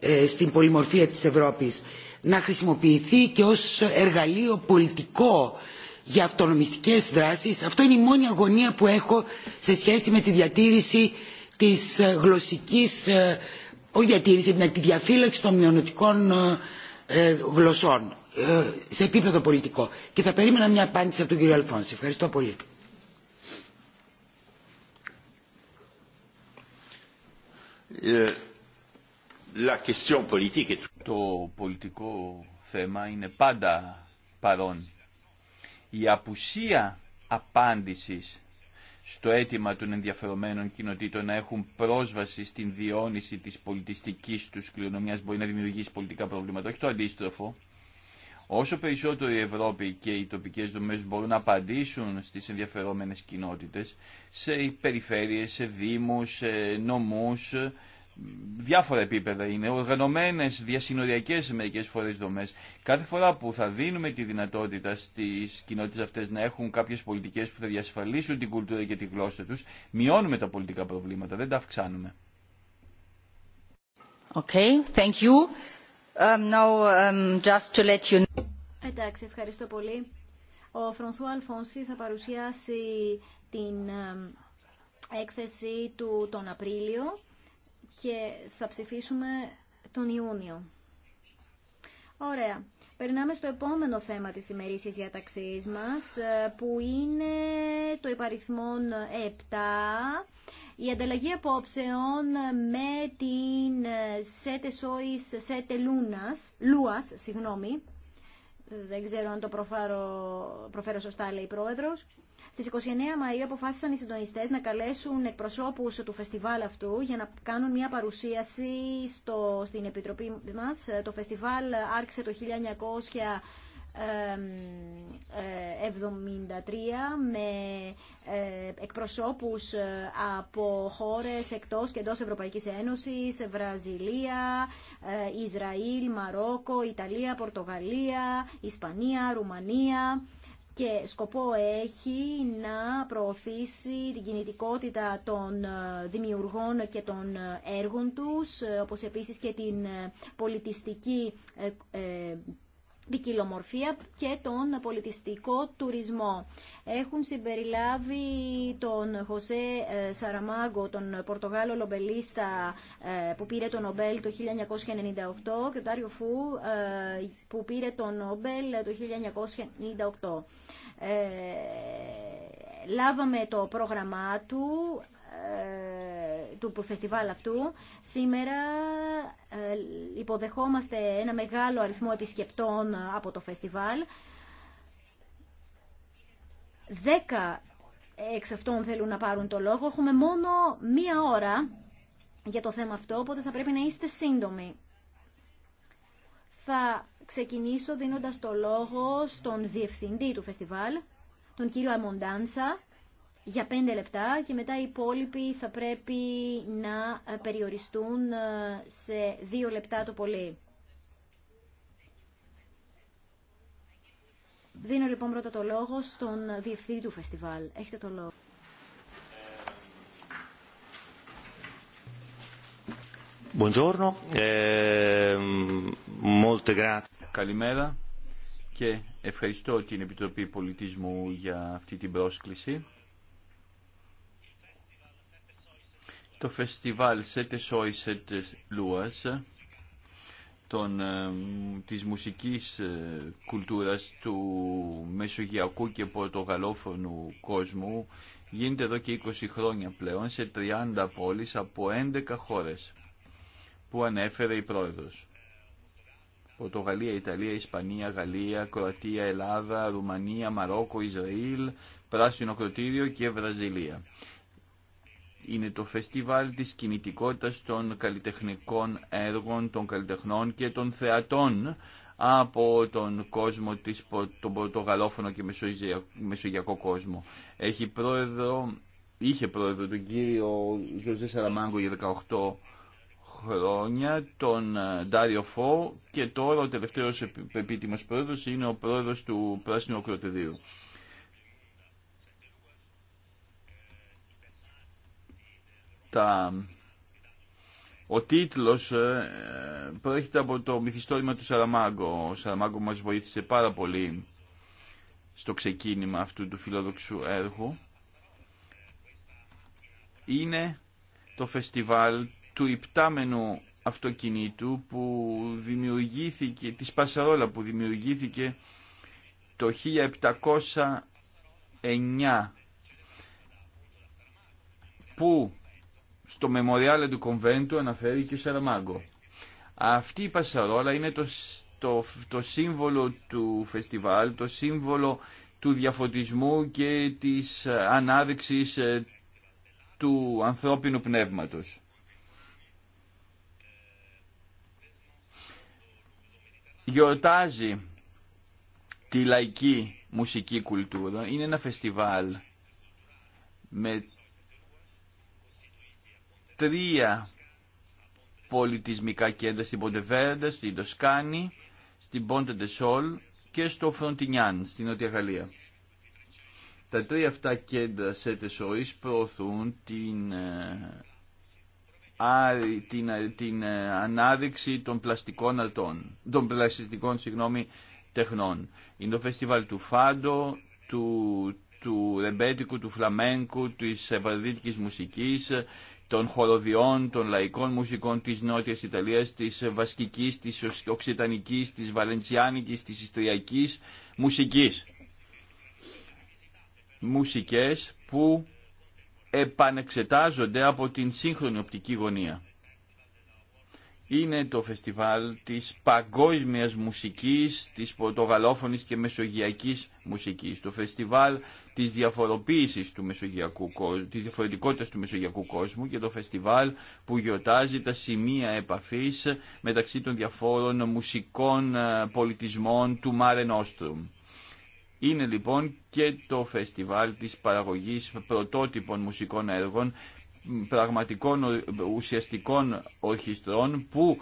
ε, στην πολυμορφία της Ευρώπης να χρησιμοποιηθεί και ως εργαλείο πολιτικό για αυτονομιστικές δράσεις. Αυτό είναι η μόνη αγωνία που έχω σε σχέση με τη διατήρηση της ε, γλωσσικής, ε, όχι διατήρηση, με τη διαφύλαξη των μειονοτικών γλωσσών σε επίπεδο πολιτικό. Και θα περίμενα μια απάντηση από τον κύριο Αλφόνση. Ευχαριστώ πολύ. Το πολιτικό θέμα είναι πάντα παρόν. Η απουσία απάντησης στο αίτημα των ενδιαφερομένων κοινοτήτων να έχουν πρόσβαση στην διόνυση της πολιτιστικής τους κληρονομιάς μπορεί να δημιουργήσει πολιτικά προβλήματα, όχι το αντίστροφο. Όσο περισσότερο η Ευρώπη και οι τοπικές δομές μπορούν να απαντήσουν στις ενδιαφερόμενες κοινότητες, σε περιφέρειες, σε δήμους, σε νομούς, διάφορα επίπεδα είναι, οργανωμένε διασυνοριακές μερικέ φορέ δομέ. Κάθε φορά που θα δίνουμε τη δυνατότητα στις κοινότητες αυτές να έχουν κάποιες πολιτικές που θα διασφαλίσουν την κουλτούρα και τη γλώσσα τους, μειώνουμε τα πολιτικά προβλήματα, δεν τα αυξάνουμε. thank you. Um, now, um, just to let you... Εντάξει, ευχαριστώ πολύ. Ο Φρονσού Αλφονσί θα παρουσιάσει την um, έκθεση του τον Απρίλιο και θα ψηφίσουμε τον Ιούνιο. Ωραία. Περνάμε στο επόμενο θέμα της ημερήσιας διαταξής μας, ε, που είναι το υπαριθμόν 7, η ανταλλαγή απόψεων με την ε, Σέτε Σόης Σέτε Λούνας, Λούας, συγγνώμη, ε, δεν ξέρω αν το προφέρω, προφέρω σωστά, λέει η Πρόεδρος, Στι 29 Μαου αποφάσισαν οι συντονιστέ να καλέσουν εκπροσώπους του φεστιβάλ αυτού για να κάνουν μια παρουσίαση στο, στην Επιτροπή μας. Το φεστιβάλ άρχισε το 1973 ε, με ε, εκπροσώπους ε, από χώρες εκτός και εντός Ευρωπαϊκής Ένωσης, Βραζιλία, Ισραήλ, Μαρόκο, Ιταλία, Πορτογαλία, Ισπανία, Ρουμανία και σκοπό έχει να προωθήσει την κινητικότητα των ε, δημιουργών και των ε, έργων τους, ε, όπως επίσης και την πολιτιστική δικυλομορφία και τον πολιτιστικό τουρισμό. Έχουν συμπεριλάβει τον Χωσέ ε, Σαραμάγκο, τον Πορτογάλο λομπελίστα ε, που πήρε τον Νομπέλ το 1998 και τον Άριο Φου ε, που πήρε τον Νομπέλ το 1998. Λάβαμε το πρόγραμμά του, ε, του φεστιβάλ αυτού. Σήμερα ε, υποδεχόμαστε ένα μεγάλο αριθμό επισκεπτών από το φεστιβάλ. Δέκα εξ αυτών θέλουν να πάρουν το λόγο. Έχουμε μόνο μία ώρα για το θέμα αυτό, οπότε θα πρέπει να είστε σύντομοι. Θα ξεκινήσω δίνοντας το λόγο στον διευθυντή του φεστιβάλ, τον κύριο Αμοντάνσα, για πέντε λεπτά και μετά οι υπόλοιποι θα πρέπει να ε, περιοριστούν ε, σε δύο λεπτά το πολύ. Δίνω λοιπόν πρώτα το λόγο στον διευθύντη του φεστιβάλ. Έχετε το λόγο. Buongiorno, ε, molte grazie. Καλημέρα και ευχαριστώ την Επιτροπή Πολιτισμού για αυτή την πρόσκληση. το φεστιβάλ Σέτε Σόι Σέτε Λούας των, ε, της μουσικής ε, κουλτούρας του μεσογειακού και πορτογαλόφωνου κόσμου γίνεται εδώ και 20 χρόνια πλέον σε 30 πόλεις από 11 χώρες που ανέφερε η πρόεδρος. Πορτογαλία, Ιταλία, Ισπανία, Γαλλία, Κροατία, Ελλάδα, Ρουμανία, Μαρόκο, Ισραήλ, Πράσινο Κροτήριο και Βραζιλία είναι το φεστιβάλ της κινητικότητας των καλλιτεχνικών έργων, των καλλιτεχνών και των θεατών από τον κόσμο της, τον πορτογαλόφωνο και μεσογειακό κόσμο. Έχει πρόεδρο, είχε πρόεδρο τον κύριο Ζωζέ Σαραμάγκο για 18 χρόνια, τον ε, Ντάριο Φώ και τώρα ο τελευταίος επίτιμος πρόεδρος είναι ο πρόεδρος του Πράσινου Οκροτεδίου. Ο τίτλος ε, προέρχεται από το μυθιστόρημα του Σαραμάγκο. Ο Σαραμάγκο μας βοήθησε πάρα πολύ στο ξεκίνημα αυτού του φιλοδοξού έργου. Είναι το φεστιβάλ του υπτάμενου αυτοκινήτου που δημιουργήθηκε, της Πασαρόλα που δημιουργήθηκε το 1709 που στο μεμοριάλ του κομβέντου αναφέρει και ο Σαραμάγκο. Αυτή η πασαρόλα είναι το, το, σύμβολο του φεστιβάλ, το σύμβολο του διαφωτισμού και της ε, ανάδειξης ε, του ανθρώπινου πνεύματος. Γιορτάζει τη λαϊκή μουσική κουλτούρα. Είναι ένα φεστιβάλ με τρία πολιτισμικά κέντρα στην Ποντεβέρντα, στην Τοσκάνη, στην Πόντε Σόλ και στο Φροντινιάν, στην Νότια Γαλλία. Τα τρία αυτά κέντρα σε τεσσορίς προωθούν την, ε, την, ε, την ε, ανάδειξη των πλαστικών ατών, των πλαστικών συγγνώμη, τεχνών. Είναι το φεστιβάλ του Φάντο, του, του ρεμπέτικου, του φλαμένκου, της ευαρδίτικης μουσικής, των χοροδιών, των λαϊκών μουσικών της Νότιας Ιταλίας, της Βασκικής, της Οξυτανικής, της Βαλεντσιάνικης, της Ιστριακής μουσικής. Μουσικές που επανεξετάζονται από την σύγχρονη οπτική γωνία είναι το φεστιβάλ της παγκόσμιας μουσικής, της πορτογαλόφωνης και μεσογειακής μουσικής, το φεστιβάλ της διαφοροποίησης του μεσογειακού κόσμου, της διαφορετικότητας του μεσογειακού κόσμου και το φεστιβάλ που γιορτάζει τα σημεία επαφής μεταξύ των διαφόρων μουσικών ε, πολιτισμών του Μάρεν Όστρουμ. Είναι λοιπόν και το φεστιβάλ της παραγωγής πρωτότυπων μουσικών έργων πραγματικών ουσιαστικών ορχιστρών που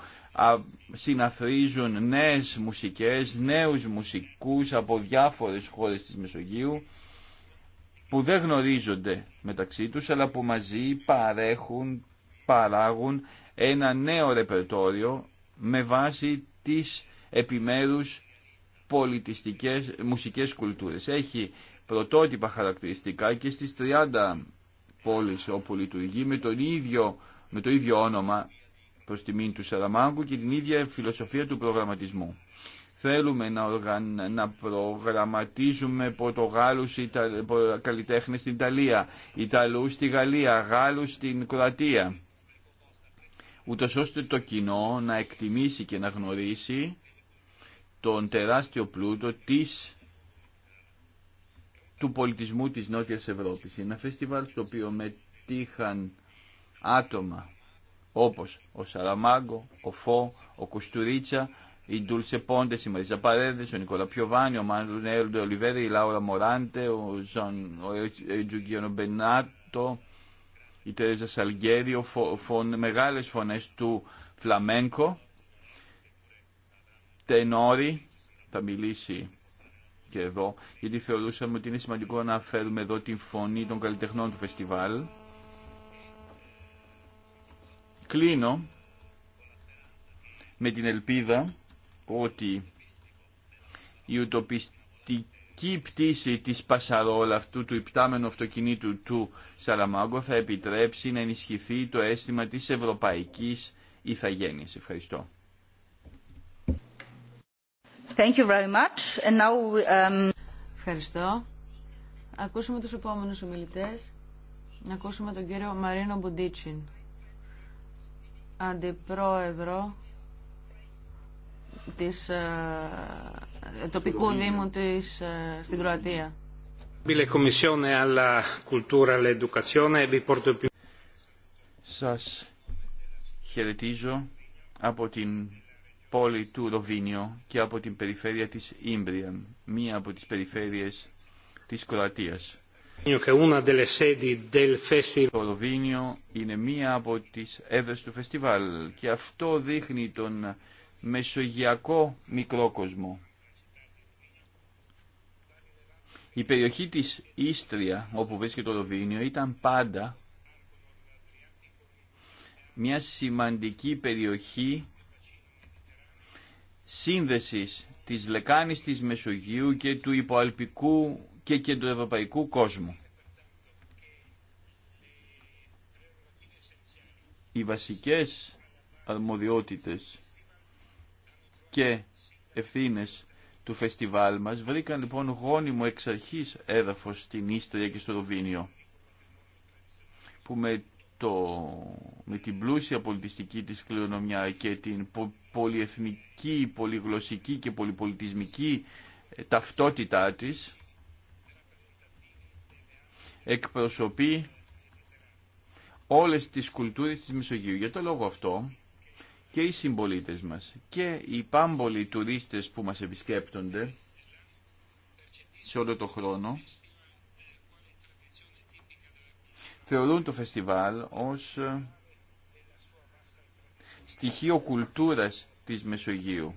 συναθρίζουν νέες μουσικές, νέους μουσικούς από διάφορες χώρες της Μεσογείου που δεν γνωρίζονται μεταξύ τους αλλά που μαζί παρέχουν, παράγουν ένα νέο ρεπερτόριο με βάση τις επιμέρους πολιτιστικές μουσικές κουλτούρες. Έχει πρωτότυπα χαρακτηριστικά και στις 30 πόλεις όπου λειτουργεί με, τον ίδιο, με το ίδιο όνομα προς τιμήν του Σαραμάγκου και την ίδια φιλοσοφία του προγραμματισμού. Θέλουμε να, να προγραμματίζουμε Πορτογάλους Ιτα, καλλιτέχνες στην Ιταλία, Ιταλούς στη Γαλλία, Γάλλους στην Κροατία. Ούτω ώστε το κοινό να εκτιμήσει και να γνωρίσει τον τεράστιο πλούτο της του πολιτισμού της Νότιας Ευρώπης. Είναι ένα φεστιβάλ στο οποίο μετήχαν άτομα όπως ο Σαραμάγκο, ο Φω, ο Κουστουρίτσα, η Ντούλσε Πόντε, η Μαρίζα Παρέδε, ο Νικόλα Πιοβάνι, ο Μανουέλ Ολιβέρη, η Λάουρα Μοράντε, ο Ζων Τζουγκιόνο Μπενάτο, η Τερέζα Σαλγκέρι, μεγάλε φωνέ του Φλαμένκο, Τενόρι, θα μιλήσει και εδώ, γιατί θεωρούσαμε ότι είναι σημαντικό να φέρουμε εδώ την φωνή των καλλιτεχνών του φεστιβάλ. Κλείνω με την ελπίδα ότι η ουτοπιστική πτήση της Πασαρόλα αυτού του υπτάμενου αυτοκινήτου του Σαραμάγκο θα επιτρέψει να ενισχυθεί το αίσθημα της ευρωπαϊκής ηθαγένειας. Ευχαριστώ. Um, Ευχαριστώ. Ακούσουμε τους επόμενους ομιλητές. Να ακούσουμε τον κύριο Μαρίνο Μπουντίτσιν, αντιπρόεδρο της ε, τοπικού δήμου της, ε, στην Κροατία. Σας χαιρετίζω από την πόλη του Ροβίνιο και από την περιφέρεια της Ήμπριαν, μία από τις περιφέρειες της Κροατίας. Το Ροβίνιο είναι μία από τις έδρες του φεστιβάλ και αυτό δείχνει τον μεσογειακό μικρό κόσμο. Η περιοχή της Ίστρια, όπου βρίσκεται το Ροβίνιο, ήταν πάντα μια σημαντική περιοχή σύνδεσης της λεκάνης της Μεσογείου και του υποαλπικού και του κεντροευρωπαϊκού κόσμου. Οι βασικές αρμοδιότητες και ευθύνες του φεστιβάλ μας βρήκαν λοιπόν γόνιμο εξ αρχής έδαφος στην Ίστρια και στο Ροβίνιο που με το, με την πλούσια πολιτιστική της κληρονομιά και την πολυεθνική, πολυγλωσσική και πολυπολιτισμική ε, ταυτότητά της εκπροσωπεί όλες τις κουλτούρες της Μεσογείου. Για τον λόγο αυτό και οι συμπολίτες μας και οι πάμπολοι τουρίστες που μας επισκέπτονται σε όλο το χρόνο θεωρούν το φεστιβάλ ως ε, στοιχείο κουλτούρας της Μεσογείου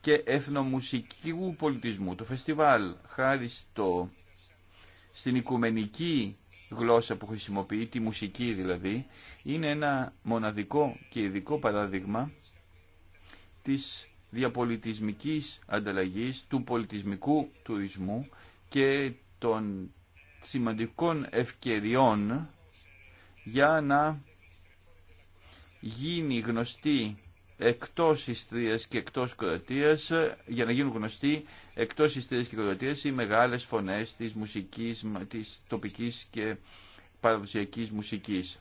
και εθνομουσικού πολιτισμού. Το φεστιβάλ, χάρη στο, στην οικουμενική γλώσσα που χρησιμοποιεί, τη μουσική δηλαδή, είναι ένα μοναδικό και ειδικό παράδειγμα της διαπολιτισμικής ανταλλαγής, του πολιτισμικού τουρισμού και των σημαντικών ευκαιριών για να γίνει γνωστή εκτός Ιστρίας και εκτός Κροατίας, για να γίνουν γνωστοί εκτός Ιστρίας και Κροατίας οι μεγάλες φωνές της μουσικής, της τοπικής και παραδοσιακής μουσικής.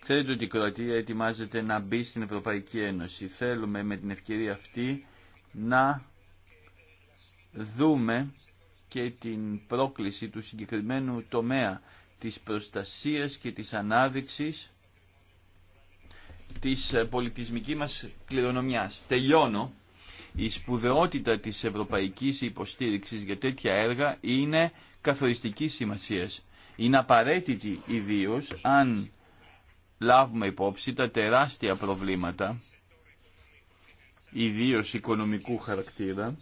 Ξέρετε ότι η Κροατία ετοιμάζεται να μπει στην Ευρωπαϊκή Ένωση. Θέλουμε με την ευκαιρία αυτή να δούμε και την πρόκληση του συγκεκριμένου τομέα της προστασίας και της ανάδειξης της ε, πολιτισμικής μας κληρονομιάς. Τελειώνω. Η σπουδαιότητα της ευρωπαϊκής υποστήριξης για τέτοια έργα είναι καθοριστική σημασίας. Είναι απαραίτητη ιδίω αν λάβουμε υπόψη τα τεράστια προβλήματα, ιδίω οικονομικού χαρακτήρα,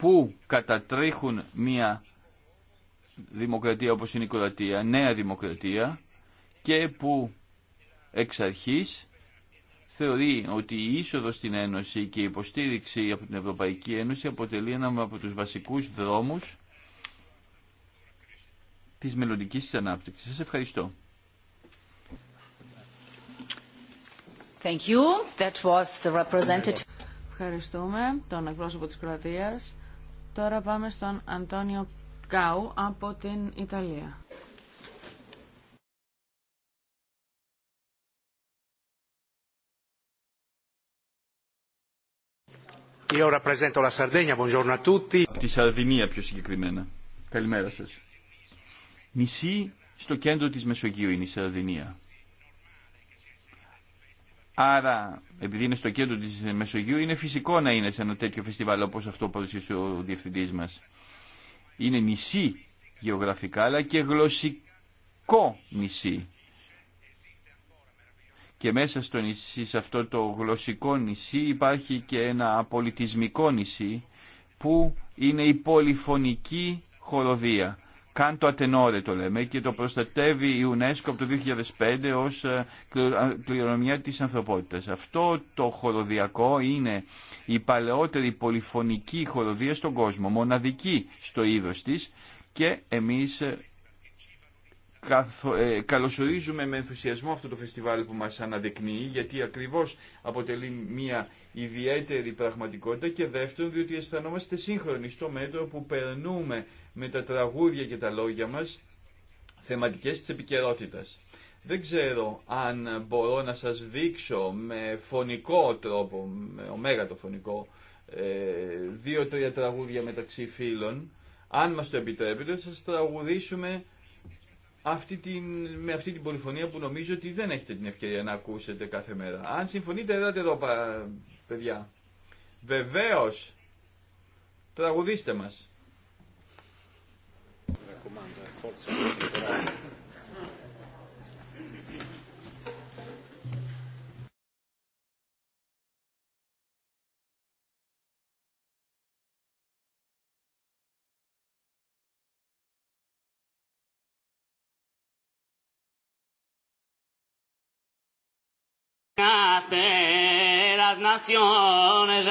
που κατατρέχουν μια δημοκρατία όπως είναι η Κροατία, νέα δημοκρατία και που εξ αρχής θεωρεί ότι η είσοδος στην Ένωση και η υποστήριξη από την Ευρωπαϊκή Ένωση αποτελεί ένα από τους βασικούς δρόμους της μελλοντικής της ανάπτυξης. Σας ευχαριστώ. Ευχαριστούμε τον εκπρόσωπο της Κροατίας. Τώρα πάμε στον Αντώνιο Κάου από την Ιταλία. Io rappresento Από τη Σαρδινία πιο συγκεκριμένα. Καλημέρα σας. Νησί στο κέντρο της Μεσογείου είναι η Σαρδινία. Άρα, επειδή είναι στο κέντρο της Μεσογείου, είναι φυσικό να είναι σε ένα τέτοιο φεστιβάλ όπως αυτό που είσαι ο διευθυντή μας. Είναι νησί γεωγραφικά, αλλά και γλωσσικό νησί. Και μέσα στο νησί, σε αυτό το γλωσσικό νησί, υπάρχει και ένα πολιτισμικό νησί, που είναι η πολυφωνική χοροδία καν το ατενόρετο λέμε και το προστατεύει η UNESCO από το 2005 ως ε, κληρονομιά της ανθρωπότητας. Αυτό το χοροδιακό είναι η παλαιότερη πολυφωνική χοροδία στον κόσμο, μοναδική στο είδος της και εμείς ε, ε, καλωσορίζουμε με ενθουσιασμό αυτό το φεστιβάλ που μας αναδεικνύει γιατί ακριβώς αποτελεί μια ιδιαίτερη πραγματικότητα και δεύτερον διότι αισθανόμαστε σύγχρονοι στο μέτρο που περνούμε με τα τραγούδια και τα λόγια μας θεματικές της επικαιρότητα. Δεν ξέρω αν μπορώ να σας δείξω με φωνικό τρόπο, με ωμέγα το φωνικό, ε, δύο-τρία τραγούδια μεταξύ φίλων. Αν μας το επιτρέπετε, θα σας τραγουδήσουμε αυτή την, με αυτή την πολυφωνία που νομίζω ότι δεν έχετε την ευκαιρία να ακούσετε κάθε μέρα. Αν συμφωνείτε, ελάτε εδώ, παιδιά. Βεβαίω, τραγουδίστε μας. de las naciones.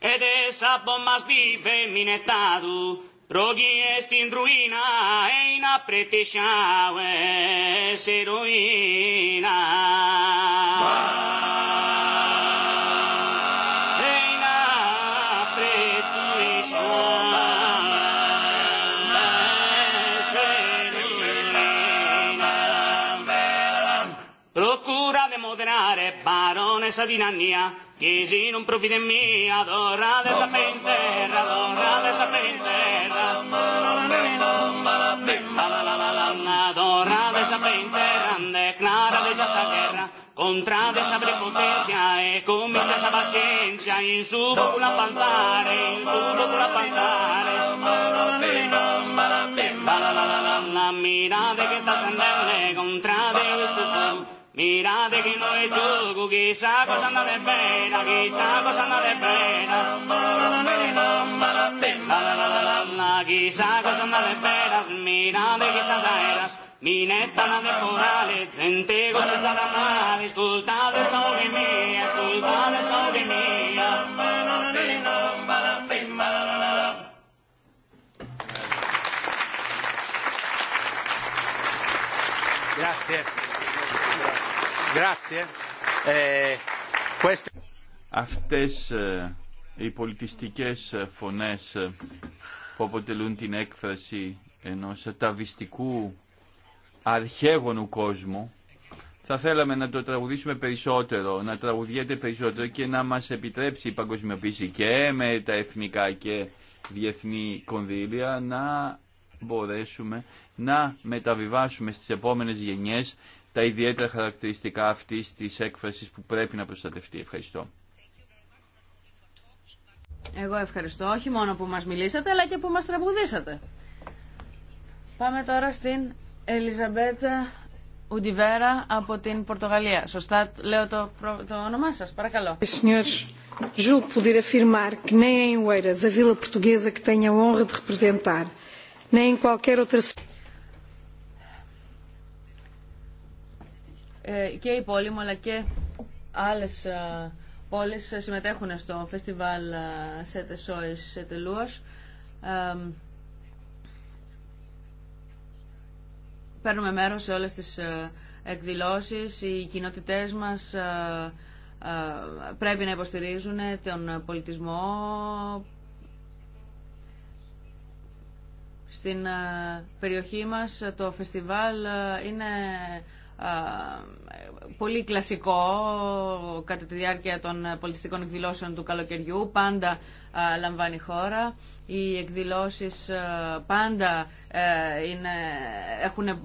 E de bombas vive mi Rogi est in ruina e in apretesciaue se ruina. moderare baronessa di Nannia, chiesi non profite mia, dorate sapente, radorate sapente. clara de esa guerra contra de esa prepotencia, e comienza esa paciencia, y en su popular faltar, en su popular faltar. La mirada que está tenderle contra de su Mirate que no es chugo, quizá pasando de pena, quizá pasando de pena. Quizá pasando de penas, mirate quizás aeras. Minetta non è morale, zente cosa da male, de sobre mia, de sobre mia. Eh, Αυτές ε, οι πολιτιστικές ε, φωνές ε, που αποτελούν την έκφραση ενός ταβιστικού αρχαίγονου κόσμου θα θέλαμε να το τραγουδήσουμε περισσότερο, να τραγουδιέται περισσότερο και να μας επιτρέψει η παγκοσμιοποίηση και με τα εθνικά και διεθνή κονδύλια να μπορέσουμε να μεταβιβάσουμε στις επόμενες γενιές τα ιδιαίτερα χαρακτηριστικά αυτής της έκφρασης που πρέπει να προστατευτεί. Ευχαριστώ. Εγώ ευχαριστώ όχι μόνο που μας μιλήσατε αλλά και που μας τραγουδήσατε. Πάμε τώρα στην Ελιζαμπέτα Ουντιβέρα από την Πορτογαλία. Σωστά λέω το, όνομά σας, παρακαλώ. Julgo Ε, και η πόλη μου αλλά και άλλες ε, πόλεις συμμετέχουν στο φεστιβάλ ε, Σέτε Σόης Σέτε Λούας. Παίρνουμε μέρος σε όλες τις εκδηλώσεις. Οι κοινότητές μας πρέπει να υποστηρίζουν τον πολιτισμό στην περιοχή μας το φεστιβάλ είναι πολύ κλασικό κατά τη διάρκεια των πολιτιστικών εκδηλώσεων του καλοκαιριού. Πάντα λαμβάνει χώρα. Οι εκδηλώσεις πάντα ε, είναι, έχουν ε,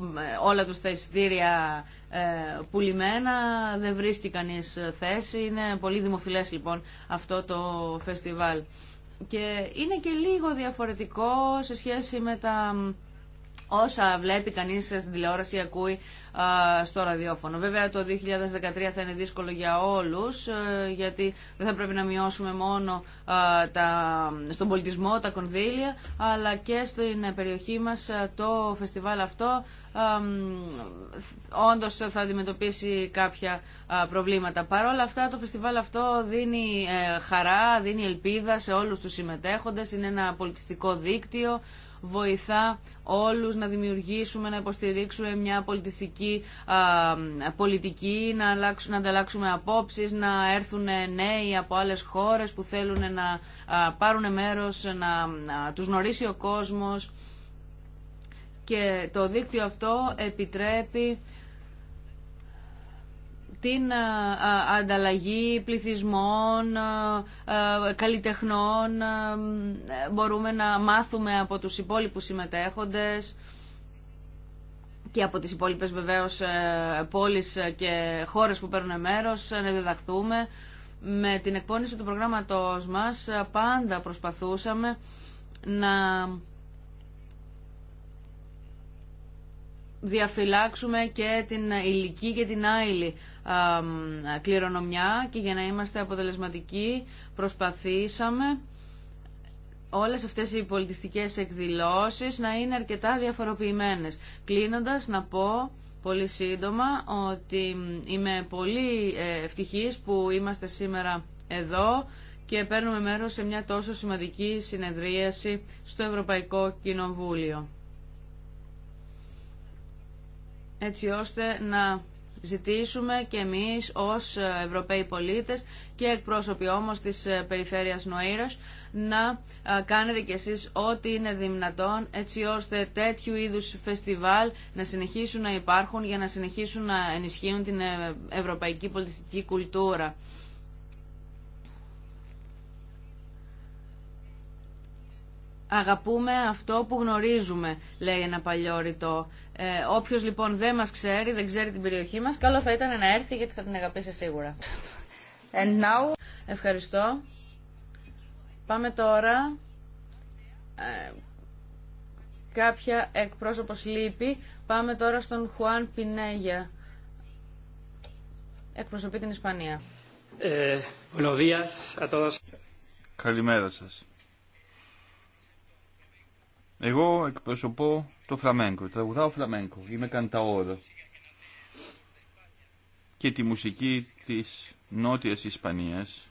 όλα τους τα εισιτήρια ε, πουλημένα. Δεν βρίσκει κανείς θέση. Είναι πολύ δημοφιλές λοιπόν αυτό το φεστιβάλ. Και είναι και λίγο διαφορετικό σε σχέση με τα όσα βλέπει κανείς στην τηλεόραση ή ακούει στο ραδιόφωνο. Βέβαια το 2013 θα είναι δύσκολο για όλους ε, γιατί δεν θα πρέπει να μειώσουμε μόνο τα, στον πολιτισμό τα κονδύλια αλλά και στην περιοχή μας το φεστιβάλ αυτό όντως θα αντιμετωπίσει κάποια προβλήματα. Παρ' όλα αυτά το φεστιβάλ αυτό δίνει ε, χαρά, δίνει ελπίδα σε όλους του συμμετέχοντε, είναι ένα πολιτιστικό δίκτυο βοηθά όλους να δημιουργήσουμε, να υποστηρίξουμε μια πολιτιστική πολιτική, να, αλλάξουμε, να ανταλλάξουμε απόψεις, να έρθουν νέοι από άλλες χώρες που θέλουν να πάρουν μέρος, να, να τους γνωρίσει ο κόσμος. Και το δίκτυο αυτό επιτρέπει την ε, ε, ανταλλαγή πληθυσμών, ε, καλλιτεχνών, μπορούμε να μάθουμε από τους υπόλοιπους συμμετέχοντες και από τις υπόλοιπες βεβαίως πόλεις και χώρες που παίρνουν μέρος, να διδαχθούμε. Με την εκπόνηση του προγράμματος μας πάντα προσπαθούσαμε να διαφυλάξουμε και την ηλική και την άειλη κληρονομιά και για να είμαστε αποτελεσματικοί προσπαθήσαμε όλες αυτές οι πολιτιστικές εκδηλώσεις να είναι αρκετά διαφοροποιημένες. Κλείνοντας να πω πολύ σύντομα ότι είμαι πολύ ε, ευτυχής που είμαστε σήμερα εδώ και παίρνουμε μέρος σε μια τόσο σημαντική συνεδρίαση στο Ευρωπαϊκό Κοινοβούλιο έτσι ώστε να ζητήσουμε και εμείς ως Ευρωπαίοι πολίτες και εκπρόσωποι όμως της Περιφέρειας Νοήρας να κάνετε κι εσείς ό,τι είναι δυνατόν έτσι ώστε τέτοιου είδους φεστιβάλ να συνεχίσουν να υπάρχουν για να συνεχίσουν να ενισχύουν την ε, ευρωπαϊκή πολιτιστική κουλτούρα. Αγαπούμε αυτό που γνωρίζουμε, λέει ένα παλιό ρητό. Ε, Όποιο λοιπόν δεν μα ξέρει, δεν ξέρει την περιοχή μα, καλό θα ήταν να έρθει γιατί θα την αγαπήσει σίγουρα. And now... Ευχαριστώ. Πάμε τώρα. Ε, κάποια εκπρόσωπος λείπει. Πάμε τώρα στον Χουάν Πινέγια. Εκπροσωπεί την Ισπανία. Ε, buenos días a todos. Καλημέρα σας. Εγώ εκπροσωπώ το φλαμένκο, τραγουδάω φλαμένκο, είμαι κανταόρο και τη μουσική της Νότιας Ισπανίας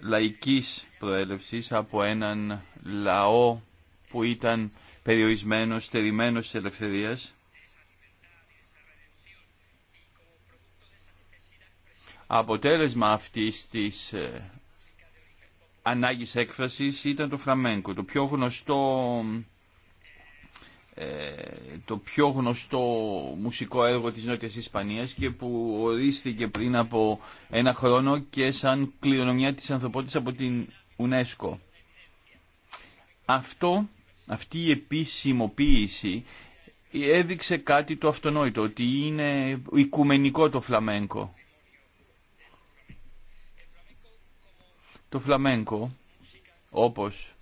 λαϊκής προέλευσης από έναν λαό που ήταν περιορισμένος, στερημένος της ελευθερίας αποτέλεσμα αυτής της ε, ανάγκη έκφραση ήταν το φραμένκο, το πιο γνωστό ε, το πιο γνωστό μουσικό έργο της Νότιας Ισπανίας και που ορίστηκε πριν από ένα χρόνο και σαν κληρονομιά της ανθρωπότητας από την UNESCO. Αυτό, αυτή η επίσημοποίηση έδειξε κάτι το αυτονόητο, ότι είναι οικουμενικό το φλαμένκο. Το φλαμένκο, όπως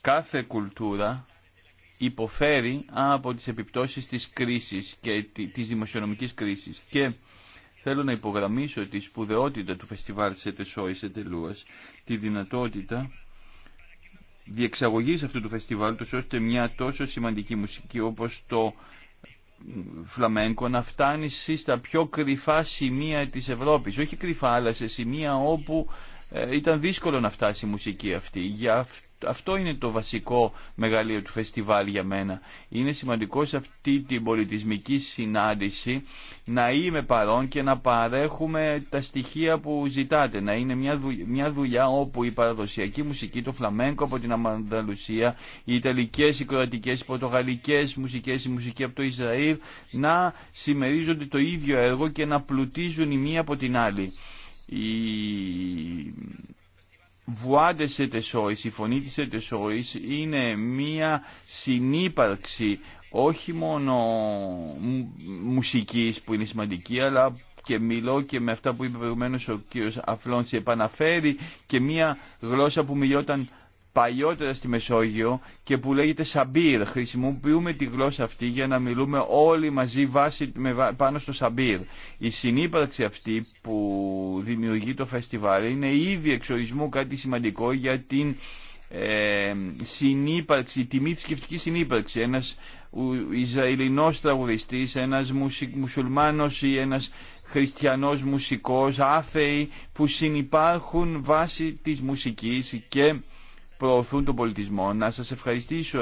κάθε κουλτούρα, υποφέρει από τις επιπτώσεις της κρίσης και της δημοσιονομικής κρίσης και θέλω να υπογραμμίσω τη σπουδαιότητα του φεστιβάλ σε Τεσόη, σε τη δυνατότητα διεξαγωγής αυτού του φεστιβάλ, ώστε μια τόσο σημαντική μουσική όπως το φλαμένκο να φτάνει στα πιο κρυφά σημεία της Ευρώπης. Όχι κρυφά, αλλά σε σημεία όπου ε, ήταν δύσκολο να φτάσει η μουσική αυτή αυτό είναι το βασικό μεγαλείο του φεστιβάλ για μένα. Είναι σημαντικό σε αυτή την πολιτισμική συνάντηση να είμαι παρόν και να παρέχουμε τα στοιχεία που ζητάτε. Να είναι μια, δουλειά, μια δουλειά όπου η παραδοσιακή μουσική, το φλαμένκο από την Αμανταλουσία, οι ιταλικές, οι κροατικές, οι πορτογαλικές μουσικές, η μουσική από το Ισραήλ να συμμερίζονται το ίδιο έργο και να πλουτίζουν η μία από την άλλη. Βουάντε Ετεσόης, η φωνή της Ετεσόης είναι μία συνύπαρξη όχι μόνο μουσικής που είναι σημαντική αλλά και μιλώ και με αυτά που είπε προηγουμένως ο κύριος Αφλόνση επαναφέρει και μία γλώσσα που μιλιόταν παλιότερα στη Μεσόγειο και που λέγεται Σαμπίρ. Χρησιμοποιούμε τη γλώσσα αυτή για να μιλούμε όλοι μαζί βάση, πάνω στο Σαμπίρ. Η συνύπαρξη αυτή που δημιουργεί το φεστιβάλ είναι ήδη εξορισμού κάτι σημαντικό για την ε, συνύπαρξη, τιμή θρησκευτική συνύπαρξη. ένα Ισραηλινός τραγουδιστής, ένα μουσουλμάνο ή ένα χριστιανό μουσικό, άθεοι που συνυπάρχουν βάσει τη μουσική και προωθούν τον πολιτισμό. Να σας ευχαριστήσω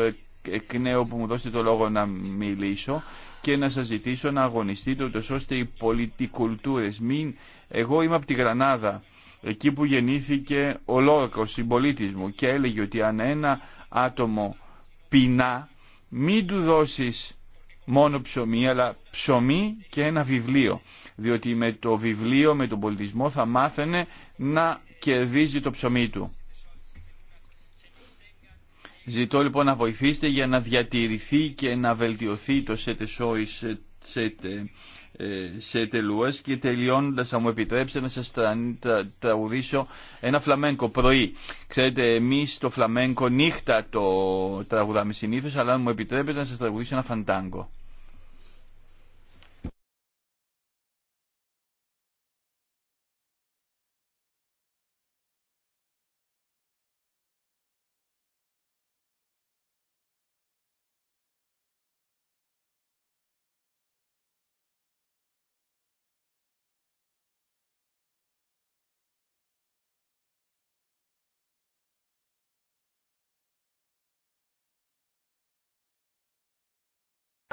εκ νέου που μου δώσετε το λόγο να μιλήσω και να σας ζητήσω να αγωνιστείτε ούτως ώστε οι πολιτικουλτούρες μην... Εγώ είμαι από τη Γρανάδα, εκεί που γεννήθηκε ο Λόρκος συμπολίτη μου και έλεγε ότι αν ένα άτομο πεινά μην του δώσεις μόνο ψωμί αλλά ψωμί και ένα βιβλίο διότι με το βιβλίο, με τον πολιτισμό θα μάθαινε να κερδίζει το ψωμί του. Ζητώ λοιπόν να βοηθήσετε για να διατηρηθεί και να βελτιωθεί το ΣΕΤΕ ΣΟΙ ΣΕΤΕ ε, σε και τελειώνοντα θα μου επιτρέψετε να σας τραγουδήσω ένα φλαμένκο πρωί. Ξέρετε εμείς το φλαμένκο νύχτα το τραγουδάμε συνήθως αλλά αν μου επιτρέπετε να σας τραγουδήσω ένα φαντάγκο.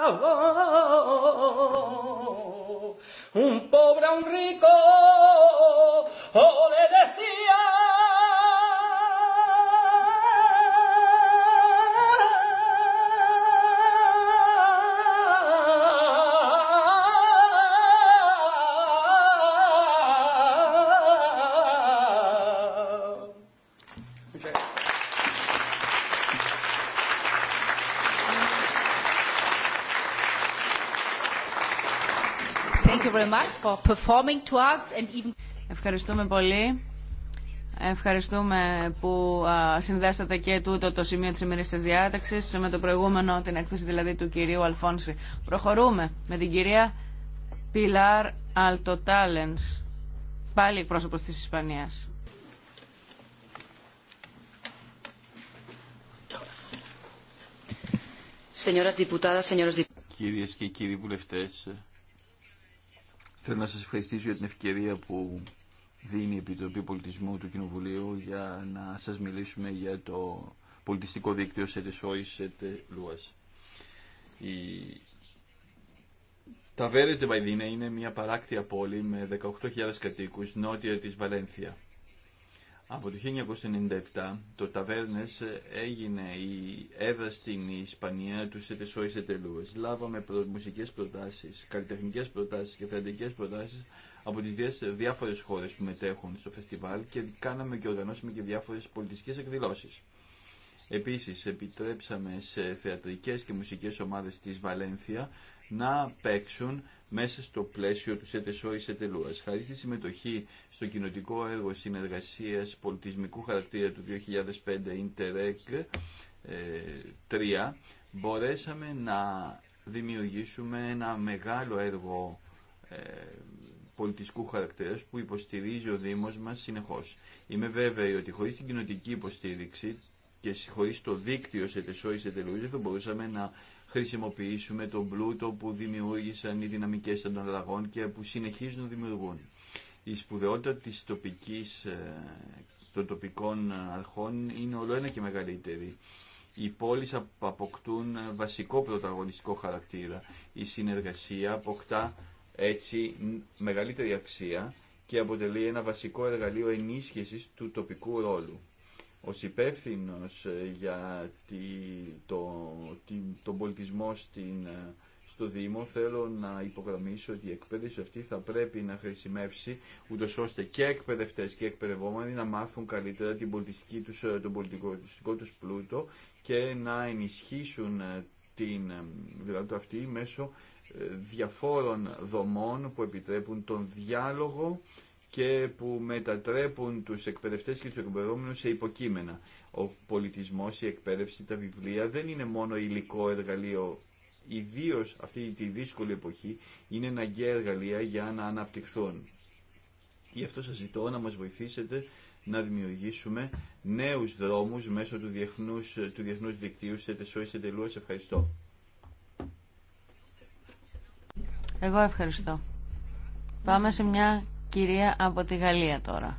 un pobre un rico, oh, de Ευχαριστούμε πολύ. Ευχαριστούμε που συνδέσατε και τούτο το σημείο της ημερήσιας διάταξης με το προηγούμενο, την έκθεση δηλαδή του κυρίου Αλφόνση. Προχωρούμε με την κυρία Πιλάρ Αλτοτάλενς, πάλι πρόσωπο της Ισπανίας. Κυρίες και κύριοι βουλευτές, Θέλω να σας ευχαριστήσω για την ευκαιρία που δίνει η Επιτροπή Πολιτισμού του Κοινοβουλίου για να σας μιλήσουμε για το πολιτιστικό δίκτυο ΣΕΤΕΣΟΙΣ Τα Η... Ταβέρες Δεβαϊδίνα είναι μια παράκτια πόλη με 18.000 κατοίκους νότια της Βαλένθια. Από το 1997 το Ταβέρνες έγινε η έδρα στην Ισπανία του ΣΕΤΕΣΟΙ Ετελούες. Λάβαμε προ, μουσικές προτάσεις, καλλιτεχνικές προτάσεις και θεατρικές προτάσεις από τις διάφορες χώρες που μετέχουν στο φεστιβάλ και κάναμε και οργανώσαμε και διάφορες πολιτιστικές εκδηλώσεις. Επίσης επιτρέψαμε σε θεατρικές και μουσικές ομάδες της Βαλένθια να παίξουν μέσα στο πλαίσιο του ΣΕΤΕΣΟ ή ΣΕΤΕΛΟΑΣ. τη συμμετοχή στο κοινοτικό έργο συνεργασίας πολιτισμικού χαρακτήρα του 2005 Interreg 3, μπορέσαμε να δημιουργήσουμε ένα μεγάλο έργο ε, πολιτιστικού χαρακτήρα που υποστηρίζει ο Δήμος μας συνεχώς. Είμαι βέβαιη ότι χωρίς την κοινοτική υποστήριξη και χωρίς το δίκτυο σε σε μπορούσαμε να χρησιμοποιήσουμε τον πλούτο που δημιούργησαν οι δυναμικές των αλλαγών και που συνεχίζουν να δημιουργούν. Η σπουδαιότητα της τοπικής, ε, των τοπικών αρχών είναι όλο ένα και μεγαλύτερη. Οι πόλεις αποκτούν βασικό πρωταγωνιστικό χαρακτήρα. Η συνεργασία αποκτά έτσι μεγαλύτερη αξία και αποτελεί ένα βασικό εργαλείο ενίσχυσης του τοπικού ρόλου ως υπεύθυνο ε, για τη, το, τον πολιτισμό ε, στο Δήμο θέλω να υπογραμμίσω ότι η εκπαίδευση αυτή θα πρέπει να χρησιμεύσει ούτω ώστε και εκπαιδευτέ και εκπαιδευόμενοι να μάθουν καλύτερα την πολιτιστική τους, ε, τον πολιτικό του πλούτο και να ενισχύσουν την δηλαδή αυτή μέσω διαφόρων δομών που επιτρέπουν τον διάλογο και που μετατρέπουν τους εκπαιδευτές και τους εκπαιδευόμενους σε υποκείμενα. Ο πολιτισμός, η εκπαίδευση, τα βιβλία δεν είναι μόνο υλικό εργαλείο, ιδίω αυτή τη δύσκολη εποχή είναι αναγκαία εργαλεία για να αναπτυχθούν. Γι' αυτό σας ζητώ να μας βοηθήσετε να δημιουργήσουμε νέους δρόμους μέσω του διεθνούς, του διεθνούς δικτύου σε Ευχαριστώ. Εγώ ευχαριστώ. Πάμε σε μια κυρία από τη Γαλλία τώρα.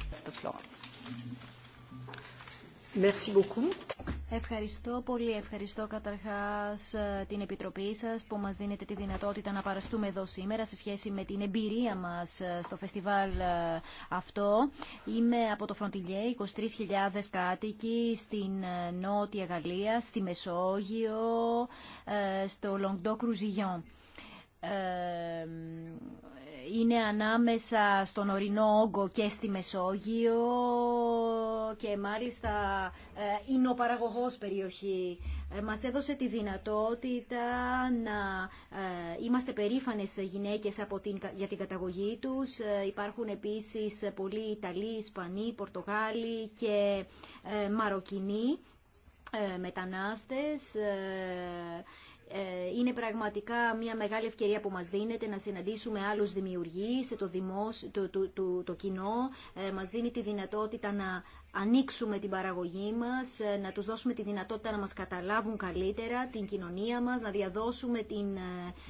Ευχαριστώ πολύ. Ευχαριστώ καταρχάς ε, την Επιτροπή σας που μας δίνετε τη δυνατότητα να παραστούμε εδώ σήμερα σε σχέση με την εμπειρία μας ε, στο φεστιβάλ ε, αυτό. Είμαι από το Φροντιλιέ, 23.000 κάτοικοι στην Νότια Γαλλία, στη Μεσόγειο, στο Λονγκτό Κρουζιγιόν. Ε, είναι ανάμεσα στον ορεινό όγκο και στη Μεσόγειο και μάλιστα ε, είναι ο παραγωγός περιοχή. Ε, μας έδωσε τη δυνατότητα να είμαστε περήφανες γυναίκες από την, για την καταγωγή τους. Υπάρχουν επίσης πολλοί Ιταλοί, Ισπανοί, Πορτογάλοι και Μαροκινοί μετανάστες ε, είναι πραγματικά μια μεγάλη ευκαιρία που μας δίνεται να συναντήσουμε άλλους δημιουργείς, το, δημόσιο, το, το, το, κοινό, ε, μας δίνει τη δυνατότητα να ανοίξουμε την παραγωγή μας, ε, να τους δώσουμε τη δυνατότητα να μας καταλάβουν καλύτερα την κοινωνία μας, να διαδώσουμε την,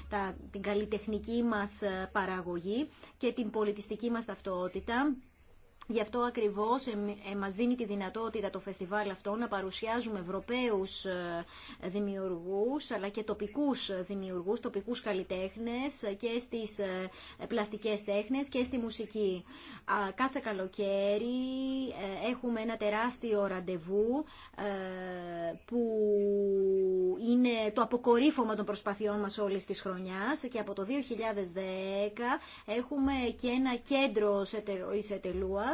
τα, την καλλιτεχνική μας παραγωγή και την πολιτιστική μας ταυτότητα. Γι' αυτό ακριβώς ε, μας δίνει τη δυνατότητα το φεστιβάλ αυτό να παρουσιάζουμε Ευρωπαίους ε, δημιουργούς αλλά και τοπικούς ε, δημιουργούς, τοπικούς καλλιτέχνες και στις πλαστικές τέχνες και στη μουσική. Κάθε καλοκαίρι έχουμε ένα τεράστιο ραντεβού που είναι το αποκορύφωμα των προσπαθειών μας όλης της χρονιάς και από το 2010 έχουμε και ένα κέντρο σε Τελούα.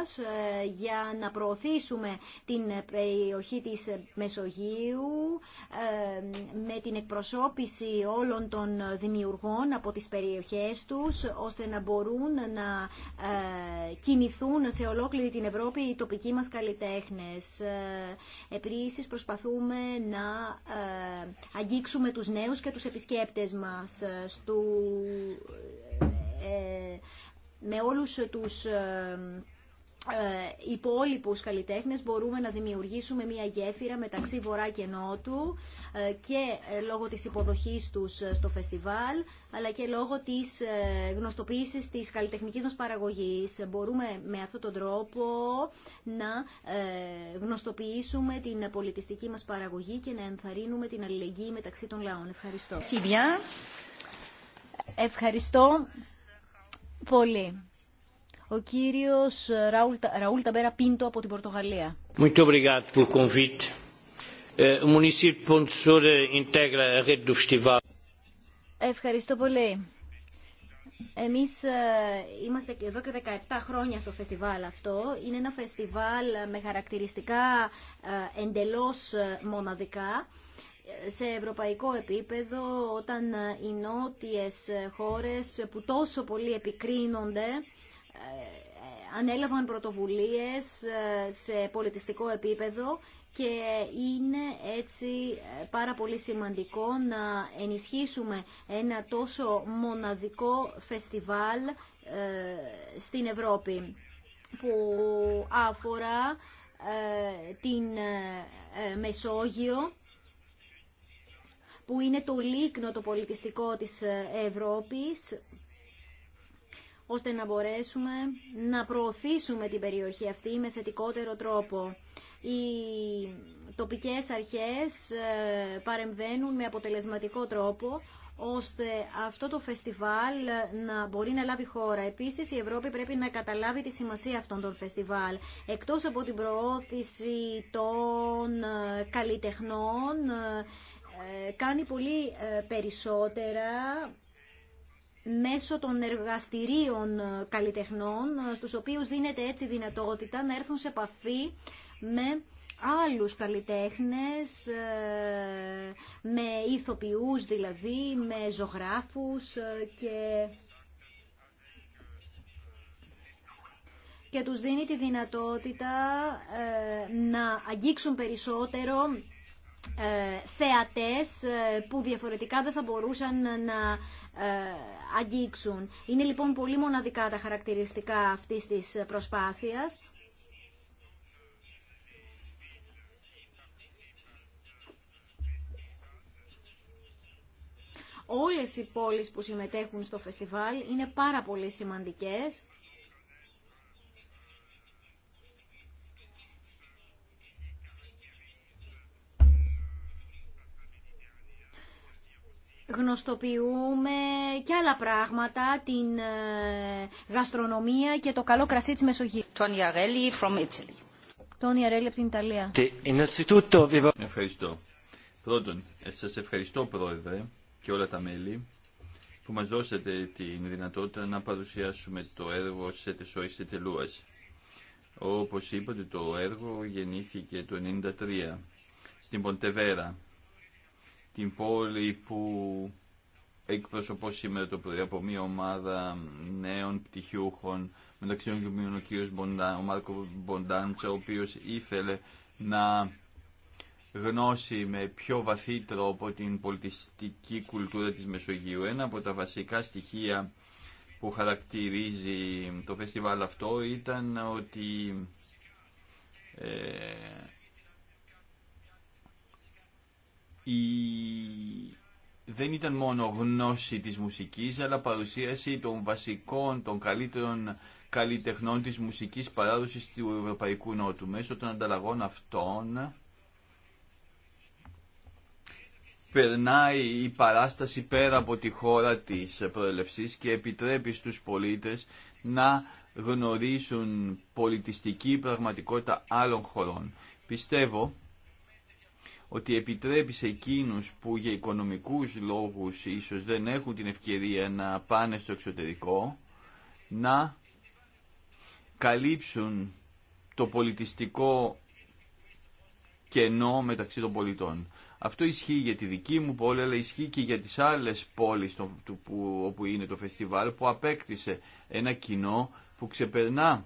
Ε, για να προωθήσουμε την περιοχή της Μεσογείου ε, με την εκπροσώπηση όλων των δημιουργών από τις περιοχές τους ώστε να μπορούν να ε, κινηθούν σε ολόκληρη την Ευρώπη οι τοπικοί μας καλλιτέχνες. Επίσης προσπαθούμε να αγγίξουμε τους νέους και τους επισκέπτες μας στο, με όλους τους ε, υπόλοιπους καλλιτέχνες μπορούμε να δημιουργήσουμε μια γέφυρα μεταξύ Βορρά και Νότου ε, και ε, λόγω της υποδοχής τους στο φεστιβάλ αλλά και λόγω της γνωστοποίησης της καλλιτεχνικής μας παραγωγής μπορούμε με αυτόν τον τρόπο να γνωστοποιήσουμε την πολιτιστική μας παραγωγή και να ενθαρρύνουμε την αλληλεγγύη μεταξύ των λαών. Ευχαριστώ. Ευχαριστώ πολύ ο κύριος Ραούλ Ταμπέρα Πίντο από την Πορτογαλία. Ευχαριστώ πολύ. Εμείς ε, είμαστε εδώ και 17 χρόνια στο φεστιβάλ αυτό. Είναι ένα φεστιβάλ με χαρακτηριστικά ε, εντελώς ε, μοναδικά. Σε ευρωπαϊκό επίπεδο, όταν οι νότιες χώρες που τόσο πολύ επικρίνονται ανέλαβαν πρωτοβουλίες ε, σε πολιτιστικό επίπεδο και είναι έτσι ε, πάρα πολύ σημαντικό να ενισχύσουμε ένα τόσο μοναδικό φεστιβάλ ε, στην Ευρώπη που αφορά την Μεσόγειο που είναι το λίκνο το πολιτιστικό της Ευρώπης ώστε να μπορέσουμε να προωθήσουμε την περιοχή αυτή με θετικότερο τρόπο. Οι τοπικές αρχές ε, παρεμβαίνουν με αποτελεσματικό τρόπο ώστε αυτό το φεστιβάλ ε, να μπορεί να λάβει χώρα. Επίσης, η Ευρώπη πρέπει να καταλάβει τη σημασία αυτών των φεστιβάλ. Εκτός από την προώθηση των ε, καλλιτεχνών, κάνει πολύ περισσότερα μέσω των εργαστηρίων ε, καλλιτεχνών, ε, στους οποίους δίνεται έτσι δυνατότητα να έρθουν σε επαφή με άλλους καλλιτέχνες, ε, με ηθοποιούς δηλαδή, με ζωγράφους και... και τους δίνει τη δυνατότητα να αγγίξουν περισσότερο θεατές που διαφορετικά δεν θα μπορούσαν να ε, αγγίξουν. Είναι λοιπόν πολύ μοναδικά τα χαρακτηριστικά αυτής της προσπάθειας. Όλες οι πόλεις που συμμετέχουν στο φεστιβάλ είναι πάρα πολύ σημαντικές. γνωστοποιούμε και άλλα πράγματα, την ε, γαστρονομία και το καλό κρασί της Μεσογείου. Τόνι Ρέλη, from Italy. από την Ιταλία. Ευχαριστώ. Πρώτον, ε, σας ευχαριστώ πρόεδρε και όλα τα μέλη που μας δώσατε την δυνατότητα να παρουσιάσουμε το έργο σε τεσόης τελούας. Όπως είπατε το έργο γεννήθηκε το 1993 στην Ποντεβέρα την πόλη που εκπροσωπώ σήμερα το πρωί από μια ομάδα νέων πτυχιούχων μεταξύ των οποίων ο κύριος Μποντα, ο Μάρκο Μποντάντσα ο οποίο ήθελε να γνώσει με πιο βαθύ τρόπο την πολιτιστική κουλτούρα της Μεσογείου. Ένα από τα βασικά στοιχεία που χαρακτηρίζει το φεστιβάλ αυτό ήταν ότι ε, η... δεν ήταν μόνο γνώση της μουσικής, αλλά παρουσίαση των βασικών, των καλύτερων καλλιτεχνών της μουσικής παράδοσης του Ευρωπαϊκού Νότου. Μέσω των ανταλλαγών αυτών περνάει η παράσταση πέρα από τη χώρα της προελευσής και επιτρέπει στους πολίτες να γνωρίσουν πολιτιστική πραγματικότητα άλλων χωρών. Πιστεύω ότι επιτρέπει σε εκείνους που για οικονομικούς λόγους ίσως δεν έχουν την ευκαιρία να πάνε στο εξωτερικό να καλύψουν το πολιτιστικό κενό μεταξύ των πολιτών. Αυτό ισχύει για τη δική μου πόλη, αλλά ισχύει και για τις άλλες πόλεις του, που, όπου είναι το φεστιβάλ, που απέκτησε ένα κοινό που ξεπερνά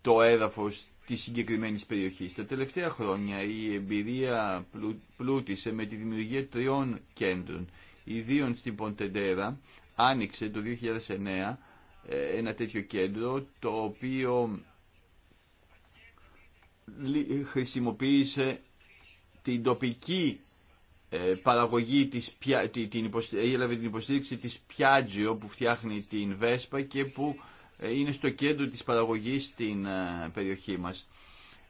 το έδαφος τη συγκεκριμένη περιοχής. Τα τελευταία χρόνια η εμπειρία πλούτησε με τη δημιουργία τριών κέντρων, ιδίων στην Ποντεντέρα, άνοιξε το 2009 ε, ένα τέτοιο κέντρο το οποίο χρησιμοποίησε την τοπική ε, παραγωγή της, την, την υποστήριξη της Πιάτζιο που φτιάχνει την Βέσπα και που ε, είναι στο κέντρο της παραγωγής στην ε, περιοχή μας.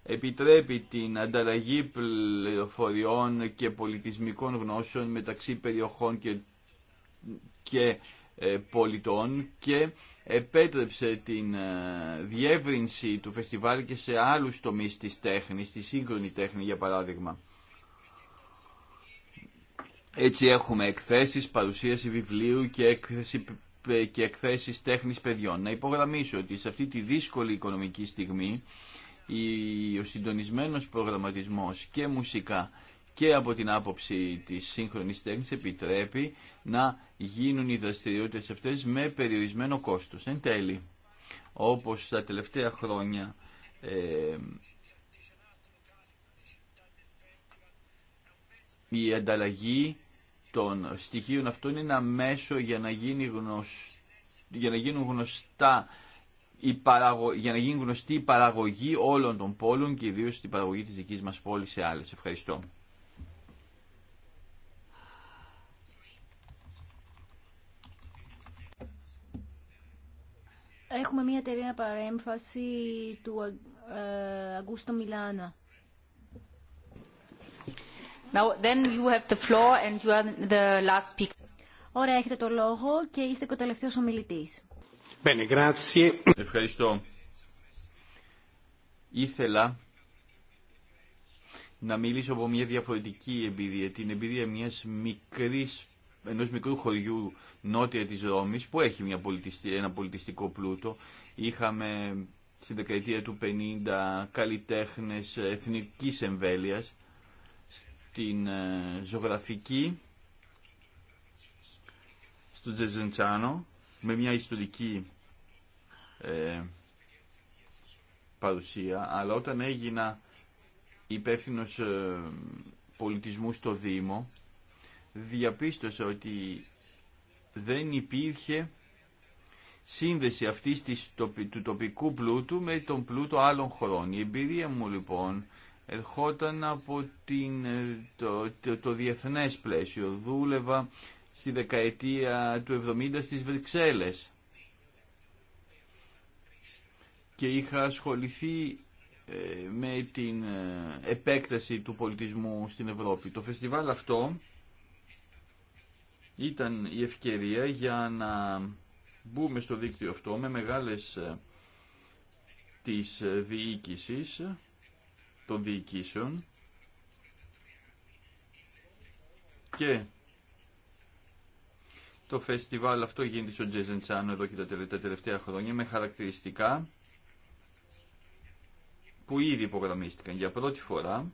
Επιτρέπει την ανταλλαγή πληροφοριών και πολιτισμικών γνώσεων μεταξύ περιοχών και, και ε, πολιτών και επέτρεψε την διεύρυνση του φεστιβάλ και σε άλλους τομείς της τέχνης, τη σύγχρονη τέχνη για παράδειγμα. Έτσι έχουμε εκθέσεις, παρουσίαση βιβλίου και έκθεση ε, και εκθέσεις τέχνης παιδιών. Να υπογραμμίσω ότι σε αυτή τη δύσκολη οικονομική στιγμή ο συντονισμένος προγραμματισμός και μουσικά και από την άποψη της σύγχρονης τέχνης επιτρέπει να γίνουν οι δραστηριότητες αυτές με περιορισμένο κόστος. Εν τέλει, όπως τα τελευταία χρόνια ε, η ανταλλαγή των στοιχείων αυτών είναι ένα μέσο για να, γίνει γνωσ... για να γίνουν γνωστά η παραγω... για να γίνει γνωστή η παραγωγή όλων των πόλων και ιδίως την παραγωγή της δικής μας πόλης σε άλλες. Ευχαριστώ. Έχουμε μια εταιρεία παρέμφαση του Αγκούστο ε, Μιλάνα. Ωραία, έχετε το λόγο και είστε ο τελευταίος ομιλητής. Ευχαριστώ. Ήθελα να μιλήσω από μια διαφορετική εμπειρία, την εμπειρία μιας μικρής, ενός μικρού χωριού νότια της Ρώμης που έχει μια ένα πολιτιστικό πλούτο. Είχαμε στη δεκαετία του 50 καλλιτέχνες εθνικής εμβέλειας στην ε, ζωγραφική στο Τζεζεντσάνο με μια ιστορική ε, παρουσία αλλά όταν έγινα υπεύθυνο ε, πολιτισμού στο Δήμο διαπίστωσα ότι δεν υπήρχε σύνδεση αυτής της, του τοπικού πλούτου με τον πλούτο άλλων χωρών. Η εμπειρία μου λοιπόν ερχόταν από την, το, το, το διεθνές πλαίσιο. Δούλευα στη δεκαετία του 70 στις Βρυξέλλες και είχα ασχοληθεί ε, με την ε, επέκταση του πολιτισμού στην Ευρώπη. Το φεστιβάλ αυτό ήταν η ευκαιρία για να μπούμε στο δίκτυο αυτό με μεγάλες ε, της διοίκησης των διοικήσεων και το φεστιβάλ αυτό γίνεται στο Τζεζεντσάνο εδώ και τα τελευταία χρόνια με χαρακτηριστικά που ήδη υπογραμμίστηκαν για πρώτη φορά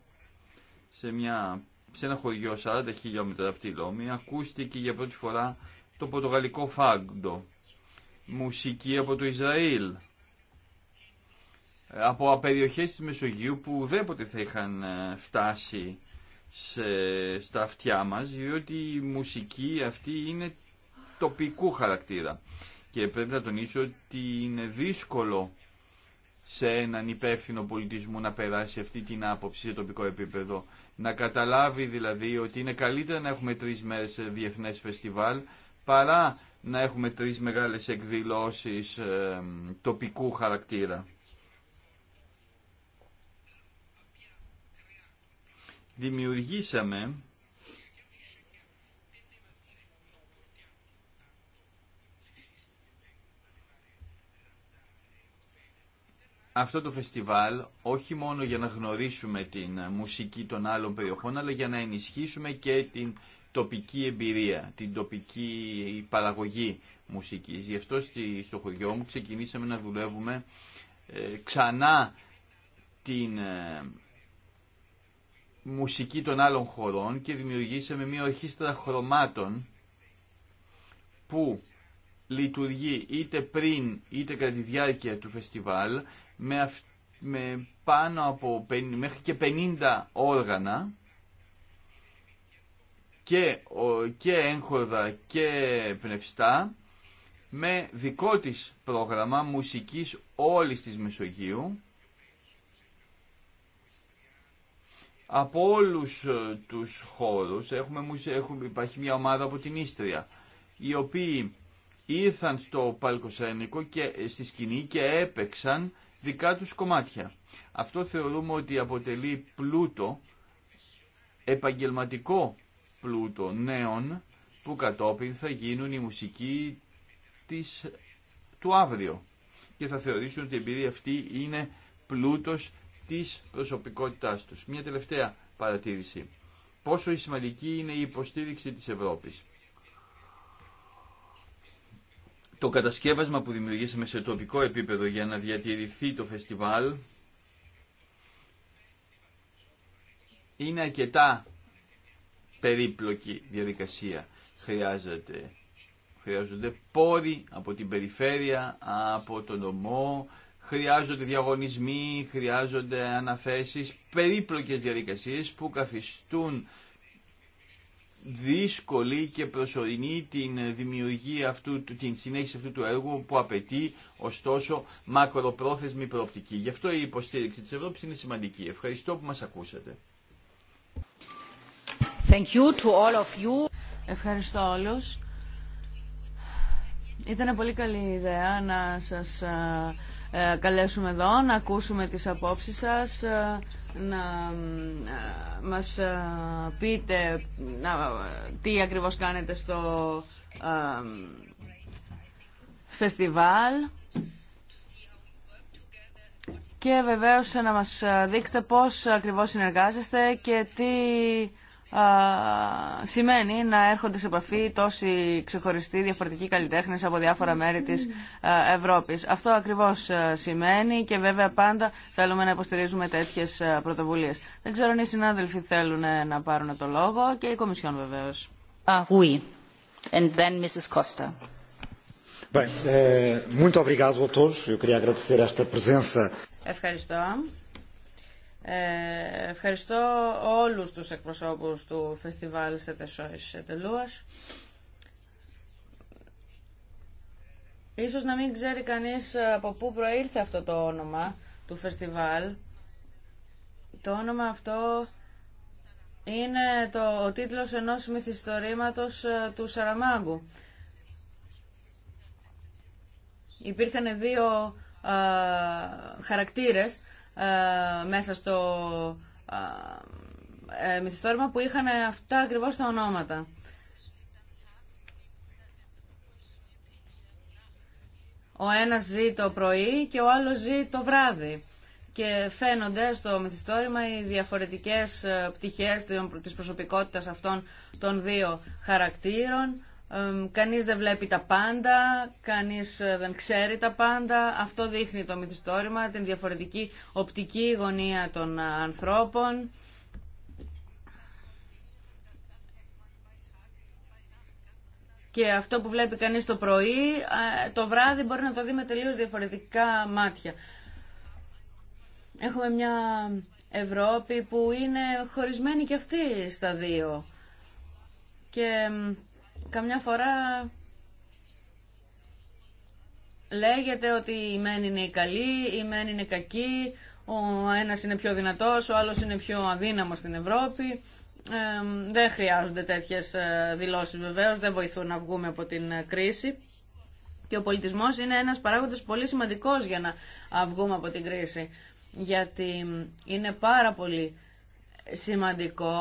σε, μια, σε ένα χωριό 40 χιλιόμετρα από τη Λόμη ακούστηκε για πρώτη φορά το πορτογαλικό φάγκντο μουσική από το Ισραήλ από περιοχές της Μεσογείου που ουδέποτε θα είχαν ε, φτάσει στα αυτιά μας, διότι η μουσική αυτή είναι τοπικού χαρακτήρα. Και πρέπει να τονίσω ότι είναι δύσκολο σε έναν υπεύθυνο πολιτισμού να περάσει αυτή την άποψη σε τοπικό επίπεδο. Να καταλάβει δηλαδή ότι είναι καλύτερα να έχουμε τρεις μέρες διεθνές φεστιβάλ παρά να έχουμε τρεις μεγάλες εκδηλώσεις ε, τοπικού χαρακτήρα. δημιουργήσαμε αυτό το φεστιβάλ όχι μόνο για να γνωρίσουμε την μουσική των άλλων περιοχών, αλλά για να ενισχύσουμε και την τοπική εμπειρία, την τοπική παραγωγή μουσικής. Γι' αυτό στο χωριό μου ξεκινήσαμε να δουλεύουμε ε, ξανά την ε, μουσική των άλλων χωρών και δημιουργήσαμε μια ορχήστρα χρωμάτων που λειτουργεί είτε πριν είτε κατά τη διάρκεια του φεστιβάλ με, πάνω από μέχρι και 50 όργανα και, και έγχορδα και πνευστά με δικό της πρόγραμμα μουσικής όλης της Μεσογείου από όλους ε, τους χώρους. Έχουμε, έχουμε, υπάρχει μια ομάδα από την Ίστρια, οι οποίοι ήρθαν στο Παλκοσένικο και ε, στη σκηνή και έπαιξαν δικά τους κομμάτια. Αυτό θεωρούμε ότι αποτελεί πλούτο, επαγγελματικό πλούτο νέων, που κατόπιν θα γίνουν η μουσική της, του αύριο. Και θα θεωρήσουν ότι η εμπειρία αυτή είναι πλούτος της προσωπικότητάς τους. Μια τελευταία παρατήρηση. Πόσο η σημαντική είναι η υποστήριξη της Ευρώπης. Το κατασκεύασμα που δημιουργήσαμε σε τοπικό επίπεδο για να διατηρηθεί το φεστιβάλ είναι αρκετά περίπλοκη διαδικασία. Χρειάζεται, χρειάζονται πόροι από την περιφέρεια, από τον νομό, χρειάζονται διαγωνισμοί, χρειάζονται αναθέσεις, περίπλοκες διαδικασίες που καθιστούν δύσκολη και προσωρινή την δημιουργία αυτού, την συνέχιση αυτού του έργου που απαιτεί ωστόσο μακροπρόθεσμη προοπτική. Γι' αυτό η υποστήριξη της Ευρώπης είναι σημαντική. Ευχαριστώ που μας ακούσατε. Thank you to all of you. Ευχαριστώ όλους. Ήταν πολύ καλή ιδέα να σας ε, ε, καλέσουμε εδώ, να ακούσουμε τις απόψεις σας, ε, να ε, μας πείτε να, τι ακριβώς κάνετε στο φεστιβάλ και βεβαίως να μας δείξετε πώς ακριβώς συνεργάζεστε και τι σημαίνει να έρχονται σε επαφή τόσοι ξεχωριστοί διαφορετικοί καλλιτέχνες από διάφορα μέρη της Ευρώπης. Αυτό ακριβώς σημαίνει και βέβαια πάντα θέλουμε να υποστηρίζουμε τέτοιες πρωτοβουλίες. Δεν ξέρω αν οι συνάδελφοι θέλουν ε, να πάρουν το λόγο και η Κομισιόν βεβαίως. And then Mrs. Costa. Ευχαριστώ. Ε, ευχαριστώ όλους τους εκπροσώπους του Φεστιβάλ Σετεσόης Σετελούας. Ίσως να μην ξέρει κανείς ε, από πού προήλθε αυτό το όνομα του φεστιβάλ. Το όνομα αυτό είναι το, ο τίτλος ενός μυθιστορήματος ε, του Σαραμάγκου. Υπήρχαν δύο χαρακτήρες ε, μέσα στο ε, μυθιστόρημα που είχαν αυτά ακριβώς τα ονόματα. Ο ένας ζει το πρωί και ο άλλος ζει το βράδυ. Και φαίνονται στο μυθιστόρημα οι διαφορετικές ε, πτυχές της προσωπικότητας αυτών των δύο χαρακτήρων κανείς δεν βλέπει τα πάντα, κανείς ε, δεν ξέρει τα πάντα. Αυτό δείχνει το μυθιστόρημα, την διαφορετική οπτική γωνία των ε, ανθρώπων. Και αυτό που βλέπει κανείς το πρωί, ε, το βράδυ μπορεί να το δει με τελείως διαφορετικά μάτια. Έχουμε μια Ευρώπη που είναι χωρισμένη και αυτή στα δύο. Και Καμιά φορά λέγεται ότι η μεν είναι η καλή, η μεν είναι κακή, ο ένας είναι πιο δυνατός, ο άλλος είναι πιο αδύναμος στην Ευρώπη. δεν χρειάζονται τέτοιες ε, δηλώσεις βεβαίως, δεν βοηθούν να βγούμε από την ε, κρίση. Και ο πολιτισμός είναι ένας παράγοντας πολύ σημαντικός για να βγούμε από την κρίση. Γιατί είναι πάρα πολύ σημαντικό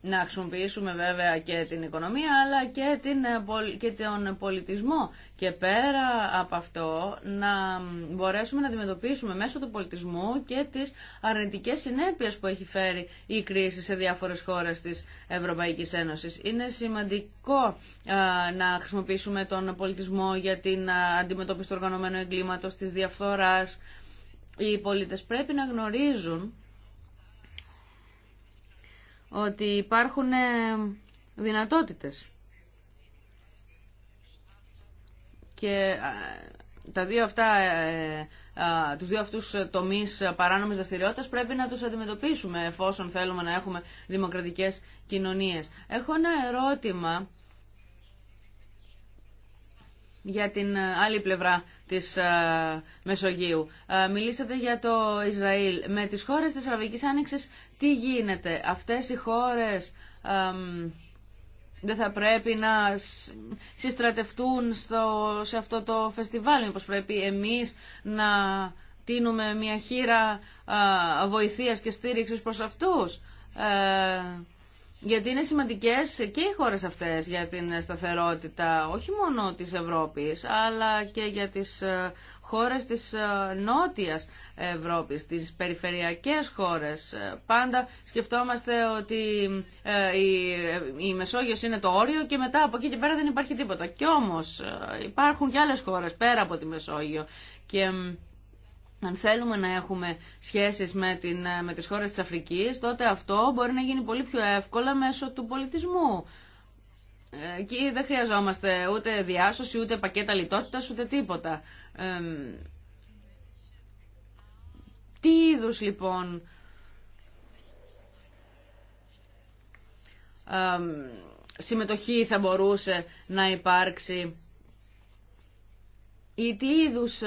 να χρησιμοποιήσουμε βέβαια και την οικονομία αλλά και, την, ε, και τον πολιτισμό και πέρα από αυτό να μπορέσουμε να αντιμετωπίσουμε μέσω του πολιτισμού και τις αρνητικές συνέπειες που έχει φέρει η κρίση σε διάφορες χώρες της Ευρωπαϊκής Ένωσης. Είναι σημαντικό ε, να χρησιμοποιήσουμε τον πολιτισμό για την ε, αντιμετώπιση του οργανωμένου εγκλήματος, της διαφθοράς. Οι πολίτες πρέπει να γνωρίζουν ότι υπάρχουν ε, δυνατότητες. Και ε, τα δύο αυτά, ε, τους δύο αυτούς τομείς παράνομης δραστηριότητες πρέπει να τους αντιμετωπίσουμε εφόσον θέλουμε να έχουμε δημοκρατικές κοινωνίες. Έχω ένα ερώτημα για την άλλη πλευρά της ε, Μεσογείου. Ε, μιλήσατε για το Ισραήλ. Με τις χώρες της Αραβικής Άνοιξης τι γίνεται. Αυτές οι χώρες δεν θα πρέπει να συστρατευτούν στο, σε αυτό το φεστιβάλ. Μήπως πρέπει εμείς να τίνουμε μια χείρα ε, βοηθείας και στήριξης προς αυτούς γιατί είναι σημαντικέ και οι χώρες αυτές για την σταθερότητα όχι μόνο της Ευρώπης αλλά και για τις ε, χώρες της ε, Νότιας Ευρώπης, τις περιφερειακές χώρες. Ε, πάντα σκεφτόμαστε ότι η Μεσόγειος είναι το όριο και μετά από εκεί και πέρα δεν υπάρχει τίποτα. Κι όμως υπάρχουν και άλλες χώρες πέρα από τη Μεσόγειο και αν θέλουμε να έχουμε σχέσεις με, την, ε, με τις χώρες της Αφρικής, τότε αυτό μπορεί να γίνει πολύ πιο εύκολα μέσω του πολιτισμού. Εκεί δεν χρειαζόμαστε ούτε διάσωση, ούτε πακέτα λιτότητας, ούτε τίποτα. Ε, τι είδους λοιπόν... Ε, συμμετοχή θα μπορούσε να υπάρξει ή τι είδους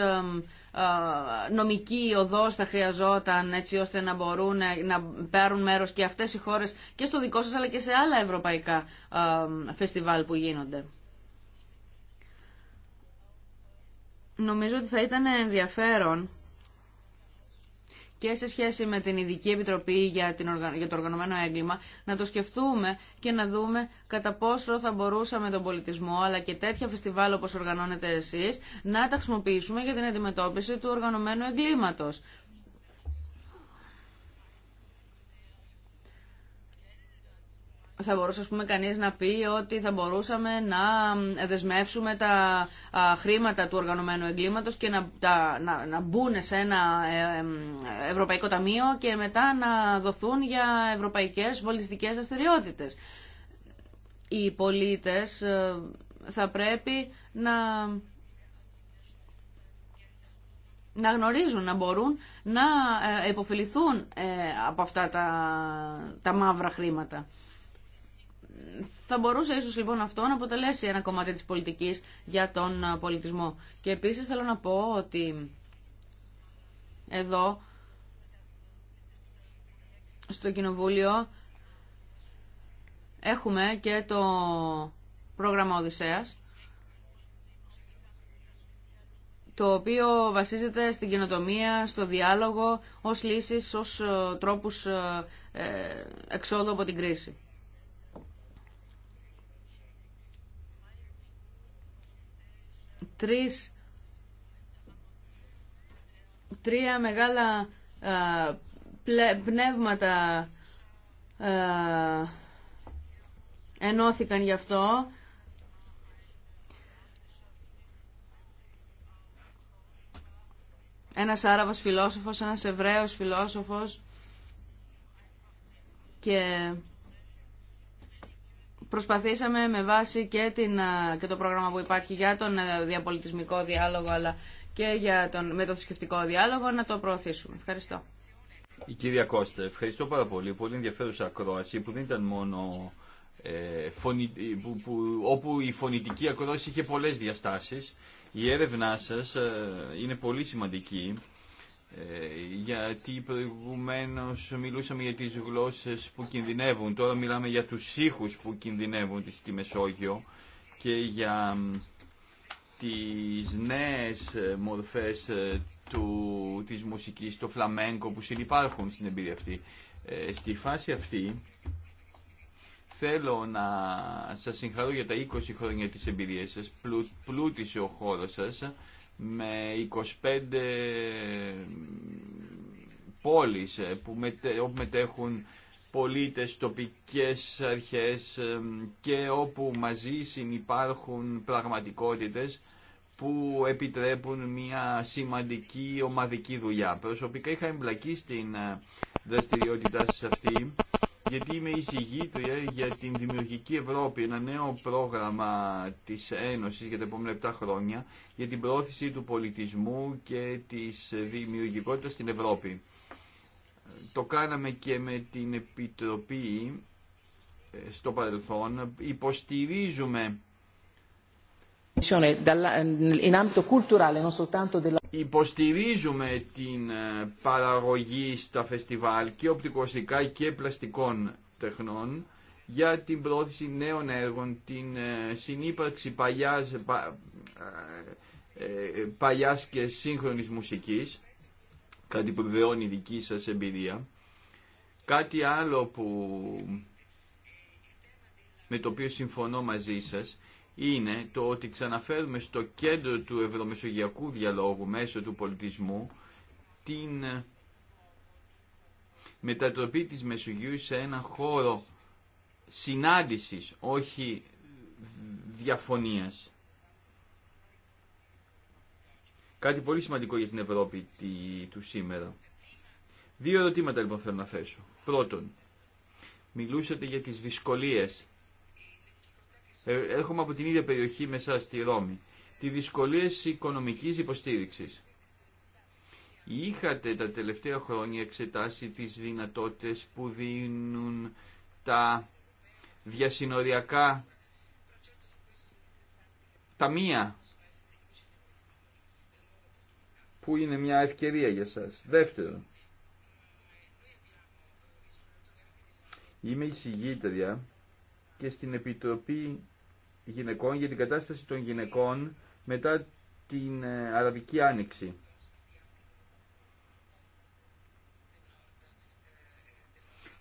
ε, νομική οδός θα χρειαζόταν έτσι ώστε να μπορούν να πάρουν μέρος και αυτές οι χώρες και στο δικό σας αλλά και σε άλλα ευρωπαϊκά ε, φεστιβάλ που γίνονται. Νομίζω ότι θα ήταν ενδιαφέρον και σε σχέση με την Ειδική Επιτροπή για, την, για το Οργανωμένο Έγκλημα να το σκεφτούμε και να δούμε κατά πόσο θα μπορούσαμε τον πολιτισμό αλλά και τέτοια φεστιβάλ όπως οργανώνετε εσείς να τα χρησιμοποιήσουμε για την αντιμετώπιση του οργανωμένου εγκλήματος. θα μπορούσε ας πούμε, κανείς να πει ότι θα μπορούσαμε να δεσμεύσουμε τα χρήματα του οργανωμένου εγκλήματος και να, τα, να, να μπουν σε ένα ε, ε, ευρωπαϊκό ταμείο και μετά να δοθούν για ευρωπαϊκές πολιτιστικές δραστηριότητε. Οι πολίτες ε, θα πρέπει να να γνωρίζουν, να μπορούν να υποφεληθούν από αυτά τα, τα μαύρα χρήματα. Θα μπορούσε ίσως λοιπόν αυτό να αποτελέσει ένα κομμάτι της πολιτικής για τον ε, πολιτισμό. Και επίσης θέλω να πω ότι εδώ στο Κοινοβούλιο έχουμε και το πρόγραμμα Οδυσσέας το οποίο βασίζεται στην καινοτομία, στο διάλογο, ως λύσεις, ως ε, τρόπους ε, εξόδου από την κρίση. τρεις, τρία μεγάλα πνεύματα α, ενώθηκαν γι' αυτό. Ένας Άραβας φιλόσοφος, ένας Εβραίος φιλόσοφος και Προσπαθήσαμε με βάση και, την, και το πρόγραμμα που υπάρχει για τον διαπολιτισμικό διάλογο αλλά και για τον, με το θρησκευτικό διάλογο να το προωθήσουμε. Ευχαριστώ. Η κυρία Κώστα, ευχαριστώ πάρα πολύ. Πολύ ενδιαφέρουσα ακρόαση που δεν ήταν μόνο ε, φωνη, ε, που, όπου η φωνητική ακρόαση είχε πολλές διαστάσεις. Η έρευνά σας ε, είναι πολύ σημαντική ε, γιατί προηγουμένως μιλούσαμε για τις γλώσσες που κινδυνεύουν. Τώρα μιλάμε για τους ήχους που κινδυνεύουν στη Μεσόγειο και για τις νέες ε, μορφές ε, του, της μουσικής, το φλαμένκο που συνυπάρχουν στην εμπειρία αυτή. στη φάση αυτή θέλω να σας συγχαρώ για τα 20 χρόνια της εμπειρίας σας, πλούτησε ο χώρος σας με 25 πόλεις ε, που μετέχουν πολίτες, τοπικές αρχές ε, και όπου μαζί συνυπάρχουν πραγματικότητες που επιτρέπουν μια σημαντική ομαδική δουλειά. Προσωπικά είχα εμπλακεί στην ε, δραστηριότητά σας αυτή γιατί είμαι εισηγήτρια για την Δημιουργική Ευρώπη, ένα νέο πρόγραμμα της Ένωσης για τα επόμενα 7 χρόνια για την πρόθεση του πολιτισμού και της δημιουργικότητας στην Ευρώπη. Το κάναμε και με την Επιτροπή ε, στο παρελθόν. Υποστηρίζουμε Υποστηρίζουμε την ε, παραγωγή στα φεστιβάλ και οπτικοστικά και πλαστικών τεχνών για την πρόθεση νέων έργων, την ε, συνύπαρξη παλιάς, πα, ε, και σύγχρονης μουσικής, κάτι που βεβαιώνει η δική σας εμπειρία. Κάτι άλλο που, με το οποίο συμφωνώ μαζί σας είναι το ότι ξαναφέρουμε στο κέντρο του ευρωμεσογειακού διαλόγου μέσω του πολιτισμού την μετατροπή της Μεσογείου σε ένα χώρο συνάντησης, όχι διαφωνίας. Κάτι πολύ σημαντικό για την Ευρώπη του σήμερα. Δύο ερωτήματα λοιπόν θέλω να θέσω. Πρώτον, μιλούσατε για τις δυσκολίες ε, Έρχομαι από την ίδια περιοχή μέσα στη Ρώμη. Τι δυσκολίες οικονομική υποστήριξη. Είχατε τα τελευταία χρόνια εξετάσει τις δυνατότητες που δίνουν τα διασυνοριακά ταμεία που είναι μια ευκαιρία για σας. Δεύτερο. είμαι η και στην Επιτροπή Γυναικών για την κατάσταση των γυναικών μετά την ε, Αραβική Άνοιξη.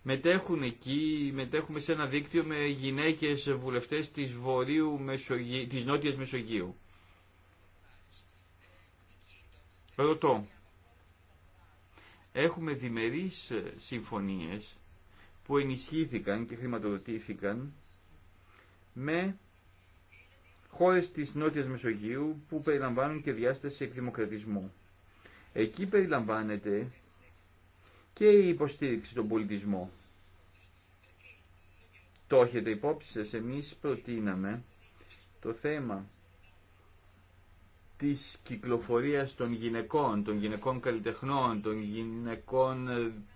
Μετέχουν εκεί, μετέχουμε σε ένα δίκτυο με γυναίκες βουλευτές της, Βορείου Μεσογείου, της Νότιας Μεσογείου. Ρωτώ, έχουμε διμερείς ε, συμφωνίες που ενισχύθηκαν και χρηματοδοτήθηκαν με χώρες της Νότιας Μεσογείου που περιλαμβάνουν και διάσταση εκδημοκρατισμού. Εκεί περιλαμβάνεται και η υποστήριξη των πολιτισμών. Το έχετε υπόψη σας, εμείς προτείναμε το θέμα της κυκλοφορίας των γυναικών, των γυναικών καλλιτεχνών, των γυναικών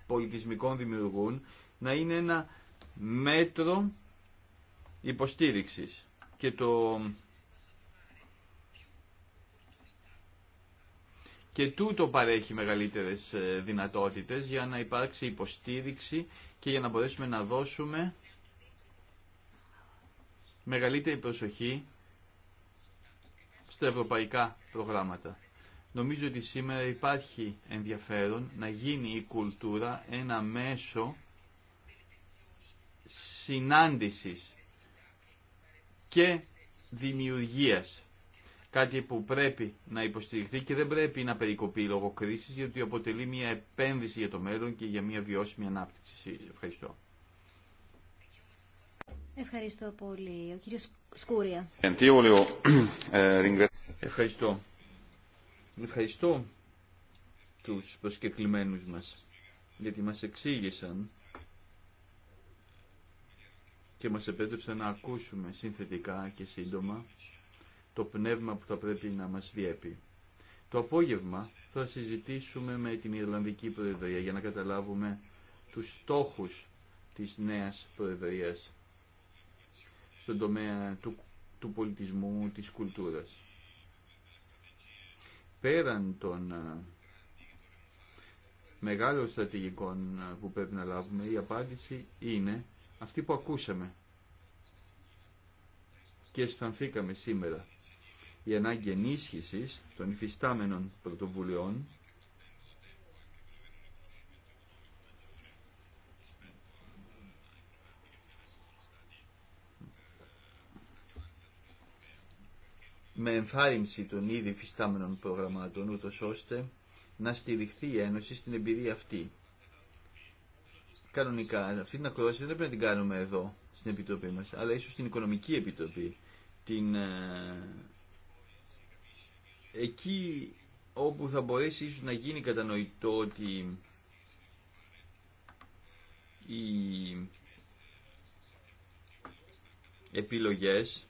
πολιτισμικών δημιουργούν να είναι ένα μέτρο υποστήριξης και το και τούτο παρέχει μεγαλύτερες ε, δυνατότητες για να υπάρξει υποστήριξη και για να μπορέσουμε να δώσουμε μεγαλύτερη προσοχή στα ευρωπαϊκά προγράμματα. Νομίζω ότι σήμερα υπάρχει ενδιαφέρον να γίνει η κουλτούρα ένα μέσο συνάντησης και δημιουργίας. Κάτι που πρέπει να υποστηριχθεί και δεν πρέπει να περικοπεί λόγω κρίση, γιατί αποτελεί μια επένδυση για το μέλλον και για μια βιώσιμη ανάπτυξη. Ευχαριστώ. Ευχαριστώ πολύ. Ο κύριος Σκούρια. Ευχαριστώ. Ευχαριστώ τους προσκεκλημένους μας, γιατί μας εξήγησαν και μας επέτρεψαν να ακούσουμε συνθετικά και σύντομα το πνεύμα που θα πρέπει να μας διέπει. Το απόγευμα θα συζητήσουμε με την Ιρλανδική Προεδρία για να καταλάβουμε τους στόχους της νέας Προεδρίας στον τομέα του, του πολιτισμού, της κουλτούρας. Πέραν των ε, μεγάλων στρατηγικών ε, που πρέπει να λάβουμε, η απάντηση είναι αυτή που ακούσαμε και αισθανθήκαμε σήμερα. Η ανάγκη ενίσχυσης των υφιστάμενων πρωτοβουλειών με ενθάρρυνση των ήδη φυστάμενων προγραμμάτων, ούτω ώστε να στηριχθεί η Ένωση στην εμπειρία αυτή κανονικά αυτή την ακρόαση δεν πρέπει να την κάνουμε εδώ στην Επιτροπή μας, αλλά ίσως στην Οικονομική Επιτροπή. Την, ε, εκεί όπου θα μπορέσει ίσως να γίνει κατανοητό ότι οι επιλογές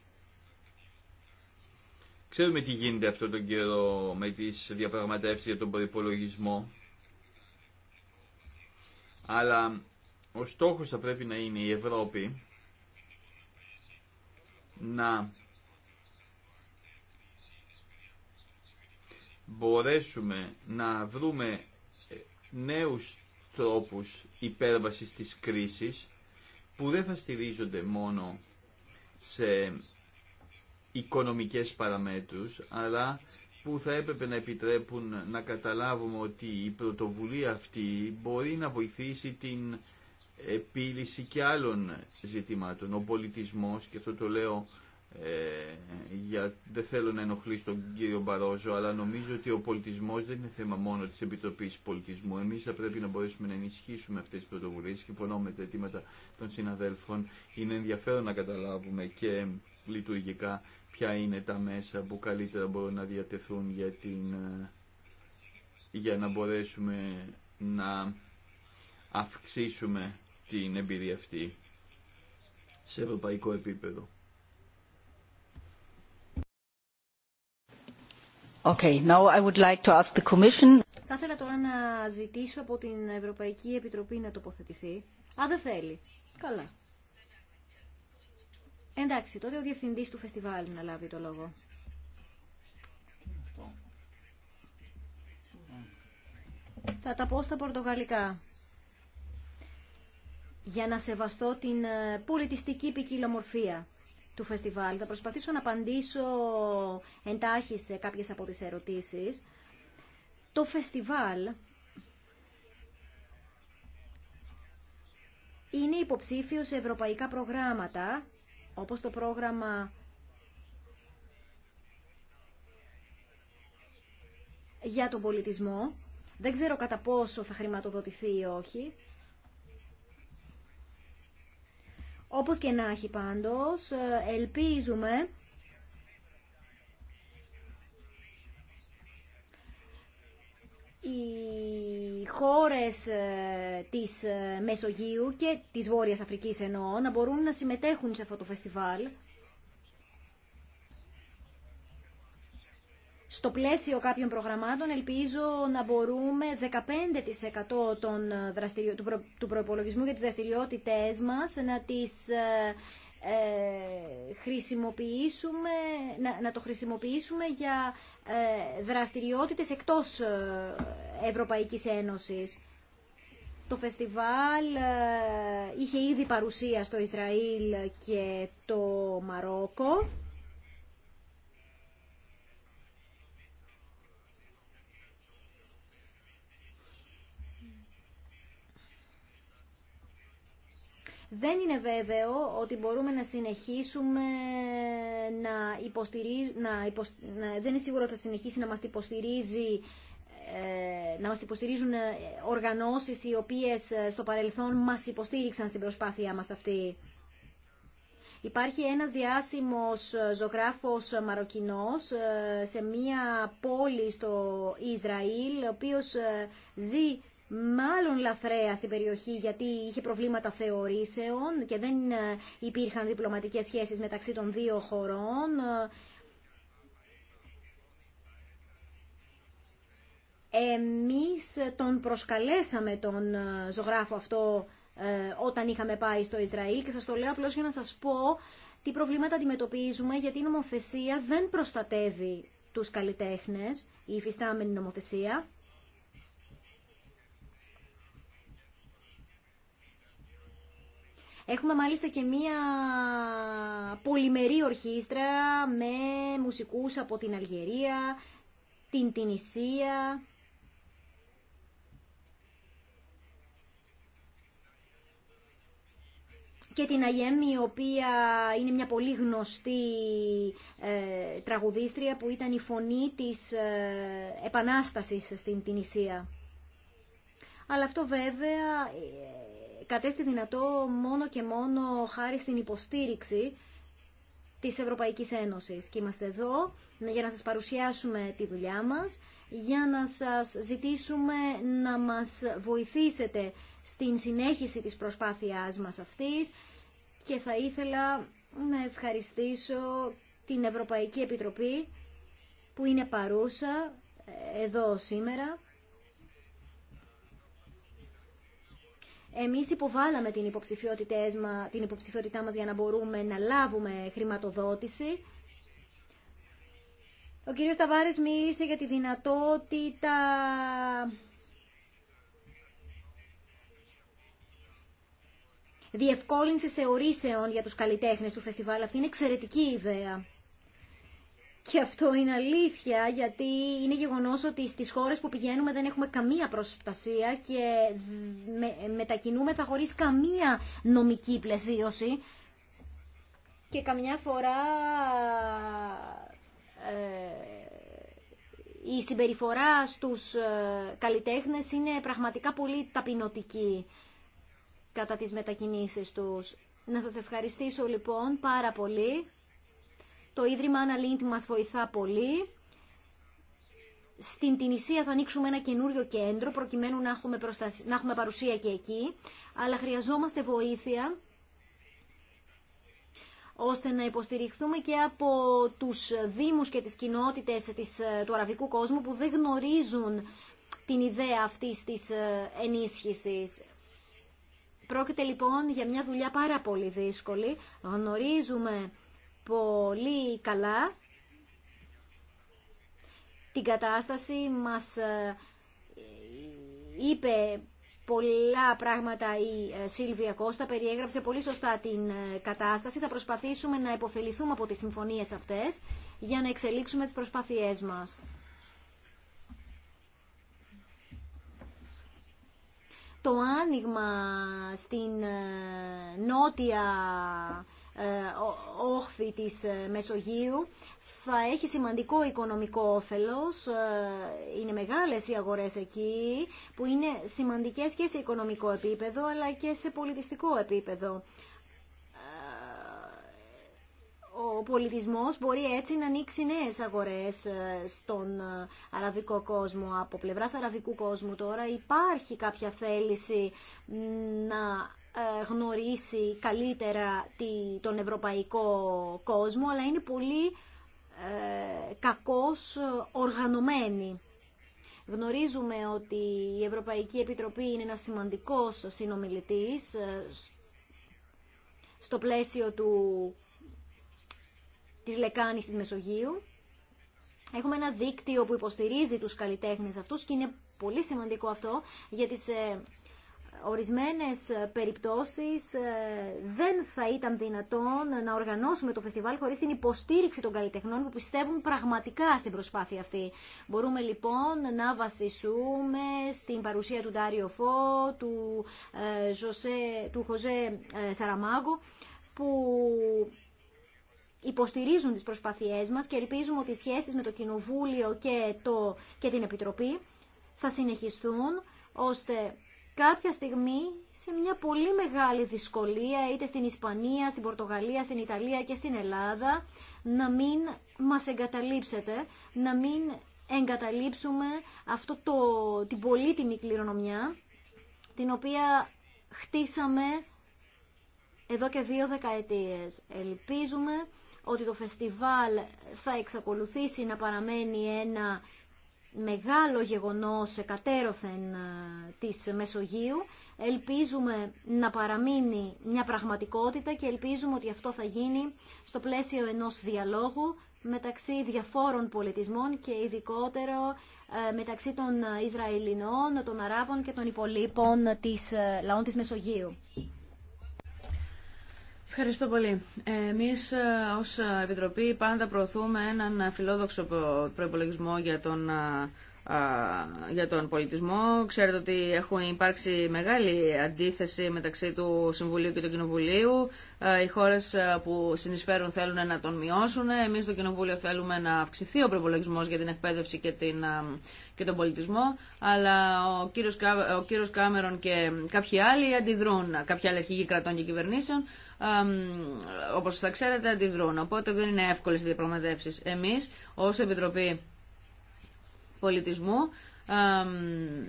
Ξέρουμε τι γίνεται αυτό τον καιρό με τις διαπραγματεύσεις για τον προπολογισμό αλλά ο στόχος θα πρέπει να είναι η Ευρώπη να μπορέσουμε να βρούμε νέους τρόπους υπέρβασης της κρίσης που δεν θα στηρίζονται μόνο σε οικονομικές παραμέτρους αλλά που θα έπρεπε να επιτρέπουν να καταλάβουμε ότι η πρωτοβουλία αυτή μπορεί να βοηθήσει την επίλυση και άλλων ζητημάτων. Ο πολιτισμός, και αυτό το λέω ε, για, δεν θέλω να ενοχλήσω τον κύριο Μπαρόζο, αλλά νομίζω ότι ο πολιτισμός δεν είναι θέμα μόνο της Επιτροπής Πολιτισμού. Εμείς θα πρέπει να μπορέσουμε να ενισχύσουμε αυτές τις πρωτοβουλίες. Συμφωνώ με τα αιτήματα των συναδέλφων. Είναι ενδιαφέρον να καταλάβουμε και λειτουργικά ποια είναι τα μέσα που καλύτερα μπορούν να διατεθούν για, την, ε, για να μπορέσουμε να αυξήσουμε την εμπειρία αυτή σε ευρωπαϊκό επίπεδο. Okay, now I would like to ask the Commission. Θα ήθελα τώρα να ζητήσω από την Ευρωπαϊκή Επιτροπή να τοποθετηθεί. Α, δεν θέλει. Καλά. Εντάξει, τότε ο διευθυντή του φεστιβάλ να λάβει το λόγο. Θα τα πω στα πορτογαλικά. Για να σεβαστώ την ε, πολιτιστική ποικιλομορφία του φεστιβάλ. Θα προσπαθήσω να απαντήσω εντάχει σε κάποιες από τις ερωτήσεις. Το φεστιβάλ είναι υποψήφιο σε ευρωπαϊκά προγράμματα όπως το πρόγραμμα για τον πολιτισμό. Δεν ξέρω κατά πόσο θα χρηματοδοτηθεί ή όχι. Όπως και να έχει πάντως, ελπίζουμε οι χώρες ε, της ε, Μεσογείου και της Βόρειας Αφρικής εννοώ να μπορούν να συμμετέχουν σε αυτό το φεστιβάλ. Στο πλαίσιο κάποιων προγραμμάτων ελπίζω να μπορούμε 15% των ε, του, προπολογισμού του προϋπολογισμού για τις δραστηριότητές μας να τις ε, χρησιμοποιήσουμε, να, το χρησιμοποιήσουμε για ε, δραστηριότητες εκτός ε, Ευρωπαϊκής Ένωσης. Το φεστιβάλ είχε ήδη παρουσία στο Ισραήλ και το Μαρόκο. Δεν είναι βέβαιο ότι μπορούμε να συνεχίσουμε να υποστηρίζει, να, δεν είναι σίγουρο ότι θα συνεχίσει να μας υποστηρίζει ε, να μας υποστηρίζουν ε, οργανώσεις οι οποίες ε, στο παρελθόν μας υποστήριξαν στην προσπάθειά μας αυτή. Υπάρχει ένας διάσημος ζωγράφος μαροκινός σε μία πόλη στο Ισραήλ, ο οποίος ζει μάλλον λαθρέα στην περιοχή γιατί είχε προβλήματα θεωρήσεων και δεν ε, υπήρχαν διπλωματικές σχέσεις μεταξύ των δύο χωρών. Εμείς τον προσκαλέσαμε τον ε, ζωγράφο αυτό ε, όταν είχαμε πάει στο Ισραήλ και σας το λέω απλώς για να σας πω τι προβλήματα αντιμετωπίζουμε γιατί η νομοθεσία δεν προστατεύει τους καλλιτέχνες, η υφιστάμενη νομοθεσία. Έχουμε μάλιστα και μία πολυμερή ορχήστρα με μουσικούς από την Αλγερία, την Τινησία, και την Αγέμ, η οποία είναι μια πολύ γνωστή ε, τραγουδίστρια που ήταν η φωνή της ε, επανάστασης στην Τινησία. Αλλά αυτό βέβαια ε, κατέστη δυνατό μόνο και μόνο χάρη στην υποστήριξη της Ευρωπαϊκής Ένωσης. Και είμαστε εδώ για να σας παρουσιάσουμε τη δουλειά μας, για να σας ζητήσουμε να μας βοηθήσετε στην συνέχιση της προσπάθειάς μας αυτής και θα ήθελα να ευχαριστήσω την Ευρωπαϊκή Επιτροπή που είναι παρούσα εδώ σήμερα Εμείς υποβάλαμε την, την υποψηφιότητά μας για να μπορούμε να λάβουμε χρηματοδότηση. Ο κύριος Ταβάρης μίλησε για τη δυνατότητα διευκόλυνση θεωρήσεων για τους καλλιτέχνες του φεστιβάλ. Αυτή είναι εξαιρετική ιδέα. Και αυτό είναι αλήθεια, γιατί είναι γεγονός ότι στις χώρες που πηγαίνουμε δεν έχουμε καμία προστασία και μετακινούμεθα χωρίς καμία νομική πλαισίωση. Και καμιά φορά ε, η συμπεριφορά στους ε, καλλιτέχνες είναι πραγματικά πολύ ταπεινωτική κατά τις μετακινήσεις τους. Να σας ευχαριστήσω λοιπόν πάρα πολύ. Το Ίδρυμα Αναλίντ μας βοηθά πολύ. Στην Τινησία θα ανοίξουμε ένα καινούριο κέντρο προκειμένου να έχουμε, παρουσία και εκεί, αλλά χρειαζόμαστε βοήθεια ώστε να υποστηριχθούμε και από τους δήμους και τις κοινότητες της, ε, του αραβικού κόσμου που δεν γνωρίζουν την ιδέα αυτής της ε, ενίσχυσης. Πρόκειται λοιπόν για μια δουλειά πάρα πολύ δύσκολη. Γνωρίζουμε πολύ καλά την κατάσταση, μας ε, είπε πολλά πράγματα η ε, Σίλβια Κώστα, περιέγραψε πολύ σωστά την ε, κατάσταση. Θα προσπαθήσουμε να υποφεληθούμε από τις συμφωνίες αυτές για να εξελίξουμε τις προσπάθειές μας. Το άνοιγμα στην νότια ε, όχθη της ε, Μεσογείου θα έχει σημαντικό οικονομικό όφελος. Ε, είναι μεγάλες οι αγορές εκεί που είναι σημαντικές και σε οικονομικό επίπεδο αλλά και σε πολιτιστικό επίπεδο. Ο πολιτισμός μπορεί έτσι να ανοίξει νέες αγορές στον αραβικό κόσμο. Από πλευράς αραβικού κόσμου τώρα υπάρχει κάποια θέληση να ε, γνωρίσει καλύτερα τον ευρωπαϊκό κόσμο, αλλά είναι πολύ ε, κακώς οργανωμένη. Γνωρίζουμε ότι η Ευρωπαϊκή Επιτροπή είναι ένα σημαντικός συνομιλητής ε, στο πλαίσιο του, της λεκάνης της Μεσογείου. Έχουμε ένα δίκτυο που υποστηρίζει τους καλλιτέχνες αυτούς και είναι πολύ σημαντικό αυτό για σε ορισμένες ε, περιπτώσεις ε, δεν θα ήταν δυνατόν να οργανώσουμε το φεστιβάλ χωρίς την υποστήριξη των καλλιτεχνών που πιστεύουν πραγματικά στην προσπάθεια αυτή. Μπορούμε λοιπόν να βασιστούμε στην παρουσία του Ντάριο Φώ, του, ε, Ζωσέ, του Χωζέ Σαραμάγκο, που υποστηρίζουν τις προσπάθειές μας και ελπίζουμε ότι οι σχέσεις με το Κοινοβούλιο και, και την Επιτροπή θα συνεχιστούν ώστε κάποια στιγμή σε μια πολύ μεγάλη δυσκολία είτε στην Ισπανία, στην Πορτογαλία, στην Ιταλία και στην Ελλάδα να μην μας εγκαταλείψετε, να μην εγκαταλείψουμε αυτό το, την πολύτιμη κληρονομιά την οποία χτίσαμε εδώ και δύο δεκαετίες. Ελπίζουμε ότι το φεστιβάλ θα εξακολουθήσει να παραμένει ένα μεγάλο γεγονός κατέρωθεν ε, της Μεσογείου. Ελπίζουμε να παραμείνει μια πραγματικότητα και ελπίζουμε ότι αυτό θα γίνει στο πλαίσιο ενός διαλόγου μεταξύ διαφόρων πολιτισμών και ειδικότερο ε, μεταξύ των Ισραηλινών, των Αράβων και των υπολείπων της ε, λαών της Μεσογείου. Ευχαριστώ πολύ. Εμείς ε, ως ε, Επιτροπή πάντα προωθούμε έναν ε, φιλόδοξο προϋπολογισμό για τον για τον πολιτισμό. Ξέρετε ότι έχουν υπάρξει μεγάλη αντίθεση μεταξύ του Συμβουλίου και του Κοινοβουλίου. Οι χώρε που συνεισφέρουν θέλουν να τον μειώσουν. Εμείς στο Κοινοβούλιο θέλουμε να αυξηθεί ο προπολογισμό για την εκπαίδευση και, την, και τον πολιτισμό. Αλλά ο κύριο ο κύριος Κάμερον και κάποιοι άλλοι αντιδρούν, κάποιοι άλλοι κρατών και κυβερνήσεων όπως θα ξέρετε, αντιδρούν. Οπότε δεν είναι εύκολε οι διαπραγματεύσει. Εμείς, ως Επιτροπή Πολιτισμού,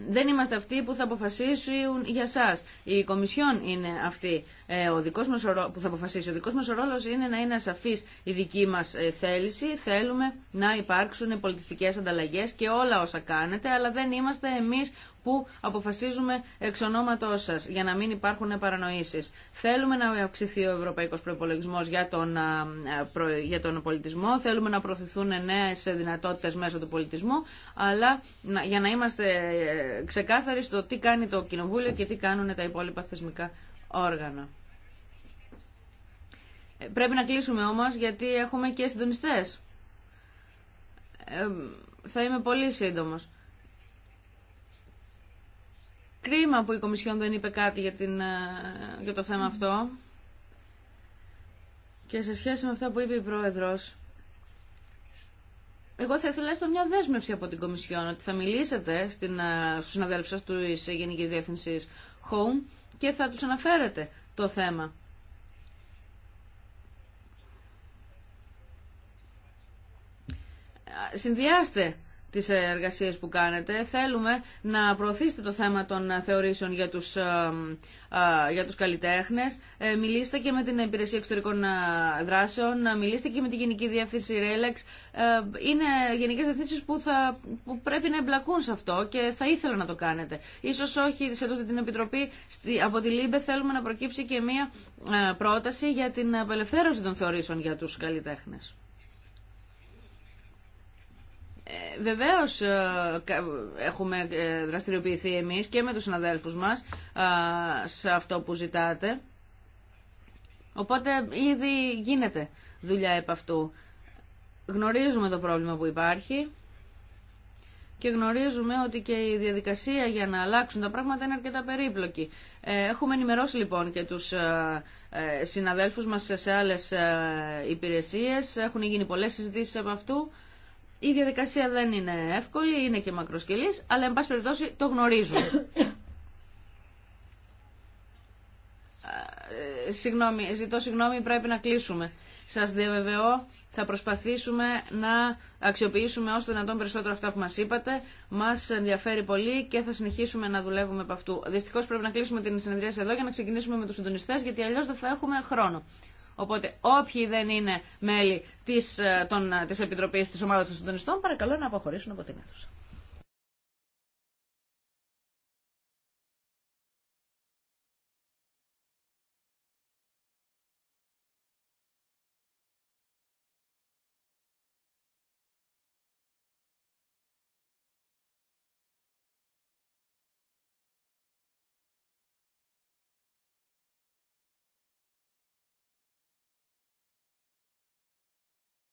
δεν είμαστε αυτοί που θα αποφασίσουν για σας. Η Κομισιόν είναι αυτή ε, ο δικός μας που θα αποφασίσει. Ο δικός μας ρόλος είναι να είναι ασαφή η δική μας ε, θέληση. Θέλουμε να υπάρξουν πολιτιστικές ανταλλαγές και όλα όσα κάνετε, αλλά δεν είμαστε εμείς που αποφασίζουμε εξ ονόματό σα, για να μην υπάρχουν παρανοήσει. Θέλουμε να αυξηθεί ο ευρωπαϊκό προπολογισμό για, τον, πολιτισμό, θέλουμε να προωθηθούν νέε δυνατότητε μέσω του πολιτισμού, αλλά για να είμαστε ε, ξεκάθαροι στο τι κάνει το Κοινοβούλιο και τι κάνουν τα υπόλοιπα θεσμικά όργανα. Ε, πρέπει να κλείσουμε όμως γιατί έχουμε και συντονιστές. Ε, θα είμαι πολύ σύντομος. Κρίμα που η Κομισιόν δεν είπε κάτι για, την, ε, για το θέμα αυτό. Και σε σχέση με αυτά που είπε η Πρόεδρος, εγώ θα ήθελα έστω μια δέσμευση από την Κομισιόν ότι θα μιλήσετε στην, ε, στους συναδέλφους σας της Γενικής Διεύθυνσης Home και θα τους αναφέρετε το θέμα. Συνδυάστε τι εργασίε που κάνετε. Θέλουμε να προωθήσετε το θέμα των θεωρήσεων για του ε, ε, για τους καλλιτέχνες. Ε, μιλήστε και με την Υπηρεσία Εξωτερικών Δράσεων, μιλήστε και με την Γενική Διεύθυνση Ρέλεξ. Είναι γενικές διευθύνσεις που, που πρέπει να εμπλακούν σε αυτό και θα ήθελα να το κάνετε. Ίσως όχι σε τούτη την Επιτροπή, από τη ΛΥΜΠΕ θέλουμε να προκύψει και μία πρόταση για την απελευθέρωση των θεωρήσεων για τους καλλιτέχνες. Ε, βεβαίως ε, έχουμε ε, δραστηριοποιηθεί εμείς και με τους συναδέλφους μας ε, σε αυτό που ζητάτε. Οπότε ήδη γίνεται δουλειά επ' αυτού. Γνωρίζουμε το πρόβλημα που υπάρχει και γνωρίζουμε ότι και η διαδικασία για να αλλάξουν τα πράγματα είναι αρκετά περίπλοκη. Έχουμε ενημερώσει λοιπόν και τους συναδέλφους μας σε άλλες υπηρεσίες. Έχουν γίνει πολλές συζητήσεις από αυτού. Η διαδικασία δεν είναι εύκολη, είναι και μακροσκελής, αλλά εν πάση περιπτώσει το γνωρίζουν. Ε, συγγνώμη, ζητώ συγγνώμη, πρέπει να κλείσουμε. Σας διαβεβαιώ, θα προσπαθήσουμε να αξιοποιήσουμε όσο δυνατόν περισσότερο αυτά που μας είπατε. Μας ενδιαφέρει πολύ και θα συνεχίσουμε να δουλεύουμε από αυτού. Δυστυχώς πρέπει να κλείσουμε την συνεδρία εδώ για να ξεκινήσουμε με τους συντονιστές, γιατί αλλιώς δεν θα έχουμε χρόνο. Οπότε όποιοι δεν είναι μέλη της, ε, των, ε, της Επιτροπής της Ομάδας των Συντονιστών παρακαλώ να αποχωρήσουν από την αίθουσα.